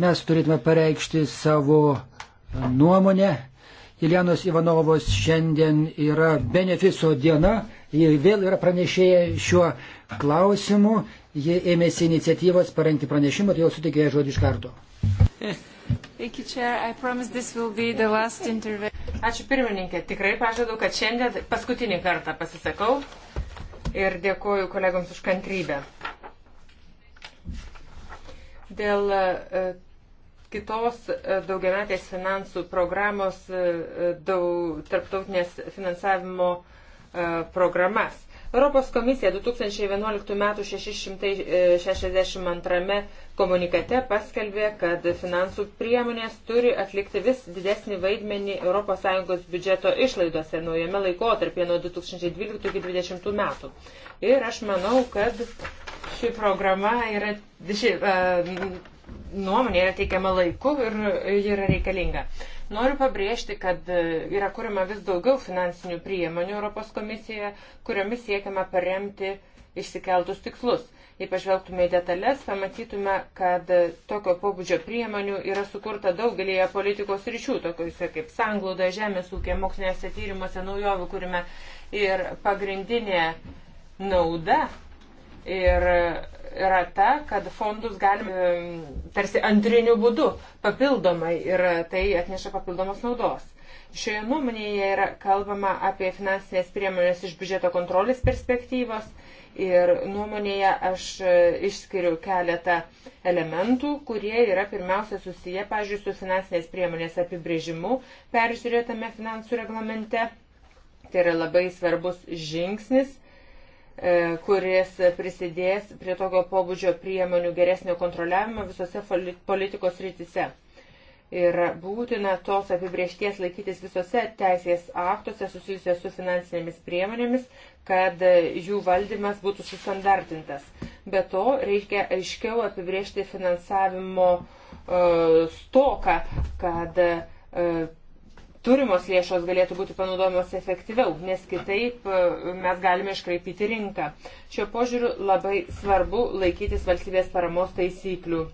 Mes turėtume pareikšti savo nuomonę. Ilianos Ivanovos šiandien yra benefiso diena, ji vėl yra pranešėję šiuo klausimu Jie ėmėsi iniciatyvos parengti pranešimą ir jau sutikė žodį iš karto. Ačiū pirmininkė, tikrai pažadu, kad šiandien paskutinį kartą pasisakau ir dėkoju kolegoms už kantrybę. Dėl e, kitos e, daugiametės finansų programos e, daug, tarptautinės finansavimo programas. Europos komisija 2011 m. 662 komunikate paskelbė, kad finansų priemonės turi atlikti vis didesnį vaidmenį ES biudžeto išlaidose naujame laikotarpyje nuo 2012 iki 2020 metų. Ir aš manau, kad ši programa yra, ši, uh, nuomonė yra teikiama laiku ir ji yra reikalinga. Uh, Noriu pabrėžti, kad e, yra kuriama vis daugiau finansinių priemonių Europos komisijoje, kuriomis siekiama paremti išsikeltus tikslus. Jei pažvelgtume į detalės, pamatytume, kad e, tokio pobūdžio priemonių yra sukurta daugelėje politikos ryšių, tokiuose kaip sanglauda, žemės ūkė, mokslinėse tyrimuose, naujovių, kurime ir pagrindinė nauda ir yra ta, kad fondus galime tarsi antriniu būdu papildomai ir tai atneša papildomos naudos. Šioje nuomonėje yra kalbama apie finansinės priemonės iš biudžeto kontrolės perspektyvos ir nuomonėje aš e, išskiriu keletą elementų, kurie yra pirmiausia susiję, pažiūrėjau, su finansinės priemonės apibrėžimu peržiūrėtame finansų reglamente. Tai yra labai svarbus žingsnis E, kuris prisidės prie tokio pobūdžio priemonių geresnio kontroliavimo visose politikos rytise. Ir būtina tos apibriešties laikytis visose teisės aktuose susijusios su finansinėmis priemonėmis, kad jų valdymas būtų sustandartintas. Be to, reikia aiškiau apibriežti finansavimo uh, stoką, kad uh, turimos lėšos galėtų būti panaudojamos efektyviau, nes kitaip e, mes galime iškraipyti rinką. Šio požiūriu labai svarbu laikytis valstybės paramos taisyklių.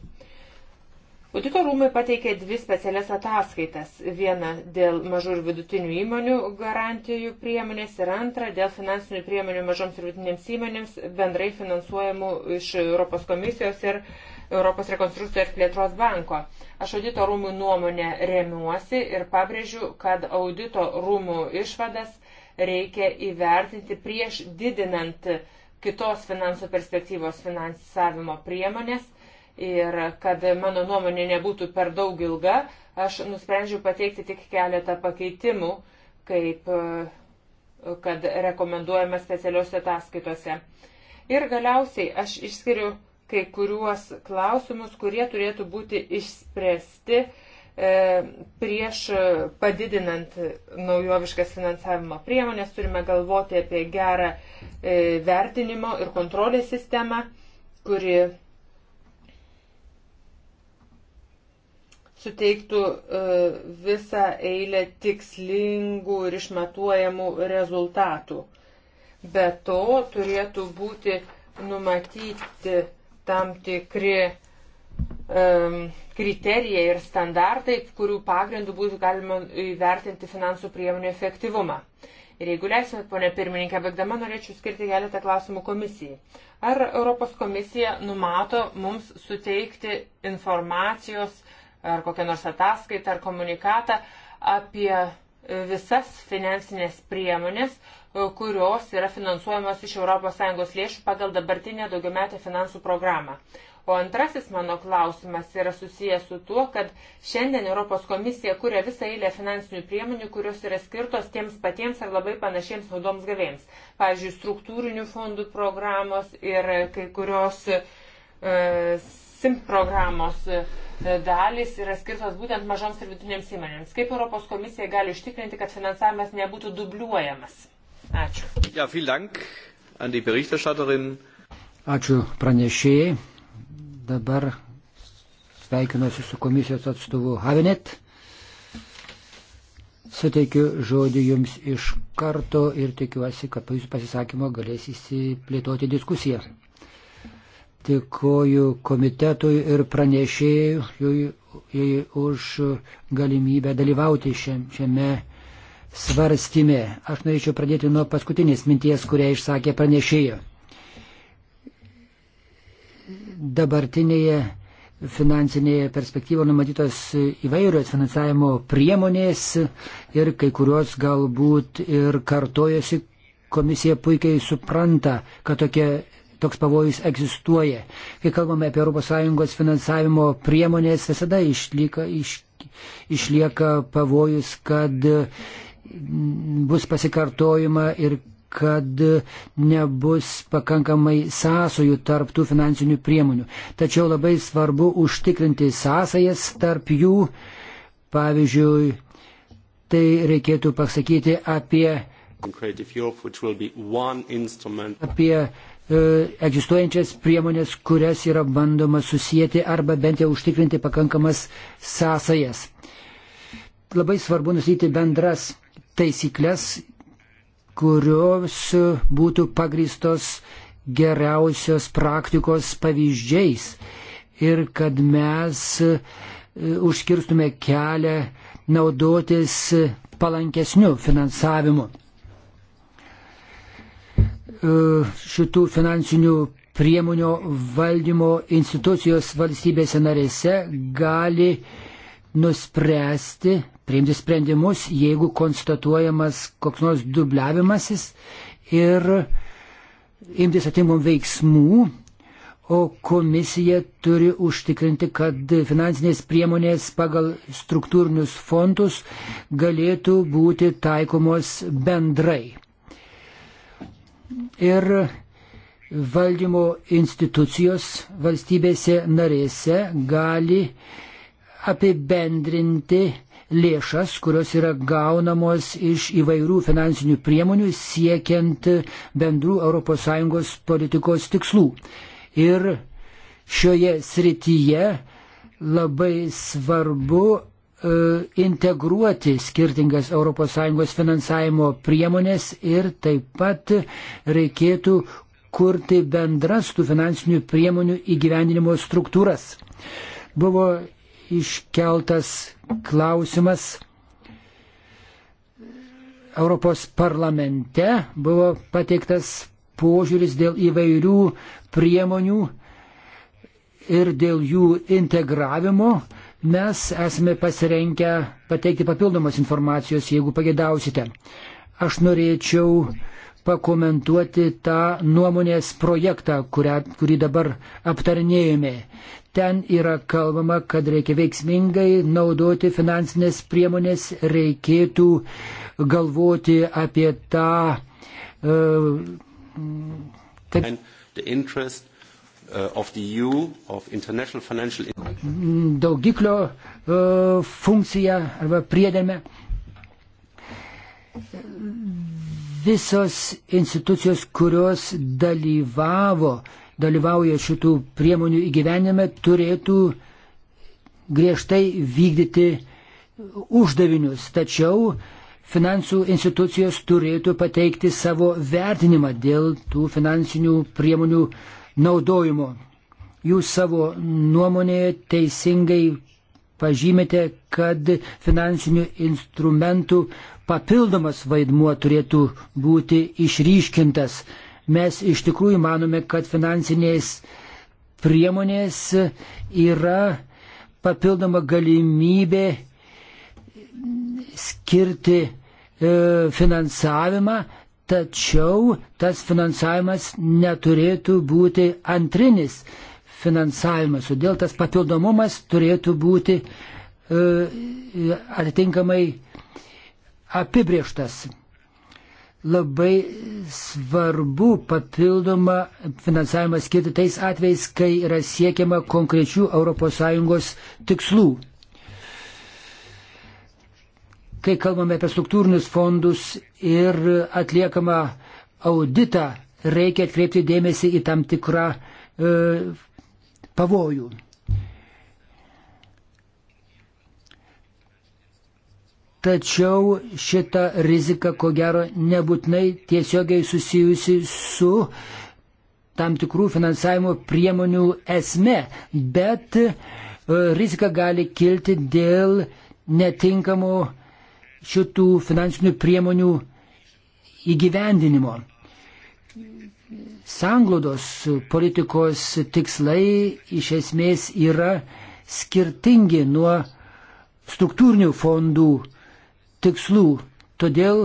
Audito rūmai pateikė dvi specialias ataskaitas. Viena dėl mažų ir vidutinių įmonių garantijų priemonės ir antra dėl finansinių priemonių mažoms ir vidutinėms įmonėms bendrai finansuojamų iš Europos komisijos ir uh, Europos rekonstrukcijos ir plėtros banko. Aš audito rūmų nuomonę remiuosi ir pabrėžiu, kad audito rūmų išvadas reikia įvertinti prieš didinant kitos finansų perspektyvos finansavimo priemonės. Ir kad mano nuomonė nebūtų per daug ilga, aš nusprendžiau pateikti tik keletą pakeitimų, kaip e, kad rekomenduojama specialiuose ataskaitose. Ir galiausiai aš išskiriu kai kuriuos klausimus, kurie turėtų būti išspręsti e, prieš padidinant naujoviškas finansavimo priemonės turime galvoti apie gerą e, vertinimo ir kontrolės sistemą, kuri suteiktų e, visą eilę tikslingų ir išmatuojamų rezultatų. Be to turėtų būti numatyti tam tikri um, kriterijai ir standartai, kurių pagrindų būtų galima įvertinti finansų priemonių efektyvumą. Ir jeigu leisimėt, ponė pirmininkė, baigdama norėčiau skirti keletą klausimų komisijai. Ar Europos komisija numato mums suteikti informacijos ar kokią nors ataskaitą ar komunikatą apie visas finansinės priemonės, kurios yra finansuojamos iš ES lėšų pagal dabartinę daugiametę finansų programą. O antrasis mano klausimas yra susijęs su tuo, kad šiandien Europos komisija kuria visą eilę finansinių priemonių, kurios yra skirtos tiems patiems ar labai panašiems naudoms gavėjams. Pavyzdžiui, struktūrinių fondų programos ir kai kurios e, SIMP programos e, dalys yra skirtos būtent mažoms ir vidutinėms įmonėms. Kaip Europos komisija gali užtikrinti, kad finansavimas nebūtų dubliuojamas? Ačiū. Ja, dank an die Ačiū pranešėjai. Dabar sveikinuosi su komisijos atstovu Havinet. Suteikiu žodį jums iš karto ir tikiuosi, kad po jūsų pasisakymo galės įsiplėtoti diskusiją. Tikoju komitetui ir pranešėjui už galimybę dalyvauti šiame svarstymė. Aš norėčiau pradėti nuo paskutinės minties, kurią išsakė pranešėjo. Dabartinėje finansinėje perspektyvoje numatytos įvairios finansavimo priemonės ir kai kurios galbūt ir kartojasi. Komisija puikiai supranta, kad tokia toks pavojus egzistuoja. Kai kalbame apie ES finansavimo priemonės, visada išlieka, iš, išlieka pavojus, kad bus pasikartojama ir kad nebus pakankamai sąsojų tarp tų finansinių priemonių. Tačiau labai svarbu užtikrinti sąsajas tarp jų. Pavyzdžiui, tai reikėtų pasakyti apie, apie e, egzistuojančias priemonės, kurias yra bandoma susijęti arba bent jau užtikrinti pakankamas sąsajas. Labai svarbu nusyti bendras taisyklės, kurios būtų pagristos geriausios praktikos pavyzdžiais ir kad mes e, užkirstume kelią naudotis palankesniu finansavimu. E, šitų finansinių priemonių valdymo institucijos valstybėse narėse gali nuspręsti, priimti sprendimus, jeigu konstatuojamas koks nors dubliavimasis ir imtis atimų veiksmų, o komisija turi užtikrinti, kad finansinės priemonės pagal struktūrinius fondus galėtų būti taikomos bendrai. Ir valdymo institucijos valstybėse narėse gali apibendrinti lėšas, kurios yra gaunamos iš įvairių finansinių priemonių siekiant bendrų ES politikos tikslų. Ir šioje srityje labai svarbu e, integruoti skirtingas ES finansavimo priemonės ir taip pat reikėtų kurti bendras tų finansinių priemonių įgyvendinimo struktūras. Buvo iškeltas klausimas Europos parlamente buvo pateiktas požiūris dėl įvairių priemonių ir dėl jų integravimo. Mes esame pasirenkę pateikti papildomos informacijos, jeigu pagėdausite. Aš norėčiau pakomentuoti tą nuomonės projektą, kurią, kurį dabar aptarinėjome. Ten yra kalbama, kad reikia veiksmingai naudoti finansinės priemonės, reikėtų galvoti apie tą. E, uh, taip, Of EU, of financial... Mm, daugiklio uh, e, funkciją arba priedėme. Visos institucijos, kurios dalyvavo uh, dalyvauja šitų priemonių įgyvenime, turėtų griežtai vykdyti uždavinius. Tačiau finansų institucijos turėtų pateikti savo vertinimą dėl tų finansinių priemonių naudojimo. Jūs savo nuomonėje teisingai pažymite, kad finansinių instrumentų papildomas vaidmuo turėtų būti išryškintas Mes iš tikrųjų manome, kad finansinės priemonės yra papildoma galimybė skirti e, finansavimą, tačiau tas finansavimas neturėtų būti antrinis finansavimas, todėl tas papildomumas turėtų būti e, atitinkamai apibrieštas labai svarbu papildomą finansavimą skirti tais atvejais, kai yra siekiama konkrečių ES tikslų. Kai kalbame apie struktūrinius fondus ir atliekamą auditą, reikia atkreipti dėmesį į tam tikrą e, pavojų. Tačiau šita rizika, ko gero, nebūtinai tiesiogiai susijusi su tam tikrų finansavimo priemonių esme, bet e, rizika gali kilti dėl netinkamų šitų finansinių priemonių įgyvendinimo. Sanglaudos politikos tikslai iš esmės yra skirtingi nuo struktūrinių fondų tikslų. Todėl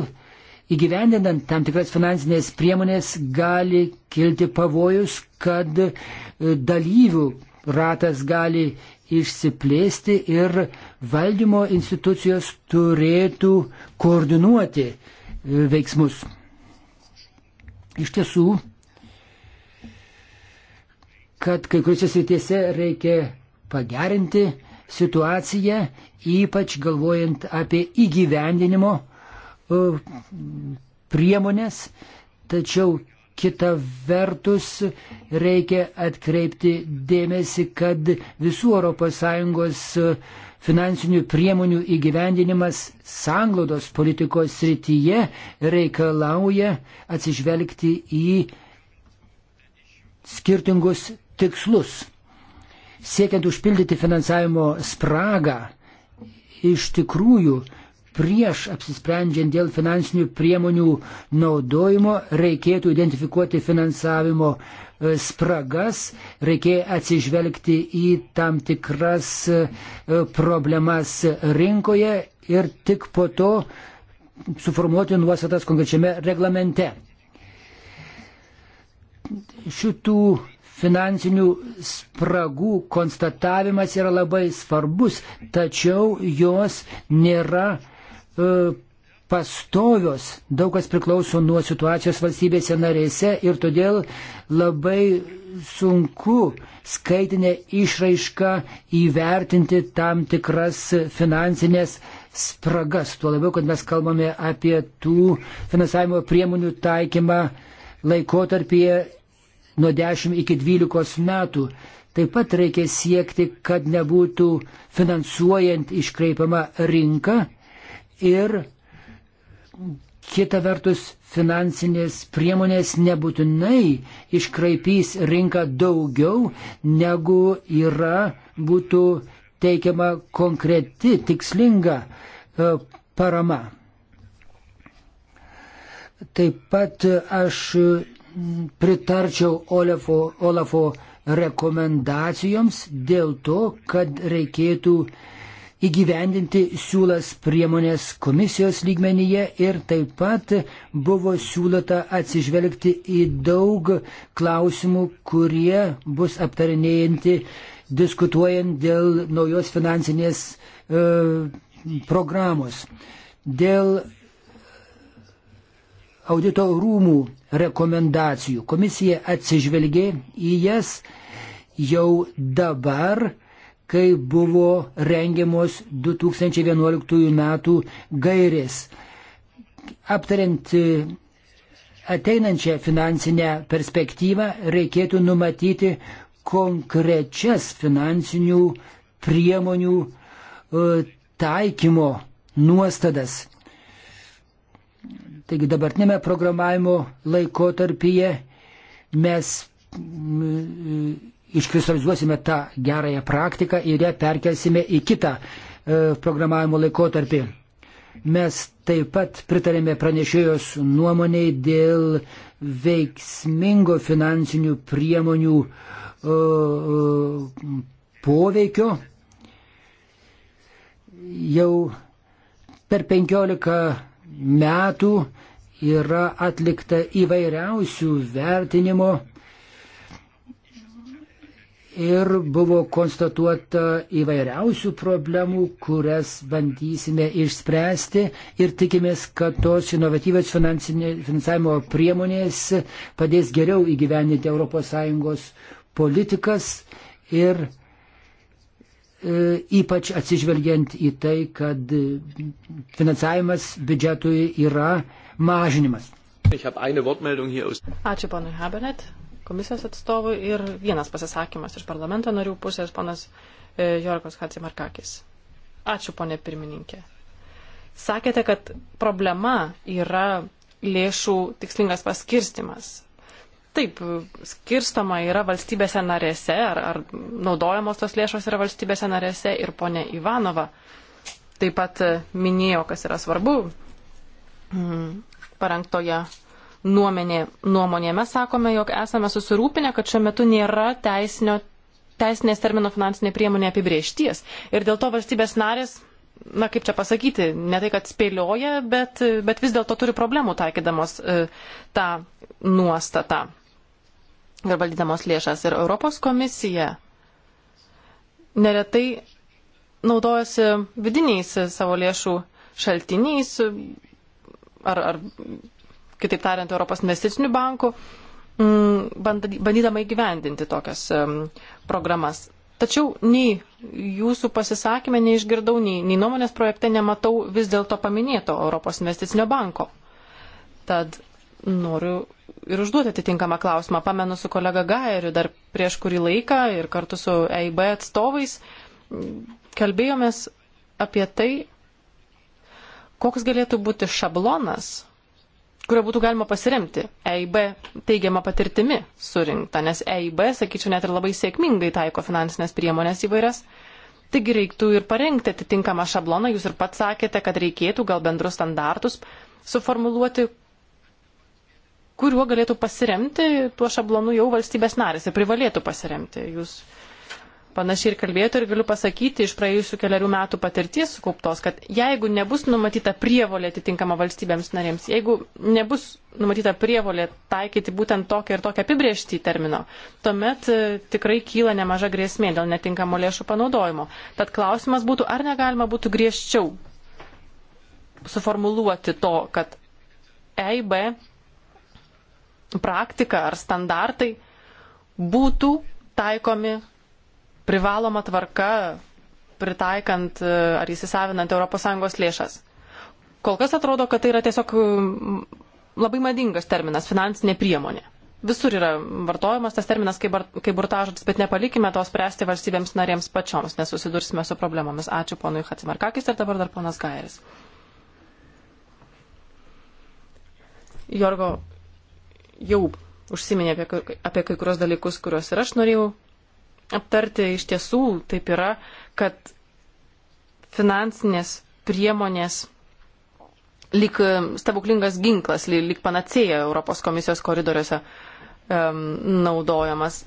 įgyvendinant tam tikras finansinės priemonės gali kilti pavojus, kad e, dalyvių ratas gali išsiplėsti ir valdymo institucijos turėtų koordinuoti e, veiksmus. Iš tiesų, kad kai kuriuose srityse reikia pagerinti situaciją ypač galvojant apie įgyvendinimo e, priemonės, tačiau kita vertus reikia atkreipti dėmesį, kad visų ES e, finansinių priemonių įgyvendinimas sanglaudos politikos srityje reikalauja atsižvelgti į skirtingus tikslus. Siekiant užpildyti finansavimo spragą, iš tikrųjų prieš apsisprendžiant dėl finansinių priemonių naudojimo reikėtų identifikuoti finansavimo e, spragas, reikėjo atsižvelgti į tam tikras e, problemas rinkoje ir tik po to suformuoti nuostatas konkrečiame reglamente. Šitų finansinių spragų konstatavimas yra labai svarbus, tačiau jos nėra e, pastovios, daug kas priklauso nuo situacijos valstybėse narėse ir todėl labai sunku skaitinę išraišką įvertinti tam tikras finansinės spragas. Tuo labiau, kad mes kalbame apie tų finansavimo priemonių taikymą laikotarpyje nuo 10 iki 12 metų. Taip pat reikia siekti, kad nebūtų finansuojant iškreipiama rinka ir kita vertus finansinės priemonės nebūtinai iškraipys rinką daugiau, negu yra būtų teikiama konkreti, tikslinga e, parama. Taip pat aš pritarčiau Olafo, Olafo rekomendacijoms dėl to, kad reikėtų įgyvendinti siūlas priemonės komisijos lygmenyje ir taip pat buvo siūlota atsižvelgti į daug klausimų, kurie bus aptarinėjanti diskutuojant dėl naujos finansinės e, programos. Dėl audito rūmų rekomendacijų. Komisija atsižvelgė į jas jau dabar, kai buvo rengiamos 2011 metų gairės. Aptariant ateinančią finansinę perspektyvą, reikėtų numatyti konkrečias finansinių priemonių e, taikymo nuostadas. Taigi dabartinėme programavimo laikotarpyje mes e, iškristalizuosime tą gerąją praktiką ir ją perkelsime į kitą e, programavimo laikotarpį. Mes taip pat pritarėme pranešėjos nuomoniai dėl veiksmingo finansinių priemonių e, poveikio. Jau per 15 metų yra atlikta įvairiausių vertinimo ir buvo konstatuota įvairiausių problemų, kurias bandysime išspręsti ir tikimės, kad tos inovatyvios finansavimo priemonės padės geriau įgyveninti ES politikas ir e, ypač atsižvelgiant į tai, kad finansavimas biudžetui yra mažinimas. Ačiū panui Habernet, komisijos atstovui ir vienas pasisakymas iš parlamento narių pusės panas e, Jorgos Hatsimarkakis. Ačiū ponė pirmininkė. Sakėte, kad problema yra lėšų tikslingas paskirstimas. Taip, skirstoma yra valstybėse narėse, ar, ar naudojamos tos lėšos yra valstybėse narėse ir ponė Ivanova taip pat minėjo, kas yra svarbu Mm, parengtoje nuomenė, nuomonėje mes sakome, jog esame susirūpinę, kad šiuo metu nėra teisinio, teisinės termino finansinė priemonė apibriešties. Ir dėl to valstybės narės, na kaip čia pasakyti, ne tai, kad spėlioja, bet, bet vis dėlto turi problemų taikydamos e, tą nuostatą ir valdydamos lėšas. Ir Europos komisija neretai naudojasi vidiniais savo lėšų šaltiniais ar, ar kitaip tariant, Europos investicinių bankų, mm, bandydama įgyvendinti tokias programas. Tačiau nei jūsų pasisakymė neišgirdau, nei, nei nuomonės projekte nematau vis dėlto paminėto Europos investicinio banko. Tad noriu ir užduoti atitinkamą klausimą. Pamenu su kolega Gaeriu dar prieš kurį laiką ir kartu su EIB atstovais kalbėjomės apie tai, Koks galėtų būti šablonas, kurio būtų galima pasiremti EIB teigiamą patirtimi surinktą, nes EIB, sakyčiau, net ir labai sėkmingai taiko finansinės priemonės įvairias. Taigi reiktų ir parengti atitinkamą šabloną, jūs ir pats sakėte, kad reikėtų gal bendrus standartus suformuluoti, kuriuo galėtų pasiremti tuo šablonu jau valstybės narės ir privalėtų pasiremti. Jūs panašiai ir kalbėjote ir galiu pasakyti iš praėjusių keliarių metų patirties sukauptos, kad jeigu nebus numatyta prievolė atitinkama valstybėms narėms, jeigu nebus numatyta prievolė taikyti būtent tokią ir tokią apibriežtį termino, tuomet e, tikrai kyla nemaža grėsmė dėl netinkamo lėšų panaudojimo. Tad klausimas būtų, ar negalima būtų griežčiau suformuluoti to, kad EIB praktika ar standartai būtų taikomi privaloma tvarka pritaikant e, ar įsisavinant ES lėšas. Kol kas atrodo, kad tai yra tiesiog labai madingas terminas - finansinė priemonė. Visur yra vartojamas tas terminas kaip, bar, kaip burtažodis, bet nepalikime to spręsti valstybėms narėms pačioms, nes susidursime su problemomis. Ačiū ponui Hatsimarkakis ir dabar dar ponas Gairis. Jorgo jau užsiminė apie, apie kai kurios dalykus, kuriuos ir aš norėjau aptarti. Iš tiesų taip yra, kad finansinės priemonės lyg e, stebuklingas ginklas, lyg panacėja Europos komisijos koridoriuose um, naudojamas.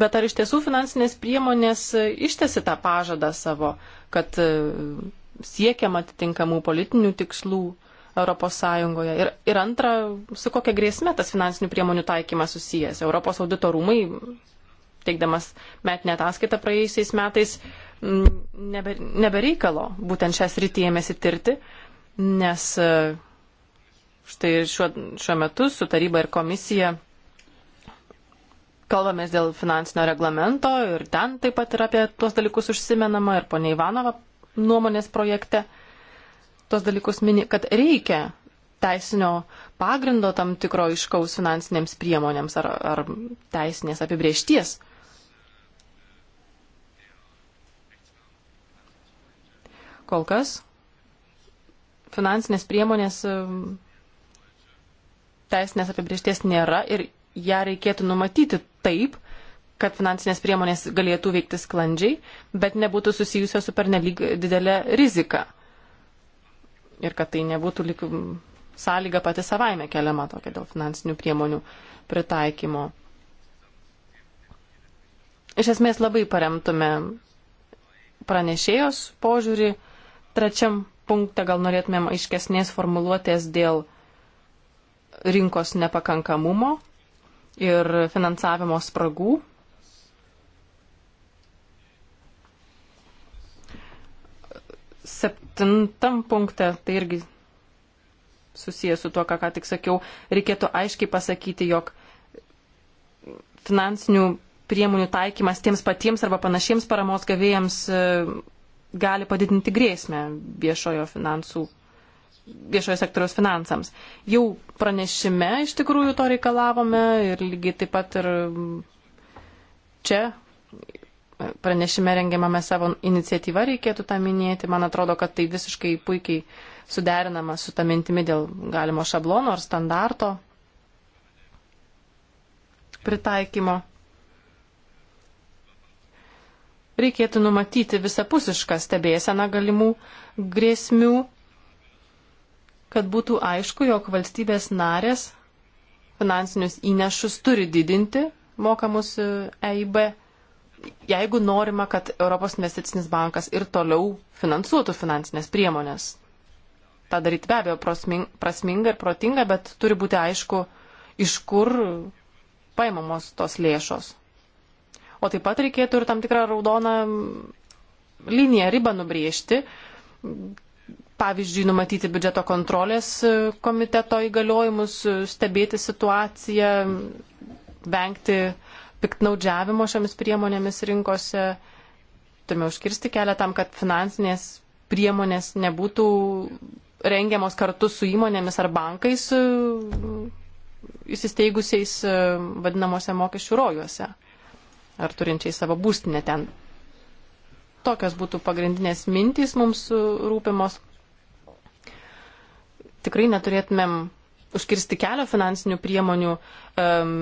Bet ar iš tiesų finansinės priemonės e, ištesi tą pažadą savo, kad e, siekiam atitinkamų politinių tikslų ES? Ir, ir antra, su kokia grėsme tas finansinių priemonių taikymas susijęs? Europos audito rūmai teikdamas metinę ataskaitą praėjusiais metais, nebe, nebereikalo būtent šią sritį ėmėsi tirti, nes e, štai šiuo, šiuo metu su taryba ir komisija kalbamės dėl finansinio reglamento ir ten taip pat yra apie tuos dalykus užsimenama ir ponia Ivanova nuomonės projekte tuos dalykus mini, kad reikia teisinio pagrindo tam tikro iškaus finansinėms priemonėms ar, ar teisinės apibriešties. Kol kas finansinės priemonės um, teisinės apibriešties nėra ir ją reikėtų numatyti taip, kad finansinės priemonės galėtų veikti sklandžiai, bet nebūtų susijusios su pernelyg didelė rizika. Ir kad tai nebūtų lik um, sąlyga pati savaime keliama tokia dėl finansinių priemonių pritaikymo. Iš esmės labai paremtume pranešėjos požiūrį trečiam punkte gal norėtumėm aiškesnės formuluotės dėl rinkos nepakankamumo ir finansavimo spragų. Septintam punkte, tai irgi susijęs su tuo, ką ką tik sakiau, reikėtų aiškiai pasakyti, jog finansinių priemonių taikymas tiems patiems arba panašiems paramos gavėjams gali padidinti grėsmę viešojo finansų viešojo sektoriaus finansams. Jau pranešime iš tikrųjų to reikalavome ir lygiai taip pat ir čia pranešime rengiamame savo iniciatyvą reikėtų tą minėti. Man atrodo, kad tai visiškai puikiai suderinama su tą mintimi dėl galimo šablono ar standarto pritaikymo. reikėtų numatyti visapusišką stebėseną galimų grėsmių, kad būtų aišku, jog valstybės narės finansinius įnešus turi didinti mokamus EIB, e jeigu norima, kad Europos investicinis bankas ir toliau finansuotų finansinės priemonės. Ta daryti be abejo prasminga ir protinga, bet turi būti aišku, iš kur paimamos tos lėšos. O taip pat reikėtų ir tam tikrą raudoną liniją, ribą nubriežti. Pavyzdžiui, numatyti biudžeto kontrolės komiteto įgaliojimus, stebėti situaciją, vengti piktnaudžiavimo šiomis priemonėmis rinkose. Turime užkirsti kelią tam, kad finansinės priemonės nebūtų rengiamos kartu su įmonėmis ar bankais įsisteigusiais vadinamosi mokesčių rojuose ar turinčiai savo būstinę ten. Tokios būtų pagrindinės mintys mums rūpimos. Tikrai neturėtumėm užkirsti kelio finansinių priemonių um,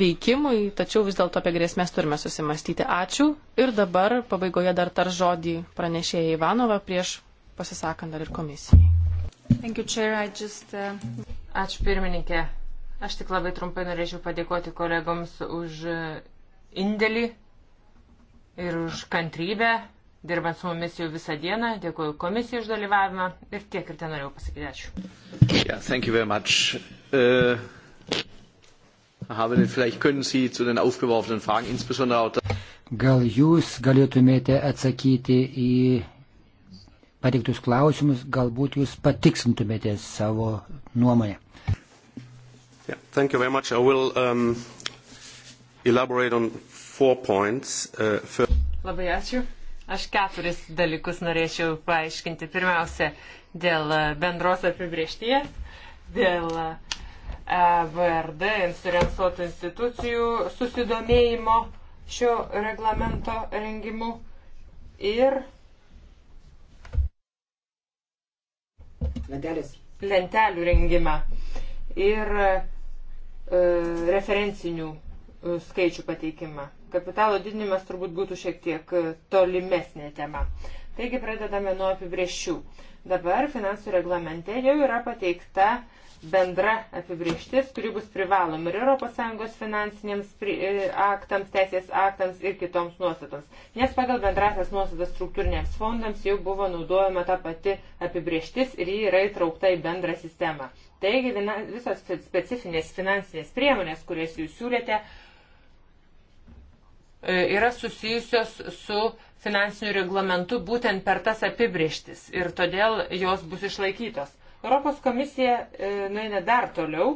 veikimui, tačiau vis dėlto apie grėsmės turime susimastyti. Ačiū. Ir dabar pabaigoje dar tar žodį pranešėja Ivanova prieš pasisakant dar ir komisijai. You, just, uh... Ačiū pirmininkė. Aš tik labai trumpai norėčiau padėkoti kolegoms už indėlį ir už kantrybę, dirbant su mumis jau visą dieną. Dėkuoju komisijai už dalyvavimą ir tiek ir ten norėjau pasakyti ačiū. Yeah, thank you very much. Uh... Haben, vielleicht können Sie zu den aufgeworfenen Fragen insbesondere auch. Gal jūs galėtumėte atsakyti į pateiktus klausimus, galbūt jūs patiksintumėte savo nuomonę. Yeah, will, um, elaborate on four points. Uh, first. Labai ačiū. Aš keturis dalykus norėčiau paaiškinti. Pirmiausia, dėl uh, bendros apibriešties, dėl uh, e VRD insurensuotų institucijų susidomėjimo šio reglamento rengimu ir Lentelės. lentelių rengimą ir e, referencinių skaičių pateikimą. Kapitalo didinimas turbūt būtų šiek tiek e, tolimesnė tema. Taigi pradedame nuo apibrėžčių. Dabar finansų reglamente jau yra pateikta bendra apibrieštis, kuri bus privaloma ir ES finansiniams e, aktams, teisės aktams ir kitoms nuostatoms. Nes pagal bendrasias nuostatas struktūriniams fondams jau buvo naudojama ta pati apibrieštis ir ji yra įtraukta į bendrą sistemą. Taigi visos specifinės finansinės priemonės, kurias jūs siūlėte, E, yra susijusios su finansiniu reglamentu būtent per tas apibrieštis ir todėl jos bus išlaikytos. Europos komisija e, nueina dar toliau.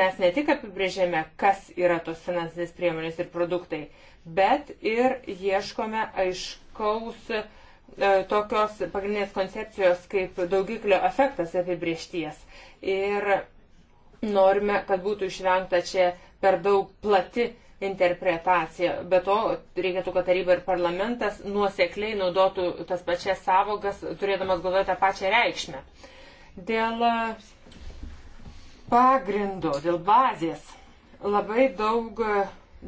Mes ne tik apibrėžėme, kas yra tos finansinės priemonės ir produktai, bet ir ieškome aiškaus e, tokios pagrindinės koncepcijos kaip daugiklio efektas apibriešties. Ir norime, kad būtų išvengta čia per daug plati interpretacija. Be to, reikėtų, kad taryba ir parlamentas nuosekliai naudotų tas pačias savogas, turėdamas galvoje tą pačią reikšmę. Dėl e, pagrindo, dėl bazės labai daug e,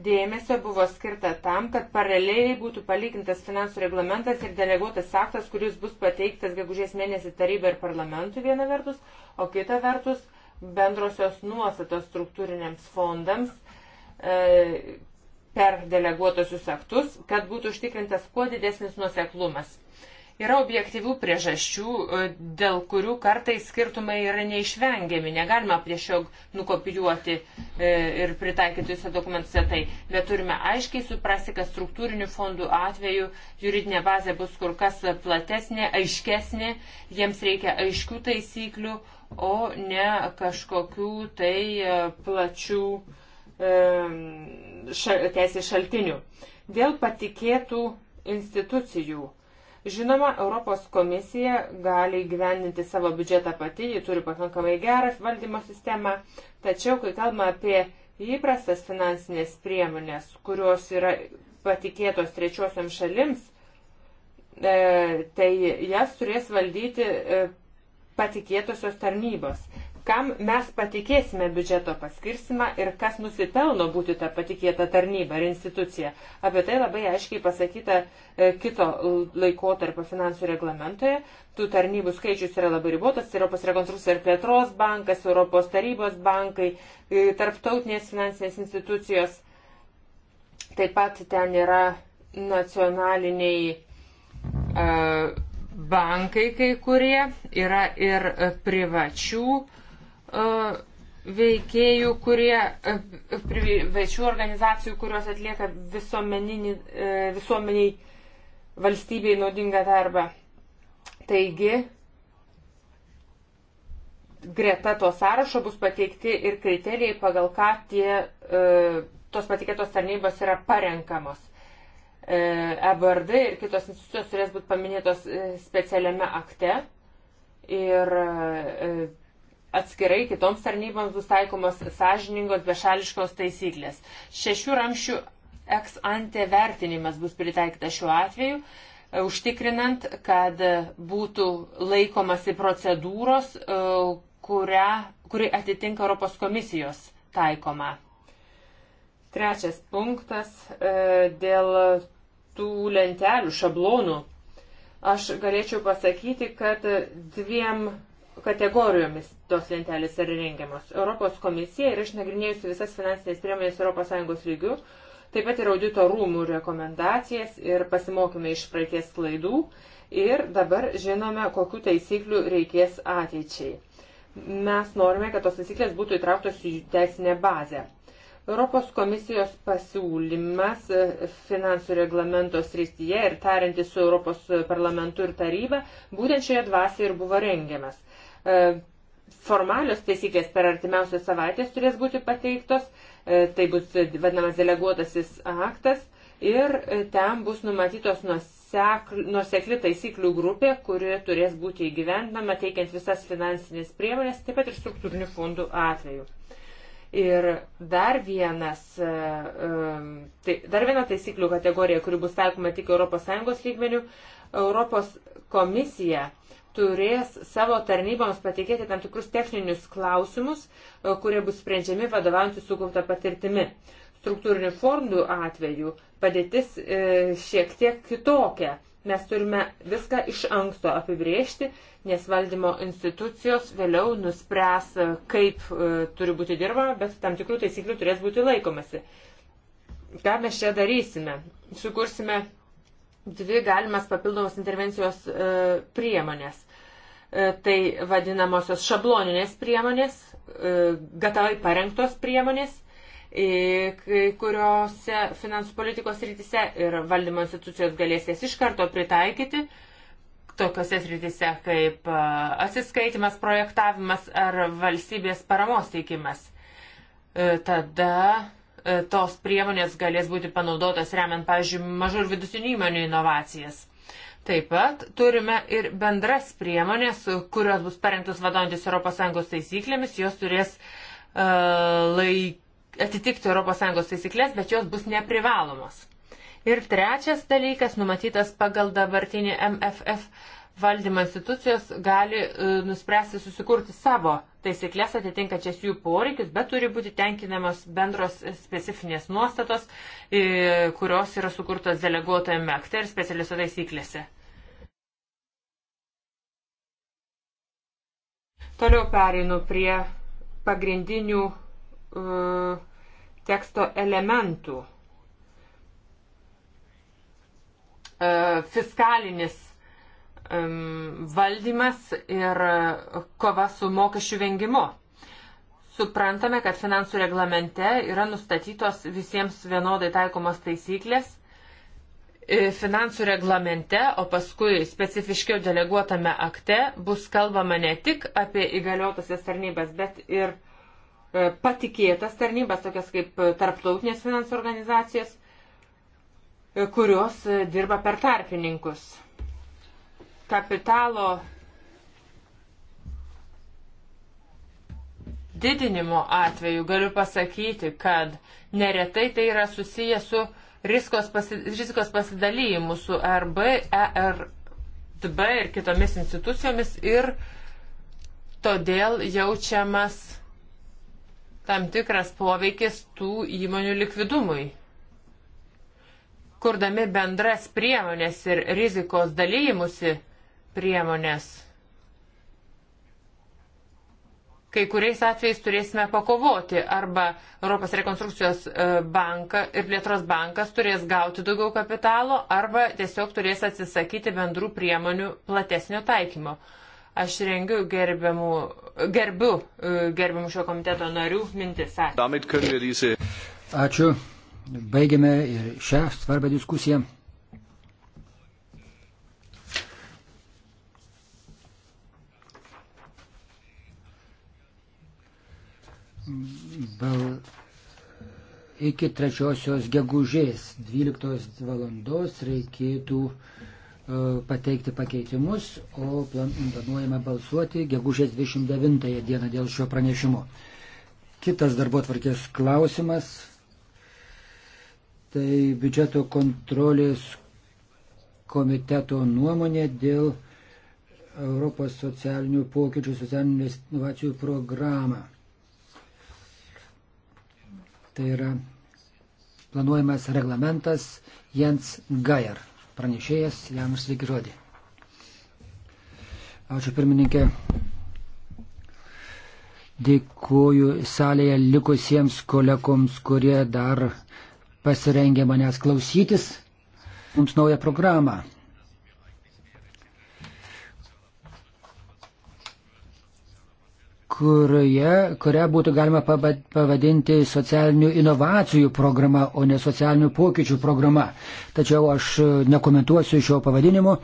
dėmesio buvo skirta tam, kad paraleliai būtų palygintas finansų reglamentas ir deleguotas aktas, kuris bus pateiktas gegužės mėnesį tarybai ir parlamentui viena vertus, o kita vertus bendrosios nuostatos struktūriniams fondams E, per deleguotosius aktus, kad būtų užtikrintas kuo didesnis nuoseklumas. Yra objektyvių priežasčių, e, dėl kurių kartais skirtumai yra neišvengiami. Negalima tiesiog nukopijuoti e, ir pritaikyti visą dokumentuose tai, bet turime aiškiai suprasti, kad struktūrinių fondų atveju juridinė bazė bus kur kas platesnė, aiškesnė, jiems reikia aiškių taisyklių, o ne kažkokių tai plačių uh, teisės šaltinių. Dėl patikėtų institucijų. Žinoma, Europos komisija gali įgyvendinti savo biudžetą pati, ji turi pakankamai gerą valdymo sistemą, tačiau kai kalbame apie įprastas finansinės priemonės, kurios yra patikėtos trečiosiam šalims, e, tai jas turės valdyti e, patikėtosios tarnybos kam mes patikėsime biudžeto paskirsimą ir kas nusipelno būti tą patikėtą tarnybą ar instituciją. Apie tai labai aiškiai pasakyta e, kito laikotarpio finansų reglamentoje. Tų tarnybų skaičius yra labai ribotas. Europos rekonstrukcija ir plėtros bankas, Europos tarybos bankai, e, tarptautinės finansinės institucijos. Taip pat ten yra nacionaliniai. Uh, bankai kai kurie, yra ir privačių veikėjų, kurie, večių organizacijų, kurios atlieka e, visuomeniai valstybei naudingą darbą. Taigi, greta to sąrašo bus pateikti ir kriterijai, pagal ką tie, e, tos patikėtos tarnybos yra parenkamos. EBRD e ir kitos institucijos turės būti paminėtos specialiame akte ir Atskirai kitoms tarnyboms bus taikomos sąžiningos bešališkos taisyklės. Šešių ramščių ex ante vertinimas bus pritaikytas šiuo atveju, e, užtikrinant, kad būtų laikomasi procedūros, e, kuria, kuri atitinka Europos komisijos taikoma. Trečias punktas e, dėl tų lentelių, šablonų. Aš galėčiau pasakyti, kad dviem kategorijomis tos lentelės yra rengiamos. Europos komisija yra išnagrinėjusi visas finansinės priemonės ES lygių, taip pat ir audito rūmų rekomendacijas ir pasimokime iš praeities klaidų ir dabar žinome, kokiu taisykliu reikės ateičiai. Mes norime, kad tos taisyklės būtų įtrauktos į teisinę bazę. Europos komisijos pasiūlymas e, finansų reglamento srityje ir tarinti su Europos parlamentu ir taryba būtent šioje dvasioje ir buvo rengiamas. E, formalios taisyklės per artimiausias savaitės turės būti pateiktos, e, tai bus vadinamas deleguotasis aktas ir e, ten bus numatytos nuosekli taisyklių grupė, kuri turės būti įgyvendinama, teikiant visas finansinės priemonės, taip pat ir struktūrinių fondų atveju. Ir dar, vienas, tai, dar viena taisyklių kategorija, kuri bus taikoma tik ES lygmenių, Europos komisija turės savo tarnyboms patikėti tam tikrus techninius klausimus, e, kurie bus sprendžiami vadovaujantys sukauptą patirtimi. Struktūrinių fondų atveju padėtis e, šiek tiek kitokia. Mes turime viską iš anksto apibriežti, nes valdymo institucijos vėliau nuspręs, e, kaip turi būti dirbama, bet tam tikrų taisyklių turės būti laikomasi. Ką mes čia darysime? Sukursime dvi galimas papildomos intervencijos e, priemonės. E, tai vadinamosios šabloninės priemonės, e, gatavai parengtos priemonės, e, kuriuose finansų politikos rytise ir valdymo institucijos galės jas iš karto pritaikyti, tokiuose rytise kaip atsiskaitimas, projektavimas ar valstybės paramos teikimas. Tada tos priemonės galės būti panaudotos remiant, pavyzdžiui, mažų ir vidutinių įmonių inovacijas Taip pat turime ir bendras priemonės, kurios bus parengtos vadovantis ES taisyklėmis, jos turės uh, laik, atitikti ES taisyklės, bet jos bus neprivalomos. Ir trečias dalykas, numatytas pagal dabartinį MFF, valdymo institucijos gali e, nuspręsti susikurti savo taisyklės atitinkačias jų poreikius, bet turi būti tenkinamos bendros specifinės nuostatos, e, kurios yra sukurtos deleguotojame akte ir specialiuose taisyklėse. Toliau pereinu prie pagrindinių uh, teksto elementų. Uh, fiskalinis valdymas ir kova su mokesčių vengimu. Suprantame, kad finansų reglamente yra nustatytos visiems vienodai taikomos taisyklės. E, finansų reglamente, o paskui specifiškiau deleguotame akte bus kalbama ne tik apie įgaliotasias tarnybas, bet ir e, patikėtas tarnybas, tokias kaip tarptautinės finansų organizacijos, e, kurios dirba per tarpininkus kapitalo didinimo atveju galiu pasakyti, kad neretai tai yra susiję su riskos, pasi, rizikos pasidalymu su RB, ERDB ir kitomis institucijomis ir todėl jaučiamas tam tikras poveikis tų įmonių likvidumui. Kurdami bendras priemonės ir rizikos dalymusi, priemonės. Kai kuriais atvejais turėsime pakovoti arba Europos rekonstrukcijos e, banka ir plėtros bankas turės gauti daugiau kapitalo arba tiesiog turės atsisakyti bendrų priemonių platesnio taikymo. Aš rengiu gerbiamų, gerbiu e, gerbiamų šio komiteto narių mintis. Ačiū. Ačiū. Baigiame ir šią svarbę diskusiją. bal, iki trečiosios gegužės 12 valandos reikėtų uh, pateikti pakeitimus, o plan, planuojame balsuoti gegužės 29 dieną dėl šio pranešimo. Kitas darbo tvarkės klausimas - tai biudžeto kontrolės komiteto nuomonė dėl Europos socialinių pokyčių socialinių inovacijų programą. Tai yra planuojamas reglamentas Jens Gajer. Pranešėjas jam sveiki žodį. Ačiū pirmininkė. Dėkuoju salėje likusiems kolegoms, kurie dar pasirengė manęs klausytis. Mums naują programą. kurioje, kurią būtų galima pavadinti socialinių inovacijų programa, o ne socialinių pokyčių programa. Tačiau aš nekomentuosiu šio pavadinimo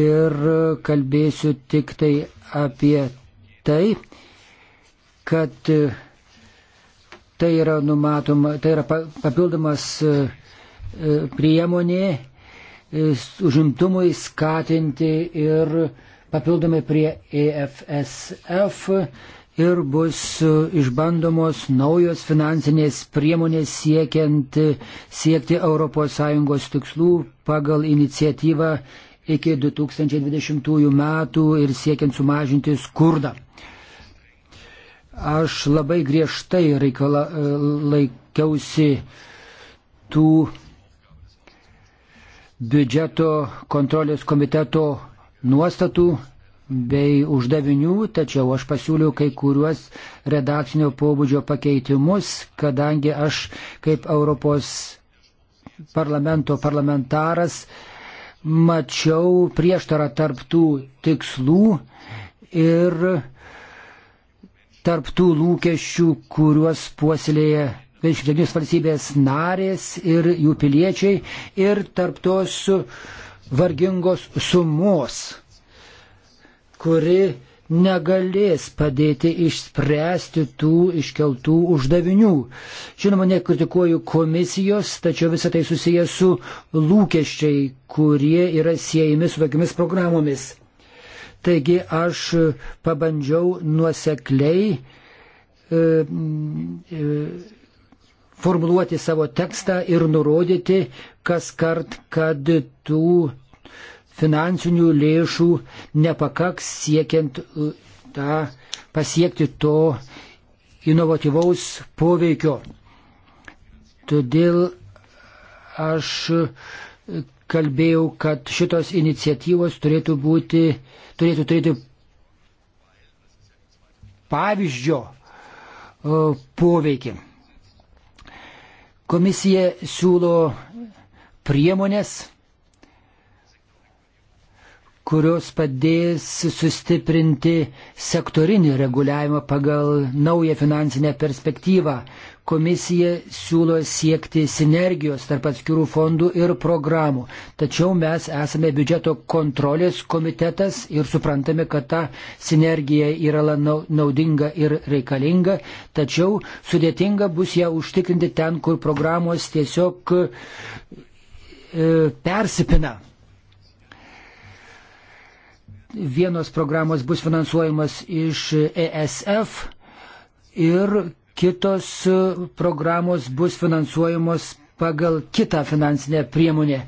ir kalbėsiu tik tai apie tai, kad tai yra numatoma, tai yra papildomas e, e, priemonė e, užimtumui skatinti ir papildomai prie EFSF ir bus e, išbandomos naujos finansinės priemonės siekiant e, siekti ES tikslų pagal iniciatyvą iki 2020 metų ir siekiant sumažinti skurdą. Aš labai griežtai reikala, e, laikiausi tų biudžeto kontrolės komiteto nuostatų bei uždavinių, tačiau aš pasiūliau kai kuriuos redakcinio pobūdžio pakeitimus, kadangi aš kaip Europos parlamento parlamentaras mačiau prieštarą tarptų tikslų ir tarptų lūkesčių, kuriuos puoselėja 29 valstybės narės ir jų piliečiai ir tarptos su vargingos sumos, kuri negalės padėti išspręsti tų iškeltų uždavinių. Žinoma, nekritikuoju komisijos, tačiau visą tai susiję su lūkesčiai, kurie yra siejami su tokiamis programomis. Taigi aš pabandžiau nuosekliai e, e, formuluoti savo tekstą ir nurodyti kas kart, kad tų finansinių lėšų nepakaks siekiant tą, pasiekti to inovatyvaus poveikio. Todėl aš kalbėjau, kad šitos iniciatyvos turėtų būti, turėtų turėti pavyzdžio e, poveikį. Komisija siūlo priemonės, kurios padės sustiprinti sektorinį reguliavimą pagal naują finansinę perspektyvą. Komisija siūlo siekti sinergijos tarp atskirų fondų ir programų. Tačiau mes esame biudžeto kontrolės komitetas ir suprantame, kad ta sinergija yra naudinga ir reikalinga, tačiau sudėtinga bus ją užtikrinti ten, kur programos tiesiog e, persipina vienos programos bus finansuojamas iš ESF ir kitos e, programos bus finansuojamos pagal kitą finansinę priemonę.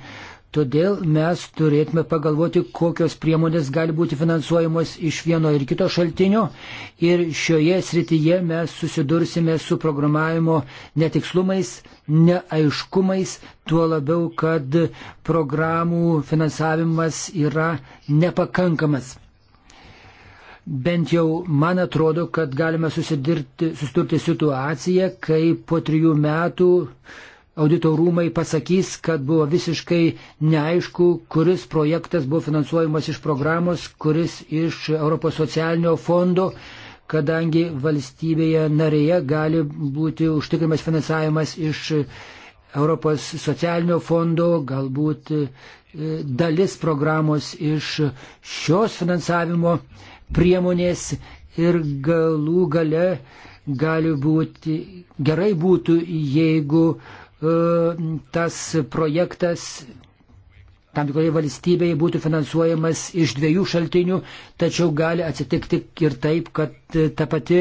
Todėl mes turėtume pagalvoti, kokios priemonės gali būti finansuojamos iš vieno ir kito šaltinio. Ir šioje srityje mes susidursime su programavimo netikslumais, neaiškumais, tuo labiau, kad programų finansavimas yra nepakankamas bent jau man atrodo, kad galime susidurti situaciją, kai po trijų metų auditorumai pasakys, kad buvo visiškai neaišku, kuris projektas buvo finansuojamas iš programos, kuris iš Europos socialinio fondo, kadangi valstybėje narėje gali būti užtikrimas finansavimas iš Europos socialinio fondo, galbūt e, dalis programos iš šios finansavimo priemonės ir galų gale gali būti, gerai būtų, jeigu uh, tas projektas tam tikroje valstybėje būtų finansuojamas iš dviejų šaltinių, tačiau gali atsitikti ir taip, kad e, ta pati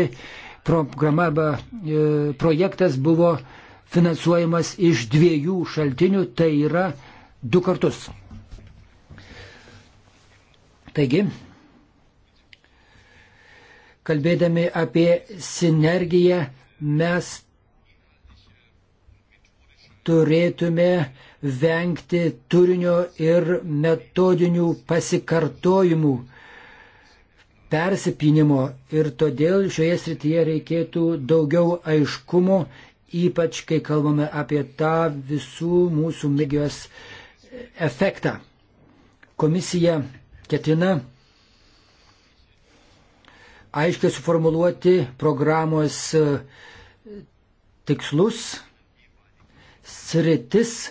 programa arba e, projektas buvo finansuojamas iš dviejų šaltinių, tai yra du kartus. Taigi, kalbėdami apie sinergiją, mes turėtume vengti turinio ir metodinių pasikartojimų, persipinimo ir todėl šioje srityje reikėtų daugiau aiškumo, ypač kai kalbame apie tą visų mūsų mėgios efektą. Komisija ketina aiškiai suformuluoti programos e, tikslus, sritis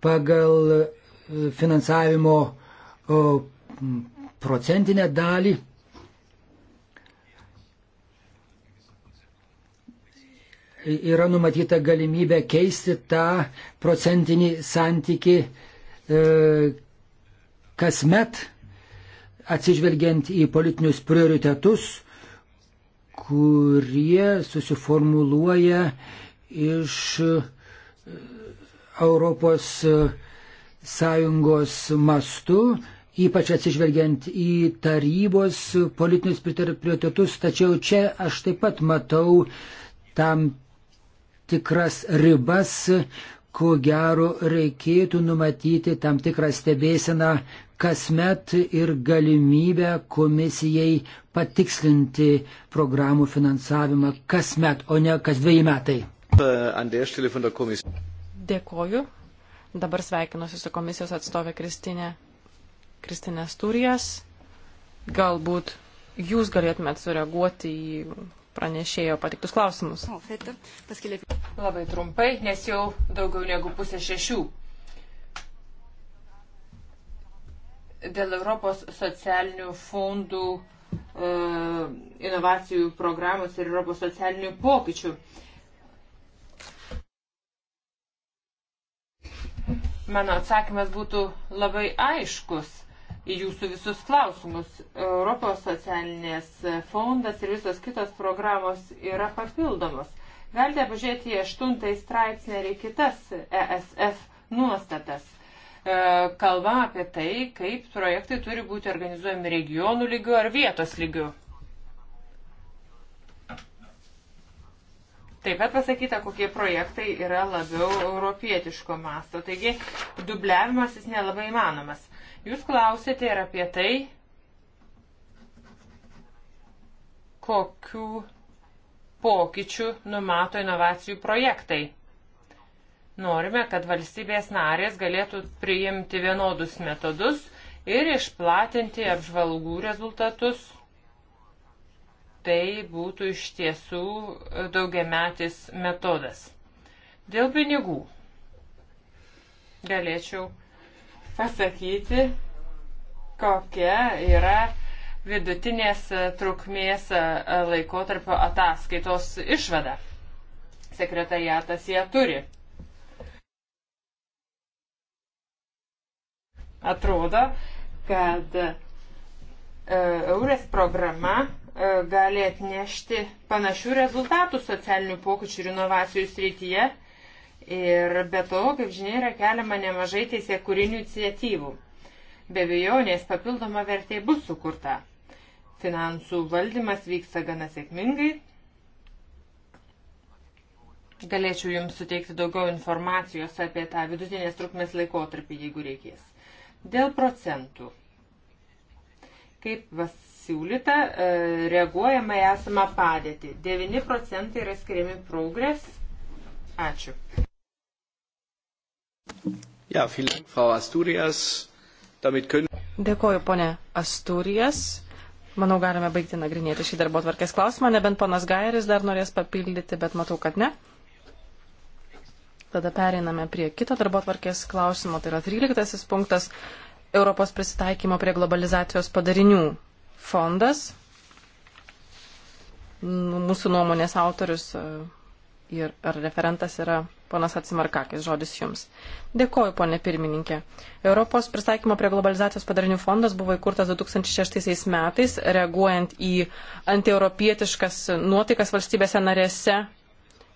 pagal e, finansavimo procentinę dalį. Yra numatyta galimybė keisti tą procentinį santyki e, kasmet atsižvelgiant į politinius prioritetus, kurie susiformuluoja iš e, Europos e, Sąjungos mastu, ypač atsižvelgiant į tarybos politinius prioritetus, tačiau čia aš taip pat matau tam tikras ribas, ko gero reikėtų numatyti tam tikrą stebėseną kasmet ir galimybę komisijai patikslinti programų finansavimą kasmet, o ne kas dviejai metai. Dėkoju. Dabar sveikinuosi su komisijos atstovė Kristinė, Kristinė Sturijas. Galbūt jūs galėtumėt sureaguoti į pranešėjo patiktus klausimus. Labai trumpai, nes jau daugiau negu pusė šešių. Dėl Europos socialinių fondų uh, E, inovacijų programos ir Europos socialinių pokyčių. Mano atsakymas būtų labai aiškus į jūsų visus klausimus. Europos socialinės fondas ir visos kitos programos yra papildomos. Galite pažiūrėti į 8 straipsnį ir į kitas ESF nuostatas. E, kalbam apie tai, kaip projektai turi būti organizuojami regionų lygių ar vietos lygių. Taip pat pasakyta, kokie projektai yra labiau europietiško masto. Taigi, dubliavimas jis nelabai įmanomas. Jūs klausėte ir apie tai, kokių pokyčių numato inovacijų projektai. Norime, kad valstybės narės galėtų priimti vienodus metodus ir išplatinti apžvalgų rezultatus. Tai būtų iš tiesų daugiametis metodas. Dėl pinigų galėčiau pasakyti, kokia yra vidutinės trukmės laikotarpio ataskaitos išvada. Sekretariatas ją turi. Atrodo, kad e, Eurės programa e, gali atnešti panašių rezultatų socialinių pokyčių ir inovacijų srityje. Ir be to, kaip žinia, yra keliama nemažai teisė kūrinių iniciatyvų. Be abejonės papildoma vertė bus sukurta. Finansų valdymas vyksta gana sėkmingai. Galėčiau Jums suteikti daugiau informacijos apie tą vidutinės trukmės laikotarpį, jeigu reikės. Dėl procentų. Kaip siūlyta, e, reaguojama į esamą padėtį. 9 procentai yra skiriami progres. Ačiū. Ja, Dank, Frau Asturias. Damit können... Dėkoju, ponė Asturijas. Manau, galime baigti nagrinėti šį darbo tvarkės klausimą, nebent ponas Gairis dar norės papildyti, bet matau, kad ne. Tada pereiname prie kito darbo tvarkės klausimo, tai yra 13 punktas Europos prisitaikymo prie globalizacijos padarinių fondas. Nu, mūsų nuomonės autorius e, ir ar referentas yra ponas Atsimarkakis, žodis jums. Dėkoju, ponė pirmininkė. Europos pristaikymo prie globalizacijos padarinių fondas buvo įkurtas 2006 metais, reaguojant į antieuropietiškas nuotaikas valstybėse narėse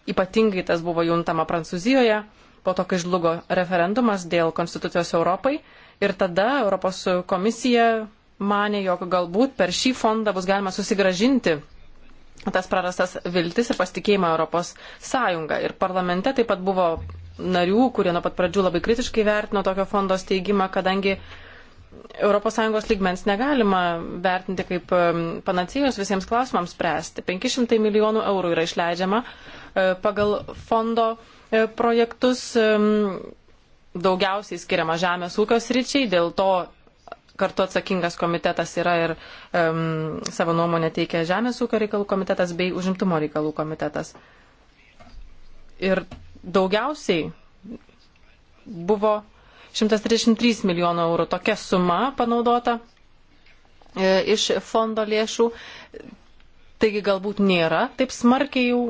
Ypatingai tas buvo juntama Prancūzijoje, po to, kai žlugo referendumas dėl Konstitucijos Europai. Ir tada Europos komisija mane, jog galbūt per šį fondą bus galima susigražinti tas prarastas viltis ir pasitikėjimą Europos Sąjungą. Ir parlamente taip pat buvo narių, kurie nuo pat pradžių labai kritiškai vertino tokio fondo steigimą, kadangi ES lygmens negalima vertinti kaip panacėjos visiems klausimams spręsti. 500 milijonų eurų yra išleidžiama E, pagal fondo e, projektus e, daugiausiai skiriama žemės ūkio sričiai, dėl to kartu atsakingas komitetas yra ir um, savo nuomonę teikia Žemės ūkio reikalų komitetas bei užimtumo reikalų komitetas. Ir daugiausiai buvo 133 milijonų eurų tokia suma panaudota e, iš fondo lėšų taigi galbūt nėra taip smarkiai jau,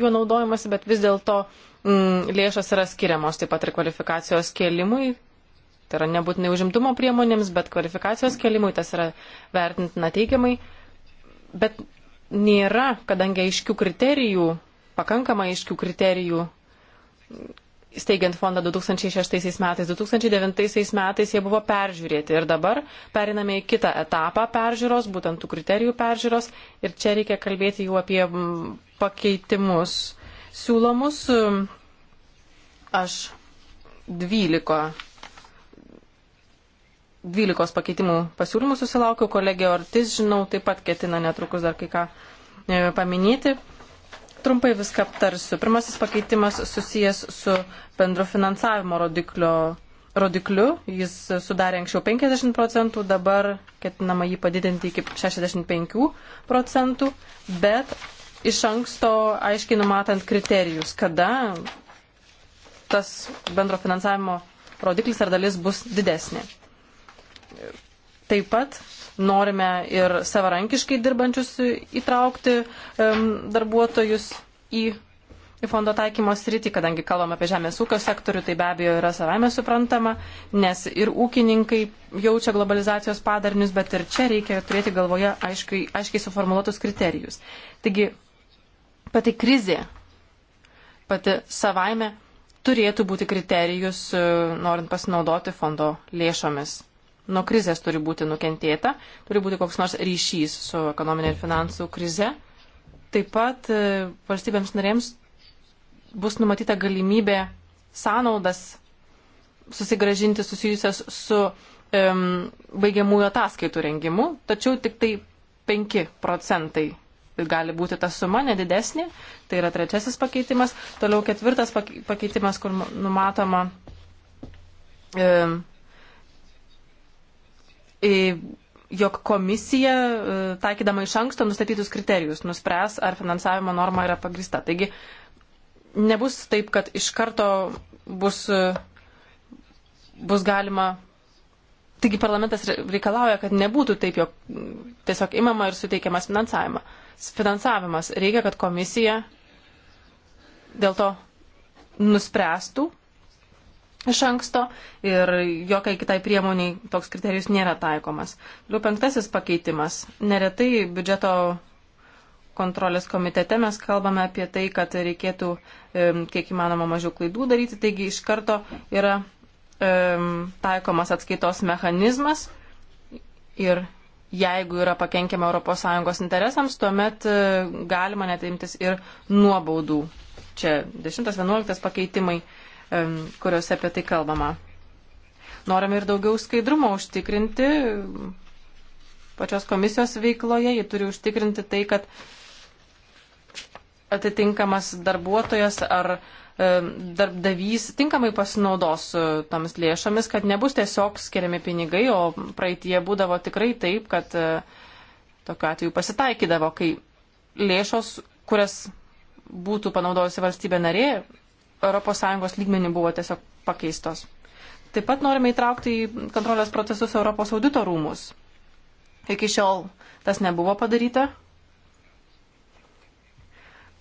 juo naudojamasi, bet vis dėlto mm, lėšas yra skiriamos taip pat ir kvalifikacijos kelimui. Tai yra nebūtinai užimtumo priemonėms, bet kvalifikacijos kelimui tas yra vertintina teigiamai. Bet nėra, kadangi aiškių kriterijų, pakankamai aiškių kriterijų, steigiant fondą 2006 metais, 2009 metais jie buvo peržiūrėti ir dabar periname į kitą etapą peržiūros, būtent tų kriterijų peržiūros ir čia reikia kalbėti jau apie pakeitimus siūlomus. Aš 12 12 pakeitimų pasiūlymų susilaukiu, kolegė Ortiz, žinau, taip pat ketina netrukus dar kai ką e, paminėti. Trumpai viską aptarsiu. Pirmasis pakeitimas susijęs su bendro finansavimo rodiklio, rodikliu. Jis sudarė anksčiau 50 procentų, dabar ketinama jį padidinti iki 65 procentų, bet iš anksto aiškiai numatant kriterijus, kada tas bendro finansavimo rodiklis ar dalis bus didesnė. Taip pat norime ir savarankiškai dirbančius įtraukti darbuotojus į į fondo taikymo sritį, kadangi kalbam apie žemės ūkio sektorių, tai be abejo yra savame suprantama, nes ir ūkininkai jaučia globalizacijos padarnius, bet ir čia reikia turėti galvoje aiškiai, aiškiai suformuoluotus kriterijus. Taigi pati krizė, pati savaime turėtų būti kriterijus, norint pasinaudoti fondo lėšomis nuo krizės turi būti nukentėta, turi būti koks nors ryšys su ekonominė ir finansų krize. Taip pat e, valstybėms narėms bus numatyta galimybė sąnaudas susigražinti susijusias su um, baigiamųjų ataskaitų rengimu, tačiau tik tai 5 procentai gali būti ta suma nedidesnė, tai yra trečiasis pakeitimas. Toliau ketvirtas pakeitimas, kur numatoma um, jog komisija, e, taikydama iš anksto nustatytus kriterijus, nuspręs, ar finansavimo norma yra pagrista. Taigi nebus taip, kad iš karto bus, e, bus galima. Taigi parlamentas reikalauja, kad nebūtų taip, jog tiesiog imama ir suteikiamas finansavimas. Reikia, kad komisija dėl to nuspręstų iš anksto ir jokiai kitai priemoniai toks kriterijus nėra taikomas. Liu penktasis pakeitimas. Neretai biudžeto kontrolės komitete mes kalbame apie tai, kad reikėtų kiek įmanoma mažiau klaidų daryti, taigi iš karto yra um, taikomas atskaitos mechanizmas ir jeigu yra pakenkiama ES interesams, tuomet e, galima net imtis ir nuobaudų. Čia 10-11 pakeitimai uh, kuriuose apie tai kalbama. Norime ir daugiau skaidrumo užtikrinti pačios komisijos veikloje. Ji turi užtikrinti tai, kad atitinkamas darbuotojas ar darbdavys tinkamai pasinaudos e, toms lėšomis, kad nebus tiesiog skiriami pinigai, o praeitie būdavo tikrai taip, kad e, tokiu atveju pasitaikydavo, kai lėšos, kurias būtų panaudojusi valstybė narė, ES lygmenį buvo tiesiog pakeistos. Taip pat norime įtraukti į kontrolės procesus Europos audito rūmus. Iki šiol tas nebuvo padaryta,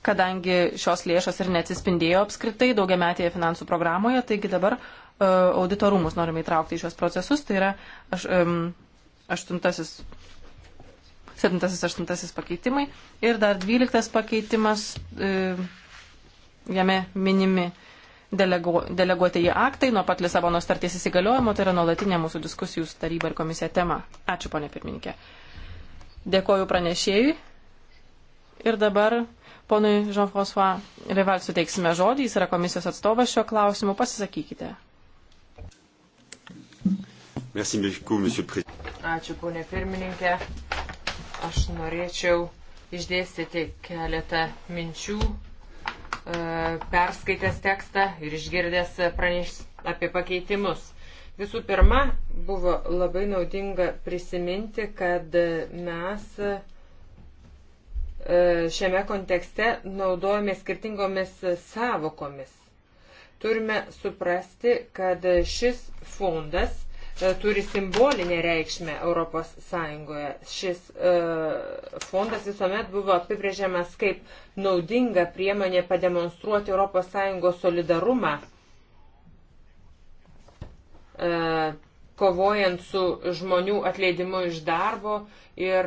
kadangi šios lėšos ir neatsispindėjo apskritai daugiametėje finansų programoje, taigi dabar uh, audito rūmus norime įtraukti į šios procesus, tai yra aš, um, aštuntasis. 7-8 pakeitimai ir dar 12 pakeitimas uh, jame minimi delegu, deleguoti į aktai nuo pat Lisabono starties įsigaliojimo, tai yra nuolatinė mūsų diskusijų su taryba ir komisija tema. Ačiū, ponė pirmininkė. Dėkoju pranešėjui. Ir dabar ponui Jean-François Reval suteiksime žodį, jis yra komisijos atstovas šio klausimu, pasisakykite. Merci beaucoup, monsieur le président. Ačiū, ponė pirmininkė. Aš norėčiau išdėstyti keletą minčių perskaitęs tekstą ir išgirdęs praneš apie pakeitimus. Visų pirma, buvo labai naudinga prisiminti, kad mes e, šiame kontekste naudojame skirtingomis savokomis. Turime suprasti, kad šis fondas E, turi simbolinę reikšmę Europos Sąjungoje. Šis e, fondas visuomet buvo apibrėžiamas kaip naudinga priemonė pademonstruoti Europos Sąjungos solidarumą, e, kovojant su žmonių atleidimu iš darbo ir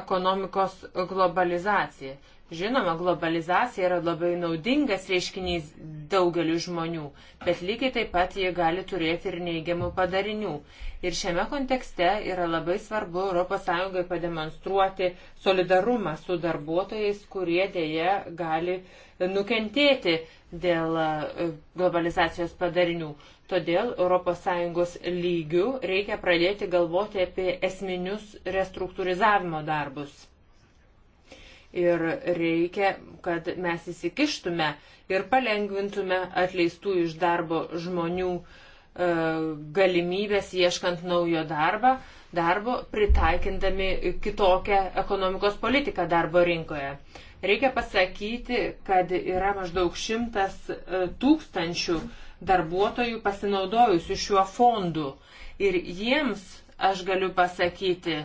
ekonomikos globalizacija. Žinoma, globalizacija yra labai naudingas reiškinys daugeliu žmonių, bet lygiai taip pat jie gali turėti ir neigiamų padarinių. Ir šiame kontekste yra labai svarbu ES pademonstruoti solidarumą su darbuotojais, kurie dėje gali nukentėti dėl e, globalizacijos padarinių. Todėl ES lygių reikia pradėti galvoti apie esminius restruktūrizavimo darbus ir reikia, kad mes įsikištume ir palengvintume atleistų iš darbo žmonių e, galimybės ieškant naujo darbą, darbo pritaikindami kitokią ekonomikos politiką darbo rinkoje. Reikia pasakyti, kad yra maždaug šimtas e, tūkstančių darbuotojų pasinaudojusių šiuo fondu. Ir jiems, aš galiu pasakyti,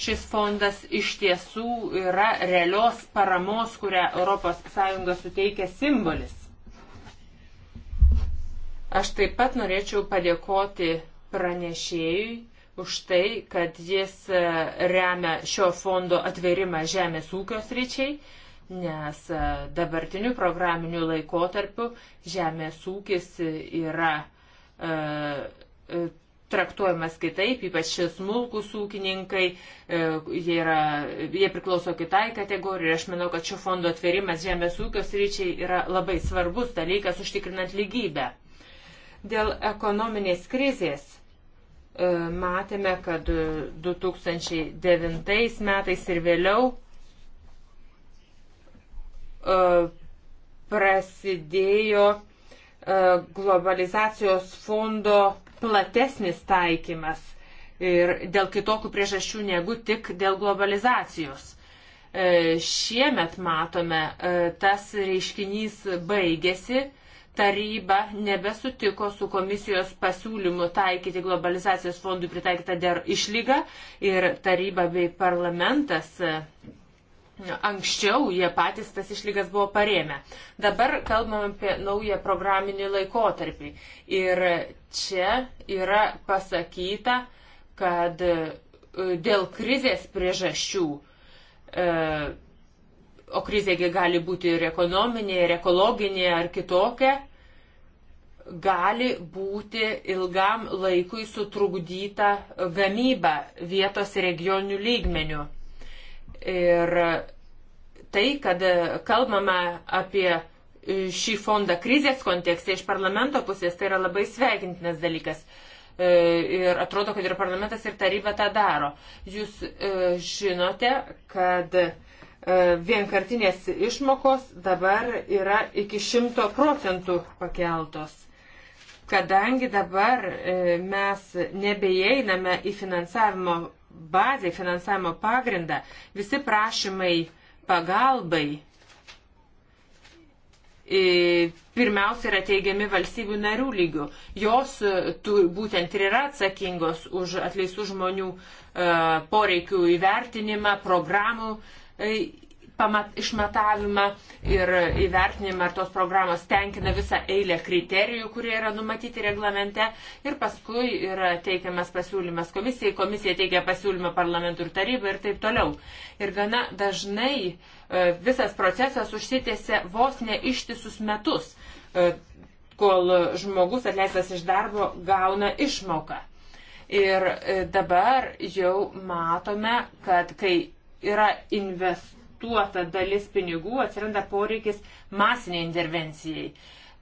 šis fondas iš tiesų yra realios paramos, kurią ES suteikia simbolis. Aš taip pat norėčiau padėkoti pranešėjui už tai, kad jis e, remia šio fondo atverimą žemės ūkio sričiai, nes e, dabartiniu programiniu laikotarpiu žemės ūkis yra e, traktuojamas kitaip, ypač smulkus ūkininkai, e, jie, yra, jie priklauso kitai kategorijai ir aš manau, kad šio fondo atverimas žemės ūkio sryčiai yra labai svarbus dalykas užtikrinant lygybę. Dėl ekonominės krizės e, matėme, kad 2009 e, metais ir vėliau prasidėjo globalizacijos fondo platesnis taikymas ir dėl kitokių priežasčių negu tik dėl globalizacijos. E, šiemet matome, e, tas reiškinys baigėsi, taryba nebesutiko su komisijos pasiūlymu taikyti globalizacijos fondui pritaikytą der išlygą ir taryba bei parlamentas Anksčiau jie patys tas išlygas buvo paremę. Dabar kalbam apie naują programinį laikotarpį. Ir čia yra pasakyta, kad e, dėl krizės priežasčių, e, o krizėgi gali būti ir ekonominė, ir ekologinė, ar kitokia, gali būti ilgam laikui sutrukdyta gamyba vietos regioninių lygmenių Ir tai, kad kalbama apie šį fondą krizės kontekste iš parlamento pusės, tai yra labai sveikintinas dalykas. E, ir atrodo, kad ir parlamentas, ir taryba tą daro. Jūs e, žinote, kad e, vienkartinės išmokos dabar yra iki 100 procentų pakeltos, kadangi dabar mes nebeeiname į finansavimo bazę, finansavimo pagrindą, visi prašymai pagalbai pirmiausia yra teigiami valstybių narių lygių. Jos e, tu, būtent ir yra atsakingos už atleistų žmonių e, poreikių įvertinimą, programų e, pamat, išmatavimą ir įvertinimą, ar tos programos tenkina visą eilę kriterijų, kurie yra numatyti reglamente. Ir paskui yra teikiamas pasiūlymas komisijai, komisija teikia pasiūlymą parlamentų ir tarybai ir taip toliau. Ir gana dažnai e, visas procesas užsitėse vos ne ištisus metus, e, kol žmogus atleistas iš darbo gauna išmoką. Ir e, dabar jau matome, kad kai yra investuojama, investuota dalis pinigų, atsiranda poreikis masiniai intervencijai.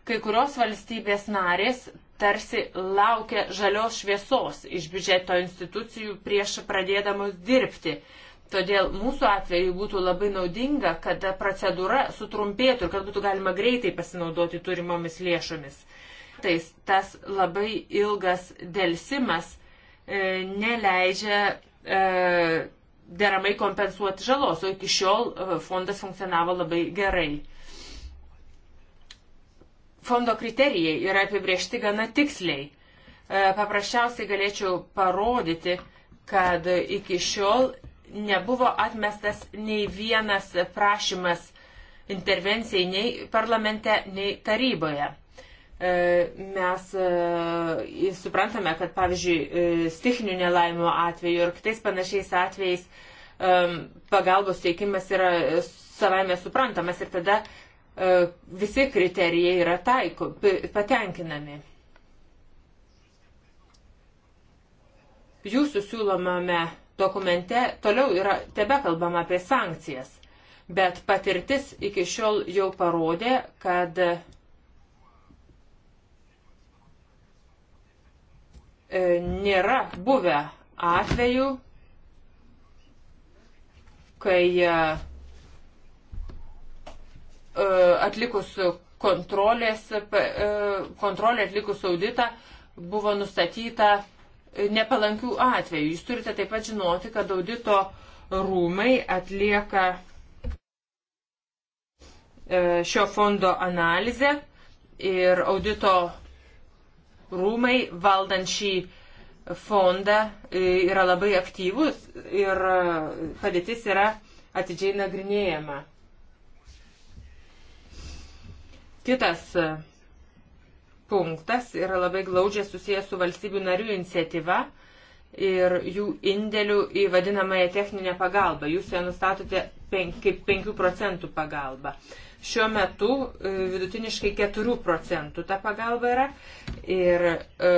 Kai kurios valstybės narės tarsi laukia žalios šviesos iš biudžeto institucijų prieš pradėdamos dirbti. Todėl mūsų atveju būtų labai naudinga, kad procedūra sutrumpėtų ir kad būtų galima greitai pasinaudoti turimomis lėšomis. Tais, tas labai ilgas dėlsimas e, neleidžia e, deramai kompensuoti žalos, o iki šiol e, fondas funkcionavo labai gerai. Fondo kriterijai yra apibriešti gana tiksliai. E, paprasčiausiai galėčiau parodyti, kad iki šiol nebuvo atmestas nei vienas prašymas intervencijai nei parlamente, nei taryboje. E, mes e, suprantame, kad pavyzdžiui, e, stichinių nelaimio atveju ir kitais panašiais atvejais pagalbos teikimas yra savaime suprantamas ir tada visi kriterijai yra taiko, patenkinami. Jūsų siūlomame dokumente toliau yra tebekalbama apie sankcijas, bet patirtis iki šiol jau parodė, kad E, nėra buvę atveju, kai e, e, atlikus kontrolės, kontrolę atlikus auditą buvo nustatyta nepalankių atvejų. Jūs turite taip pat žinoti, kad audito rūmai atlieka šio fondo analizę ir audito rūmai valdant šį fondą e, yra labai aktyvus ir e, padėtis yra atidžiai nagrinėjama. Kitas e, punktas yra labai glaudžiai susijęs su valstybių narių iniciatyva ir jų indėlių į vadinamąją techninę pagalbą. Jūs ją nustatote pen, kaip 5 procentų pagalbą. Šiuo metu e, vidutiniškai 4 procentų ta pagalba yra ir e,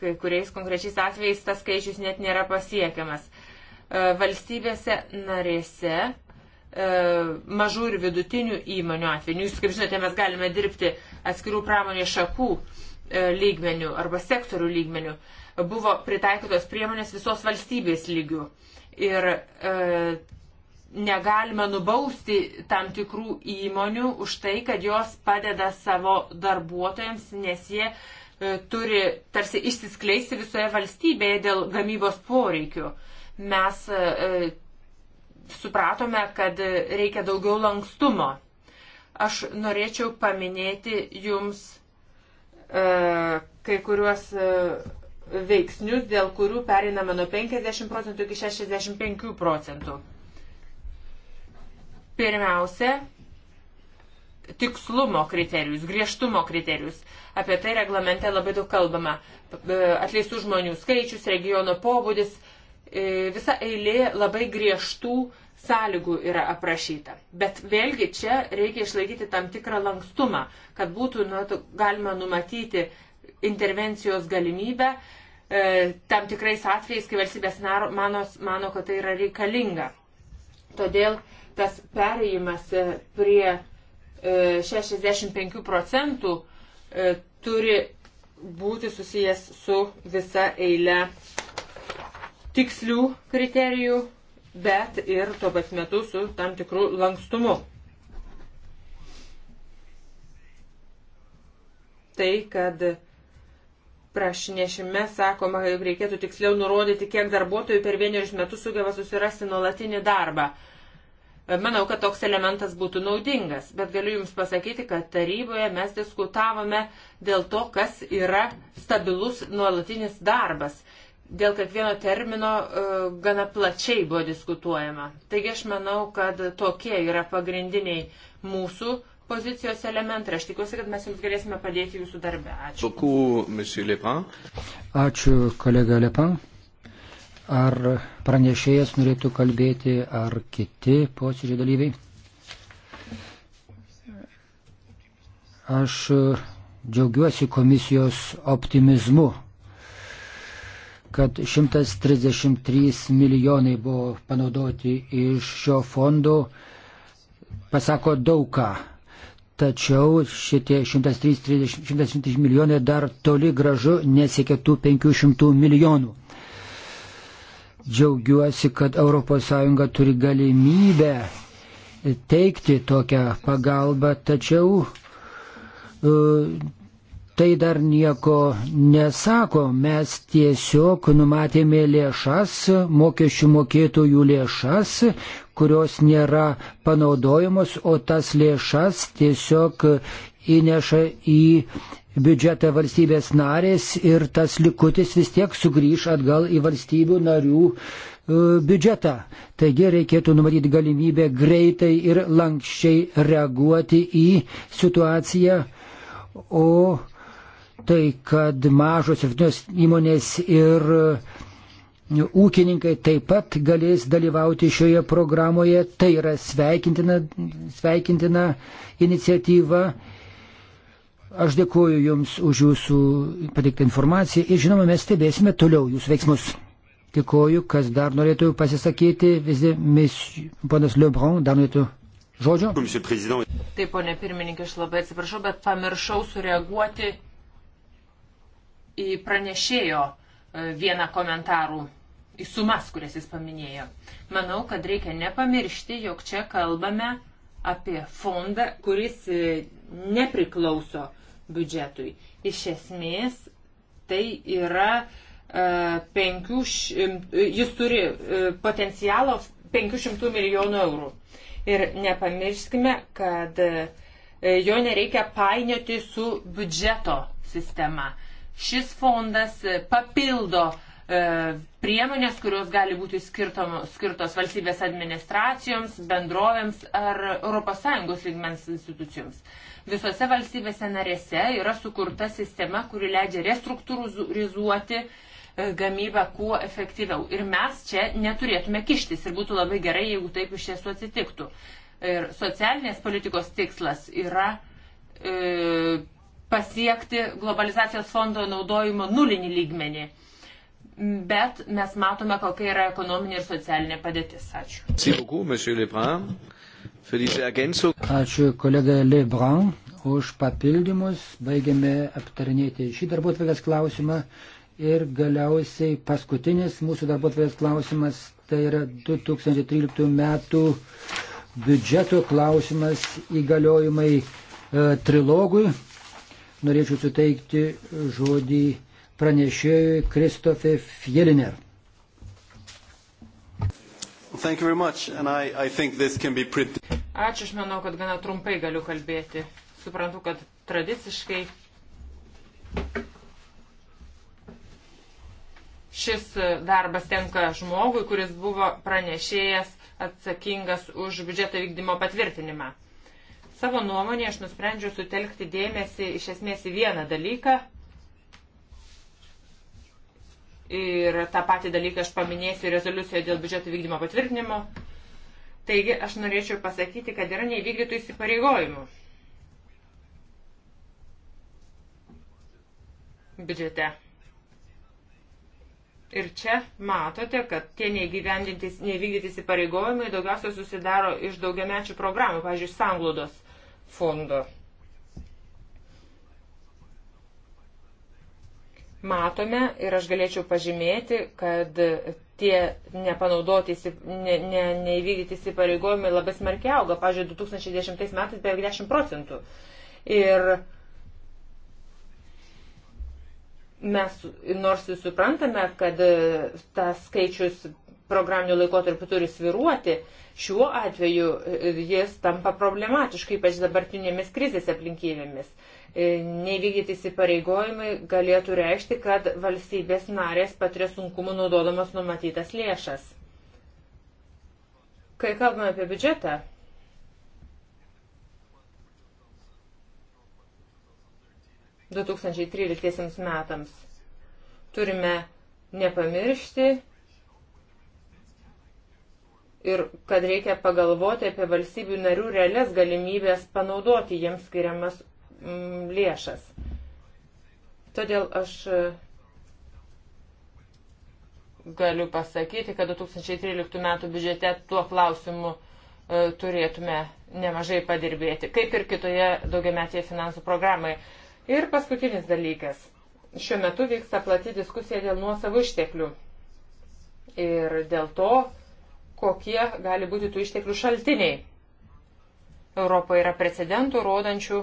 kai kuriais konkrečiais atvejais tas skaičius net nėra pasiekiamas. E, valstybėse narėse mažų ir vidutinių įmonių atveju, jūs kaip žinote, mes galime dirbti atskirų pramonės šakų lygmenių arba sektorių lygmenių, buvo pritaikytos priemonės visos valstybės lygių. Ir e, negalime nubausti tam tikrų įmonių už tai, kad jos padeda savo darbuotojams, nes jie e, turi tarsi išsiskleisti visoje valstybėje dėl gamybos poreikių. Mes e, e, supratome, kad reikia daugiau lankstumo. Aš norėčiau paminėti jums kai kuriuos veiksnius, dėl kurių pereiname nuo 50 procentų iki 65 procentų. Pirmiausia, tikslumo kriterijus, griežtumo kriterijus. Apie tai reglamente labai daug kalbama. E, atleistų žmonių skaičius, regiono pobūdis, e, visa eilė labai griežtų sąlygų yra aprašyta. Bet vėlgi čia reikia išlaikyti tam tikrą lankstumą, kad būtų nu, galima numatyti intervencijos galimybę e, tam tikrais atvejais, kai valstybės mano, mano, kad tai yra reikalinga. Todėl tas pereimas e, prie 65 e, procentų e, turi būti susijęs su visa eile tikslių kriterijų, bet ir tuo pat metu su tam tikrų lankstumu. Tai, kad prašnešime sakoma, jog reikėtų tiksliau nurodyti, kiek darbuotojų per vienerius metus sugeba susirasti nuolatinį darbą. Uh, Manau, kad toks elementas būtų naudingas, bet galiu Jums pasakyti, kad taryboje mes diskutavome dėl to, kas yra stabilus nuolatinis darbas. Dėl kiekvieno termino e, gana plačiai buvo diskutuojama. Taigi aš manau, kad tokie yra pagrindiniai mūsų pozicijos elementai. Aš tikiuosi, kad mes Jums galėsime padėti Jūsų darbę. Ačiū. Ačiū, kolega Lepan. Ar pranešėjas norėtų kalbėti, ar kiti posėdžio dalyviai? Aš džiaugiuosi komisijos optimizmu, kad 133 milijonai buvo panaudoti iš šio fondo, pasako daug ką. Tačiau šitie 130 milijonai dar toli gražu nesiekia tų 500 milijonų. Džiaugiuosi, kad ES turi galimybę teikti tokią pagalbą, tačiau e, tai dar nieko nesako. Mes tiesiog numatėme lėšas, mokesčių mokėtojų lėšas, kurios nėra panaudojamos, o tas lėšas tiesiog įneša į biudžetą valstybės narės ir tas likutis vis tiek sugrįž atgal į valstybių narių e, biudžetą. Taigi reikėtų numatyti galimybę greitai ir lankščiai reaguoti į situaciją, o tai, kad mažos ir vidutinės įmonės ir e, ūkininkai taip pat galės dalyvauti šioje programoje, tai yra sveikintina, sveikintina iniciatyva Aš dėkuoju Jums už Jūsų pateiktą informaciją ir žinoma, mes stebėsime toliau Jūsų veiksmus. Dėkuoju, kas dar norėtų pasisakyti, visi, ponas Lebrun, dar norėtų žodžio. Taip, ponė pirmininkė, aš labai atsiprašau, bet pamiršau sureaguoti į pranešėjo e, vieną komentarų į sumas, kurias jis paminėjo. Manau, kad reikia nepamiršti, jog čia kalbame apie fondą, kuris e, nepriklauso biudžetui. Iš esmės, tai yra e, penkių, šim, jis turi e, potencialo 500 milijonų eurų. Ir nepamirškime, kad e, jo nereikia painioti su biudžeto sistema. Šis fondas e, papildo e, priemonės, kurios gali būti skirtom, skirtos valstybės administracijoms, bendrovėms ar ES lygmens institucijoms. Visose valstybėse narėse yra sukurta sistema, kuri leidžia restruktūrizuoti e, gamybą kuo efektyviau. Ir mes čia neturėtume kištis ir būtų labai gerai, jeigu taip iš tiesų atsitiktų. Ir socialinės politikos tikslas yra e, pasiekti globalizacijos fondo naudojimo nulinį lygmenį. Bet mes matome, kokia yra ekonominė ir socialinė padėtis. Ačiū. Ačiū kolega Lebrun už papildymus. Baigėme aptarinėti šį darbuotvės klausimą. Ir galiausiai paskutinis mūsų darbuotvės klausimas, tai yra 2013 metų biudžeto klausimas įgaliojimai e, trilogui. Norėčiau suteikti žodį pranešėjui Kristofė Fjeliner. Thank you very much, and I, I think this can be pretty... Ačiū, aš manau, kad gana trumpai galiu kalbėti. Suprantu, kad tradiciškai šis darbas tenka žmogui, kuris buvo pranešėjas atsakingas už biudžeto vykdymo patvirtinimą. Savo nuomonė aš nusprendžiau sutelkti dėmesį iš esmės į vieną dalyką. Ir tą patį dalyką aš paminėsiu rezoliucijoje dėl biudžeto vykdymo patvirtinimo. Taigi aš norėčiau pasakyti, kad yra neįvykdytų įsipareigojimų. Biudžete. Ir čia matote, kad tie neįvykdyti įsipareigojimai daugiausia susidaro iš daugiamečių programų, pavyzdžiui, sanglūdos fondo. Matome ir aš galėčiau pažymėti, kad tie nepanaudoti, ne, ne, neįvykdyti įsipareigojimai labai smarkiai auga. Pavyzdžiui, 2010 metais beveik 10 procentų. Ir mes nors ir suprantame, kad e, tas skaičius programinių laikotarpių turi sviruoti, šiuo atveju e, jis tampa problematiškai, ypač dabartinėmis krizės aplinkybėmis. E, nevykdyti įsipareigojimai galėtų reikšti, kad valstybės narės patiria sunkumų naudodamas numatytas lėšas. Kai kalbame apie biudžetą, du tūkstančiai tryliktiesiems metams turime nepamiršti ir kad reikia pagalvoti apie valstybių narių realias galimybės panaudoti jiems skiriamas mm, lėšas. Todėl aš e, galiu pasakyti, kad 2013 metų biudžete tuo klausimu e, turėtume nemažai padirbėti, kaip ir kitoje daugiametėje finansų programai. Ir paskutinis dalykas. Šiuo metu vyksta plati diskusija dėl nuosavų išteklių ir dėl to, kokie gali būti tų išteklių šaltiniai. Europoje yra precedentų rodančių,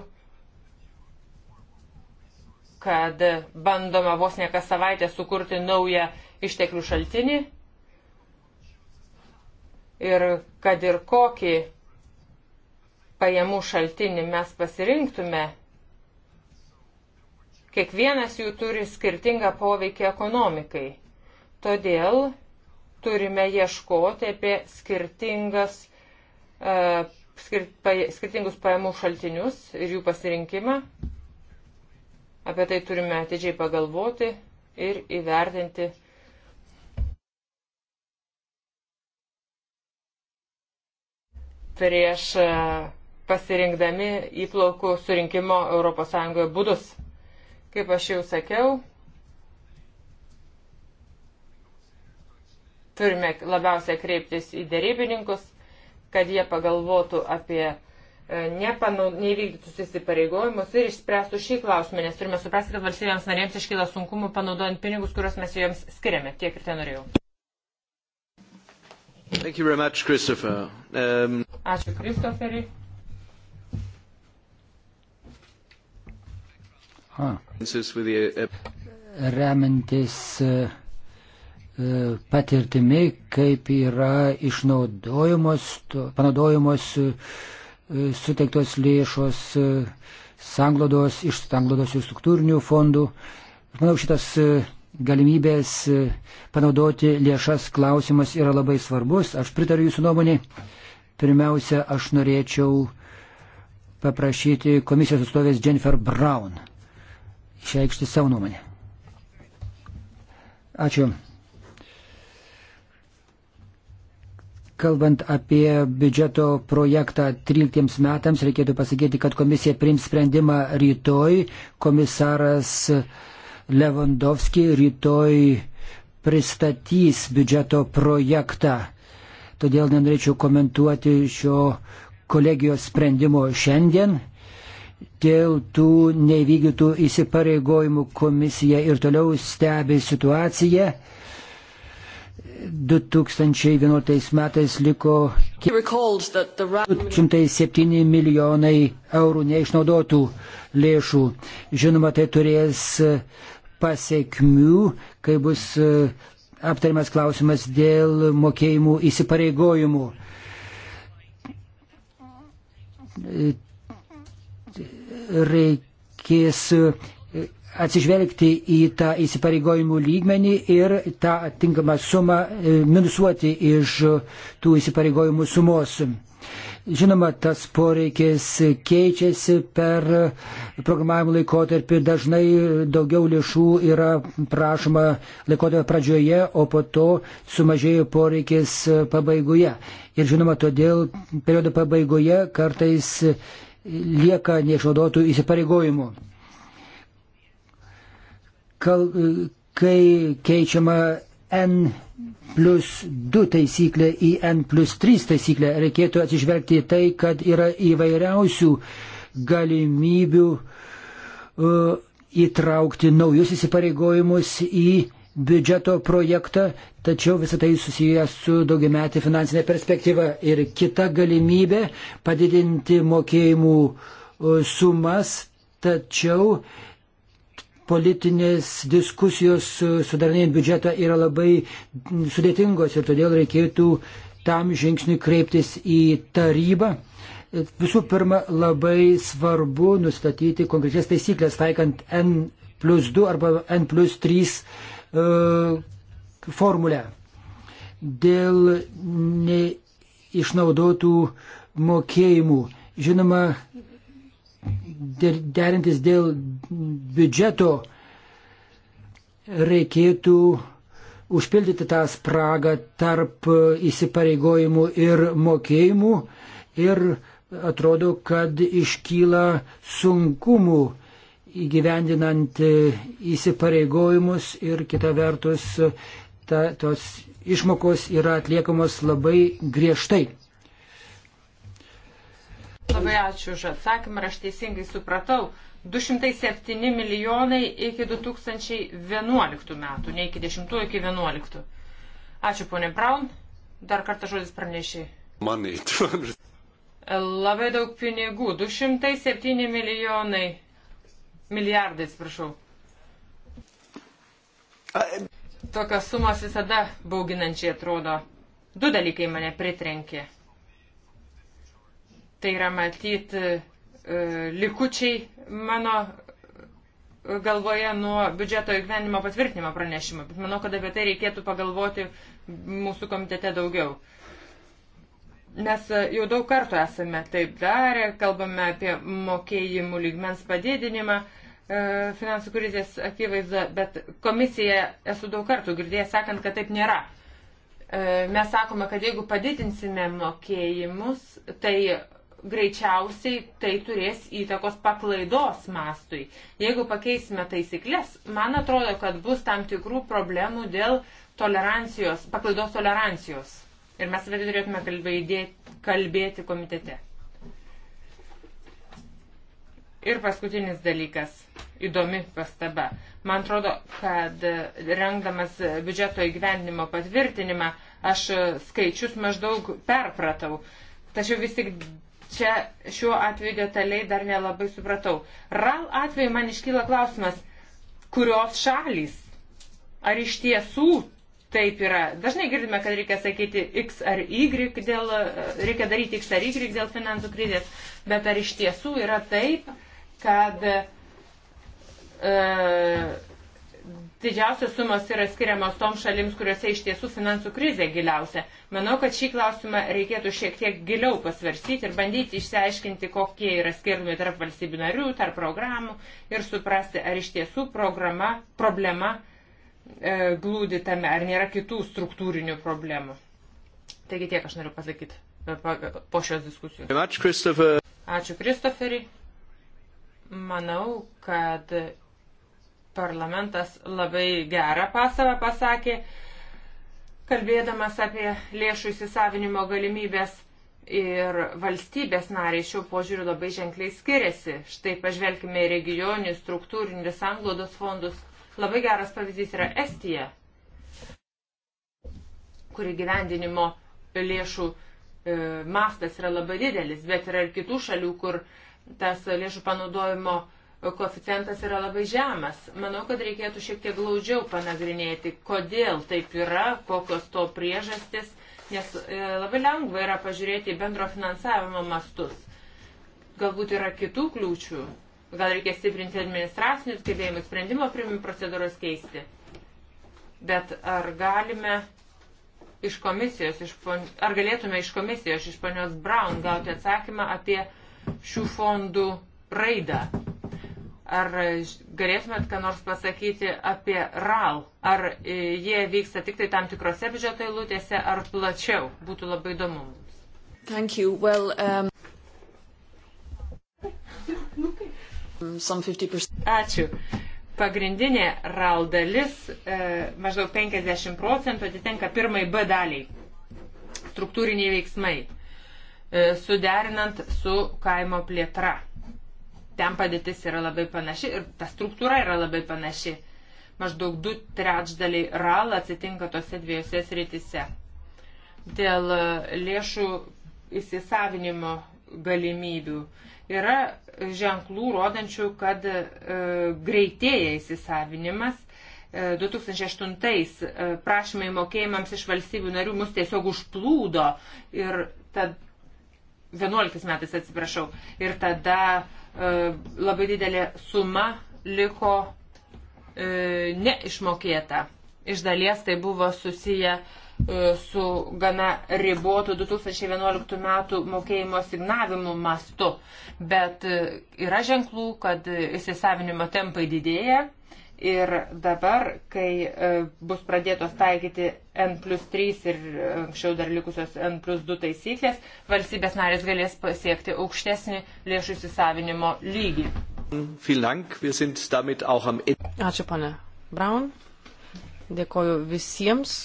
kad bandoma vos ne kas savaitę sukurti naują išteklių šaltinį ir kad ir kokį pajamų šaltinį mes pasirinktume, kiekvienas jų turi skirtingą poveikį ekonomikai. Todėl turime ieškoti apie skirtingas, uh, e, skir, pa, skirtingus pajamų šaltinius ir jų pasirinkimą. Apie tai turime atidžiai pagalvoti ir įvertinti. prieš e, pasirinkdami įplaukų surinkimo ES būdus. Kaip aš jau sakiau, turime labiausiai kreiptis į dėrybininkus, kad jie pagalvotų apie E, nepanau, nevykdytus įsipareigojimus ir išspręstų šį klausimą, nes turime suprasti, kad valstybėms narėms iškyla sunkumų panaudojant pinigus, kuriuos mes joms skiriame. Tiek ir ten norėjau. Much, Christopher. Um... Ačiū, Kristoferi. Uh, Remiantis e, e, patirtimi, kaip yra išnaudojamos, panaudojamos uh, E, suteiktos lėšos e, sanglodos, iš sanglodos ir struktūrinių fondų. Manau, šitas e, galimybės panaudoti lėšas klausimas yra labai svarbus. Aš pritariu jūsų nuomonį. Pirmiausia, aš norėčiau paprašyti komisijos atstovės Jennifer Brown išreikšti savo nuomonę. Ačiū. Kalbant apie biudžeto projektą 13 metams, reikėtų pasakyti, kad komisija prims sprendimą rytoj. Komisaras Levandovski rytoj pristatys biudžeto projektą. Todėl nenorėčiau komentuoti šio kolegijos sprendimo šiandien. Dėl tų nevykdytų įsipareigojimų komisija ir toliau stebi situaciją. 2011 metais liko 207 milijonai eurų neišnaudotų lėšų. Žinoma, tai turės pasiekmių, kai bus e, aptariamas klausimas dėl mokėjimų įsipareigojimų. E, reikės atsižvelgti į tą įsipareigojimų lygmenį ir tą atinkamą sumą e, minusuoti iš tų įsipareigojimų sumos. Žinoma, tas poreikis keičiasi per programavimo laikotarpį, dažnai daugiau lėšų yra prašoma laikotarpio pradžioje, o po to sumažėjo poreikis pabaigoje. Ir žinoma, todėl periodo pabaigoje kartais lieka neišnaudotų įsipareigojimų kal, kai keičiama N plus 2 taisyklė į N plus 3 taisyklę, reikėtų atsižvelgti į tai, kad yra įvairiausių galimybių uh, įtraukti naujus įsipareigojimus į biudžeto projektą, tačiau visą tai susijęs su daugiametė finansinė perspektyva ir kita galimybė padidinti mokėjimų e, sumas, tačiau politinės diskusijos sudarinėjant biudžetą yra labai sudėtingos ir todėl reikėtų tam žingsniui kreiptis į tarybą. Visų pirma, labai svarbu nustatyti konkrečias taisyklės, taikant N plus 2 arba N plus 3 uh, e, formulę. Dėl neišnaudotų mokėjimų. Žinoma, derintis dėl biudžeto reikėtų užpildyti tą spragą tarp įsipareigojimų ir mokėjimų ir atrodo, kad iškyla sunkumų įgyvendinant įsipareigojimus ir kita vertus ta, tos išmokos yra atliekamos labai griežtai. Labai ačiū už atsakymą, aš teisingai supratau. 207 milijonai iki 2011 metų, ne iki 10, iki 11. Ačiū, ponė Braun. Dar kartą žodis pranešiai. Manai, [laughs] tu. Labai daug pinigų. 207 milijonai. Milijardai, atsiprašau. Tokios sumos visada bauginančiai atrodo. Du dalykai mane pritrenkė. Tai yra matyti e, likučiai mano galvoje nuo biudžeto įgyvenimo patvirtinimo pranešimo, bet manau, kad apie tai reikėtų pagalvoti mūsų komitete daugiau. Mes jau daug kartų esame taip darę, kalbame apie mokėjimų lygmens padidinimą e, finansų krizės akivaizda, bet komisija esu daug kartų girdėjęs sakant, kad taip nėra. E, mes sakome, kad jeigu padidinsime mokėjimus, tai greičiausiai tai turės įtakos paklaidos mastui. Jeigu pakeisime taisyklės, man atrodo, kad bus tam tikrų problemų dėl tolerancijos, paklaidos tolerancijos. Ir mes apie tai turėtume kalbėti, kalbėti komitete. Ir paskutinis dalykas, įdomi pastaba. Man atrodo, kad rengdamas biudžeto įgyvendinimo patvirtinimą, aš skaičius maždaug perpratau. Tačiau vis tik čia šiuo atveju detaliai dar nelabai supratau. RAL atveju man iškyla klausimas, kurios šalys? Ar iš tiesų taip yra? Dažnai girdime, kad reikia sakyti X ar Y, dėl, reikia daryti X ar Y dėl finansų krizės, bet ar iš tiesų yra taip, kad e, didžiausios sumos yra skiriamos toms šalims, kuriuose iš tiesų finansų krizė giliausia. Manau, kad šį klausimą reikėtų šiek tiek giliau pasvarsyti ir bandyti išsiaiškinti, kokie yra skirtumai tarp valstybių narių, tarp programų ir suprasti, ar iš tiesų programa, problema e, glūdi tame, ar nėra kitų struktūrinių problemų. Taigi tiek aš noriu pasakyti po šios diskusijos. Ačiū, Kristoferi. Manau, kad Parlamentas labai gerą pasavą pasakė, kalbėdamas apie lėšų įsisavinimo galimybės ir valstybės nariai šiuo požiūriu labai ženkliai skiriasi. Štai pažvelkime į regionius, struktūrinius, anglodos fondus. Labai geras pavyzdys yra Estija, kuri gyvendinimo lėšų e, mastas yra labai didelis, bet yra ir kitų šalių, kur tas lėšų panaudojimo e, koeficientas yra labai žemas. Manau, kad reikėtų šiek tiek glaudžiau panagrinėti, kodėl taip yra, kokios to priežastis, nes e, labai lengva yra pažiūrėti į bendro finansavimo mastus. Galbūt yra kitų kliūčių, gal reikia stiprinti administracinius gebėjimus, sprendimo priimimų procedūros keisti. Bet ar galime iš komisijos, iš pon... ar galėtume iš komisijos, iš ponios Brown gauti atsakymą apie šių fondų raidą? Ar galėtumėt ką nors pasakyti apie RAL? Ar jie vyksta tik tai tam tikrose biudžeto eilutėse, ar plačiau? Būtų labai įdomu mums. Thank you. Well, um... Ačiū. Pagrindinė RAL dalis, e, maždaug 50 procentų, atitenka pirmai B daliai. Struktūriniai veiksmai, e, suderinant su kaimo plėtra ten padėtis yra labai panaši ir ta struktūra yra labai panaši. Maždaug du trečdaliai RAL atsitinka tose dviejose sritise. Dėl e, lėšų įsisavinimo galimybių yra ženklų rodančių, kad e, greitėja įsisavinimas. E, 2008 e, prašymai mokėjimams iš valstybių narių mus tiesiog užplūdo ir tad 11 metais atsiprašau. Ir tada uh, E, labai didelė suma liko e, neišmokėta. Iš dalies tai buvo susiję e, su gana ribotu 2011 metų mokėjimo signavimu mastu, bet yra ženklų, kad įsisavinimo tempai didėja Ir dabar, kai e, bus pradėtos taikyti N plus 3 ir anksčiau dar likusios N plus 2 taisyklės, valstybės narės galės pasiekti aukštesnį lėšų įsisavinimo lygį. Ačiū, pane Braun. Dėkoju visiems.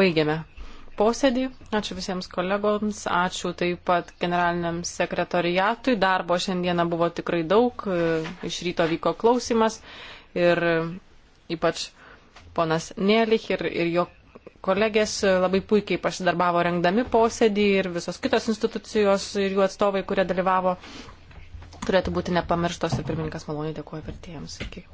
Baigiame posėdį. Ačiū visiems kolegoms, ačiū taip pat generaliniam sekretoriatui. Darbo šiandieną buvo tikrai daug, iš ryto vyko klausimas ir ypač ponas Nelich ir, ir jo kolegės labai puikiai pasidarbavo rengdami posėdį ir visos kitos institucijos ir jų atstovai, kurie dalyvavo, turėtų būti nepamirštos ir pirmininkas maloniai dėkoja vertėjams. Iki.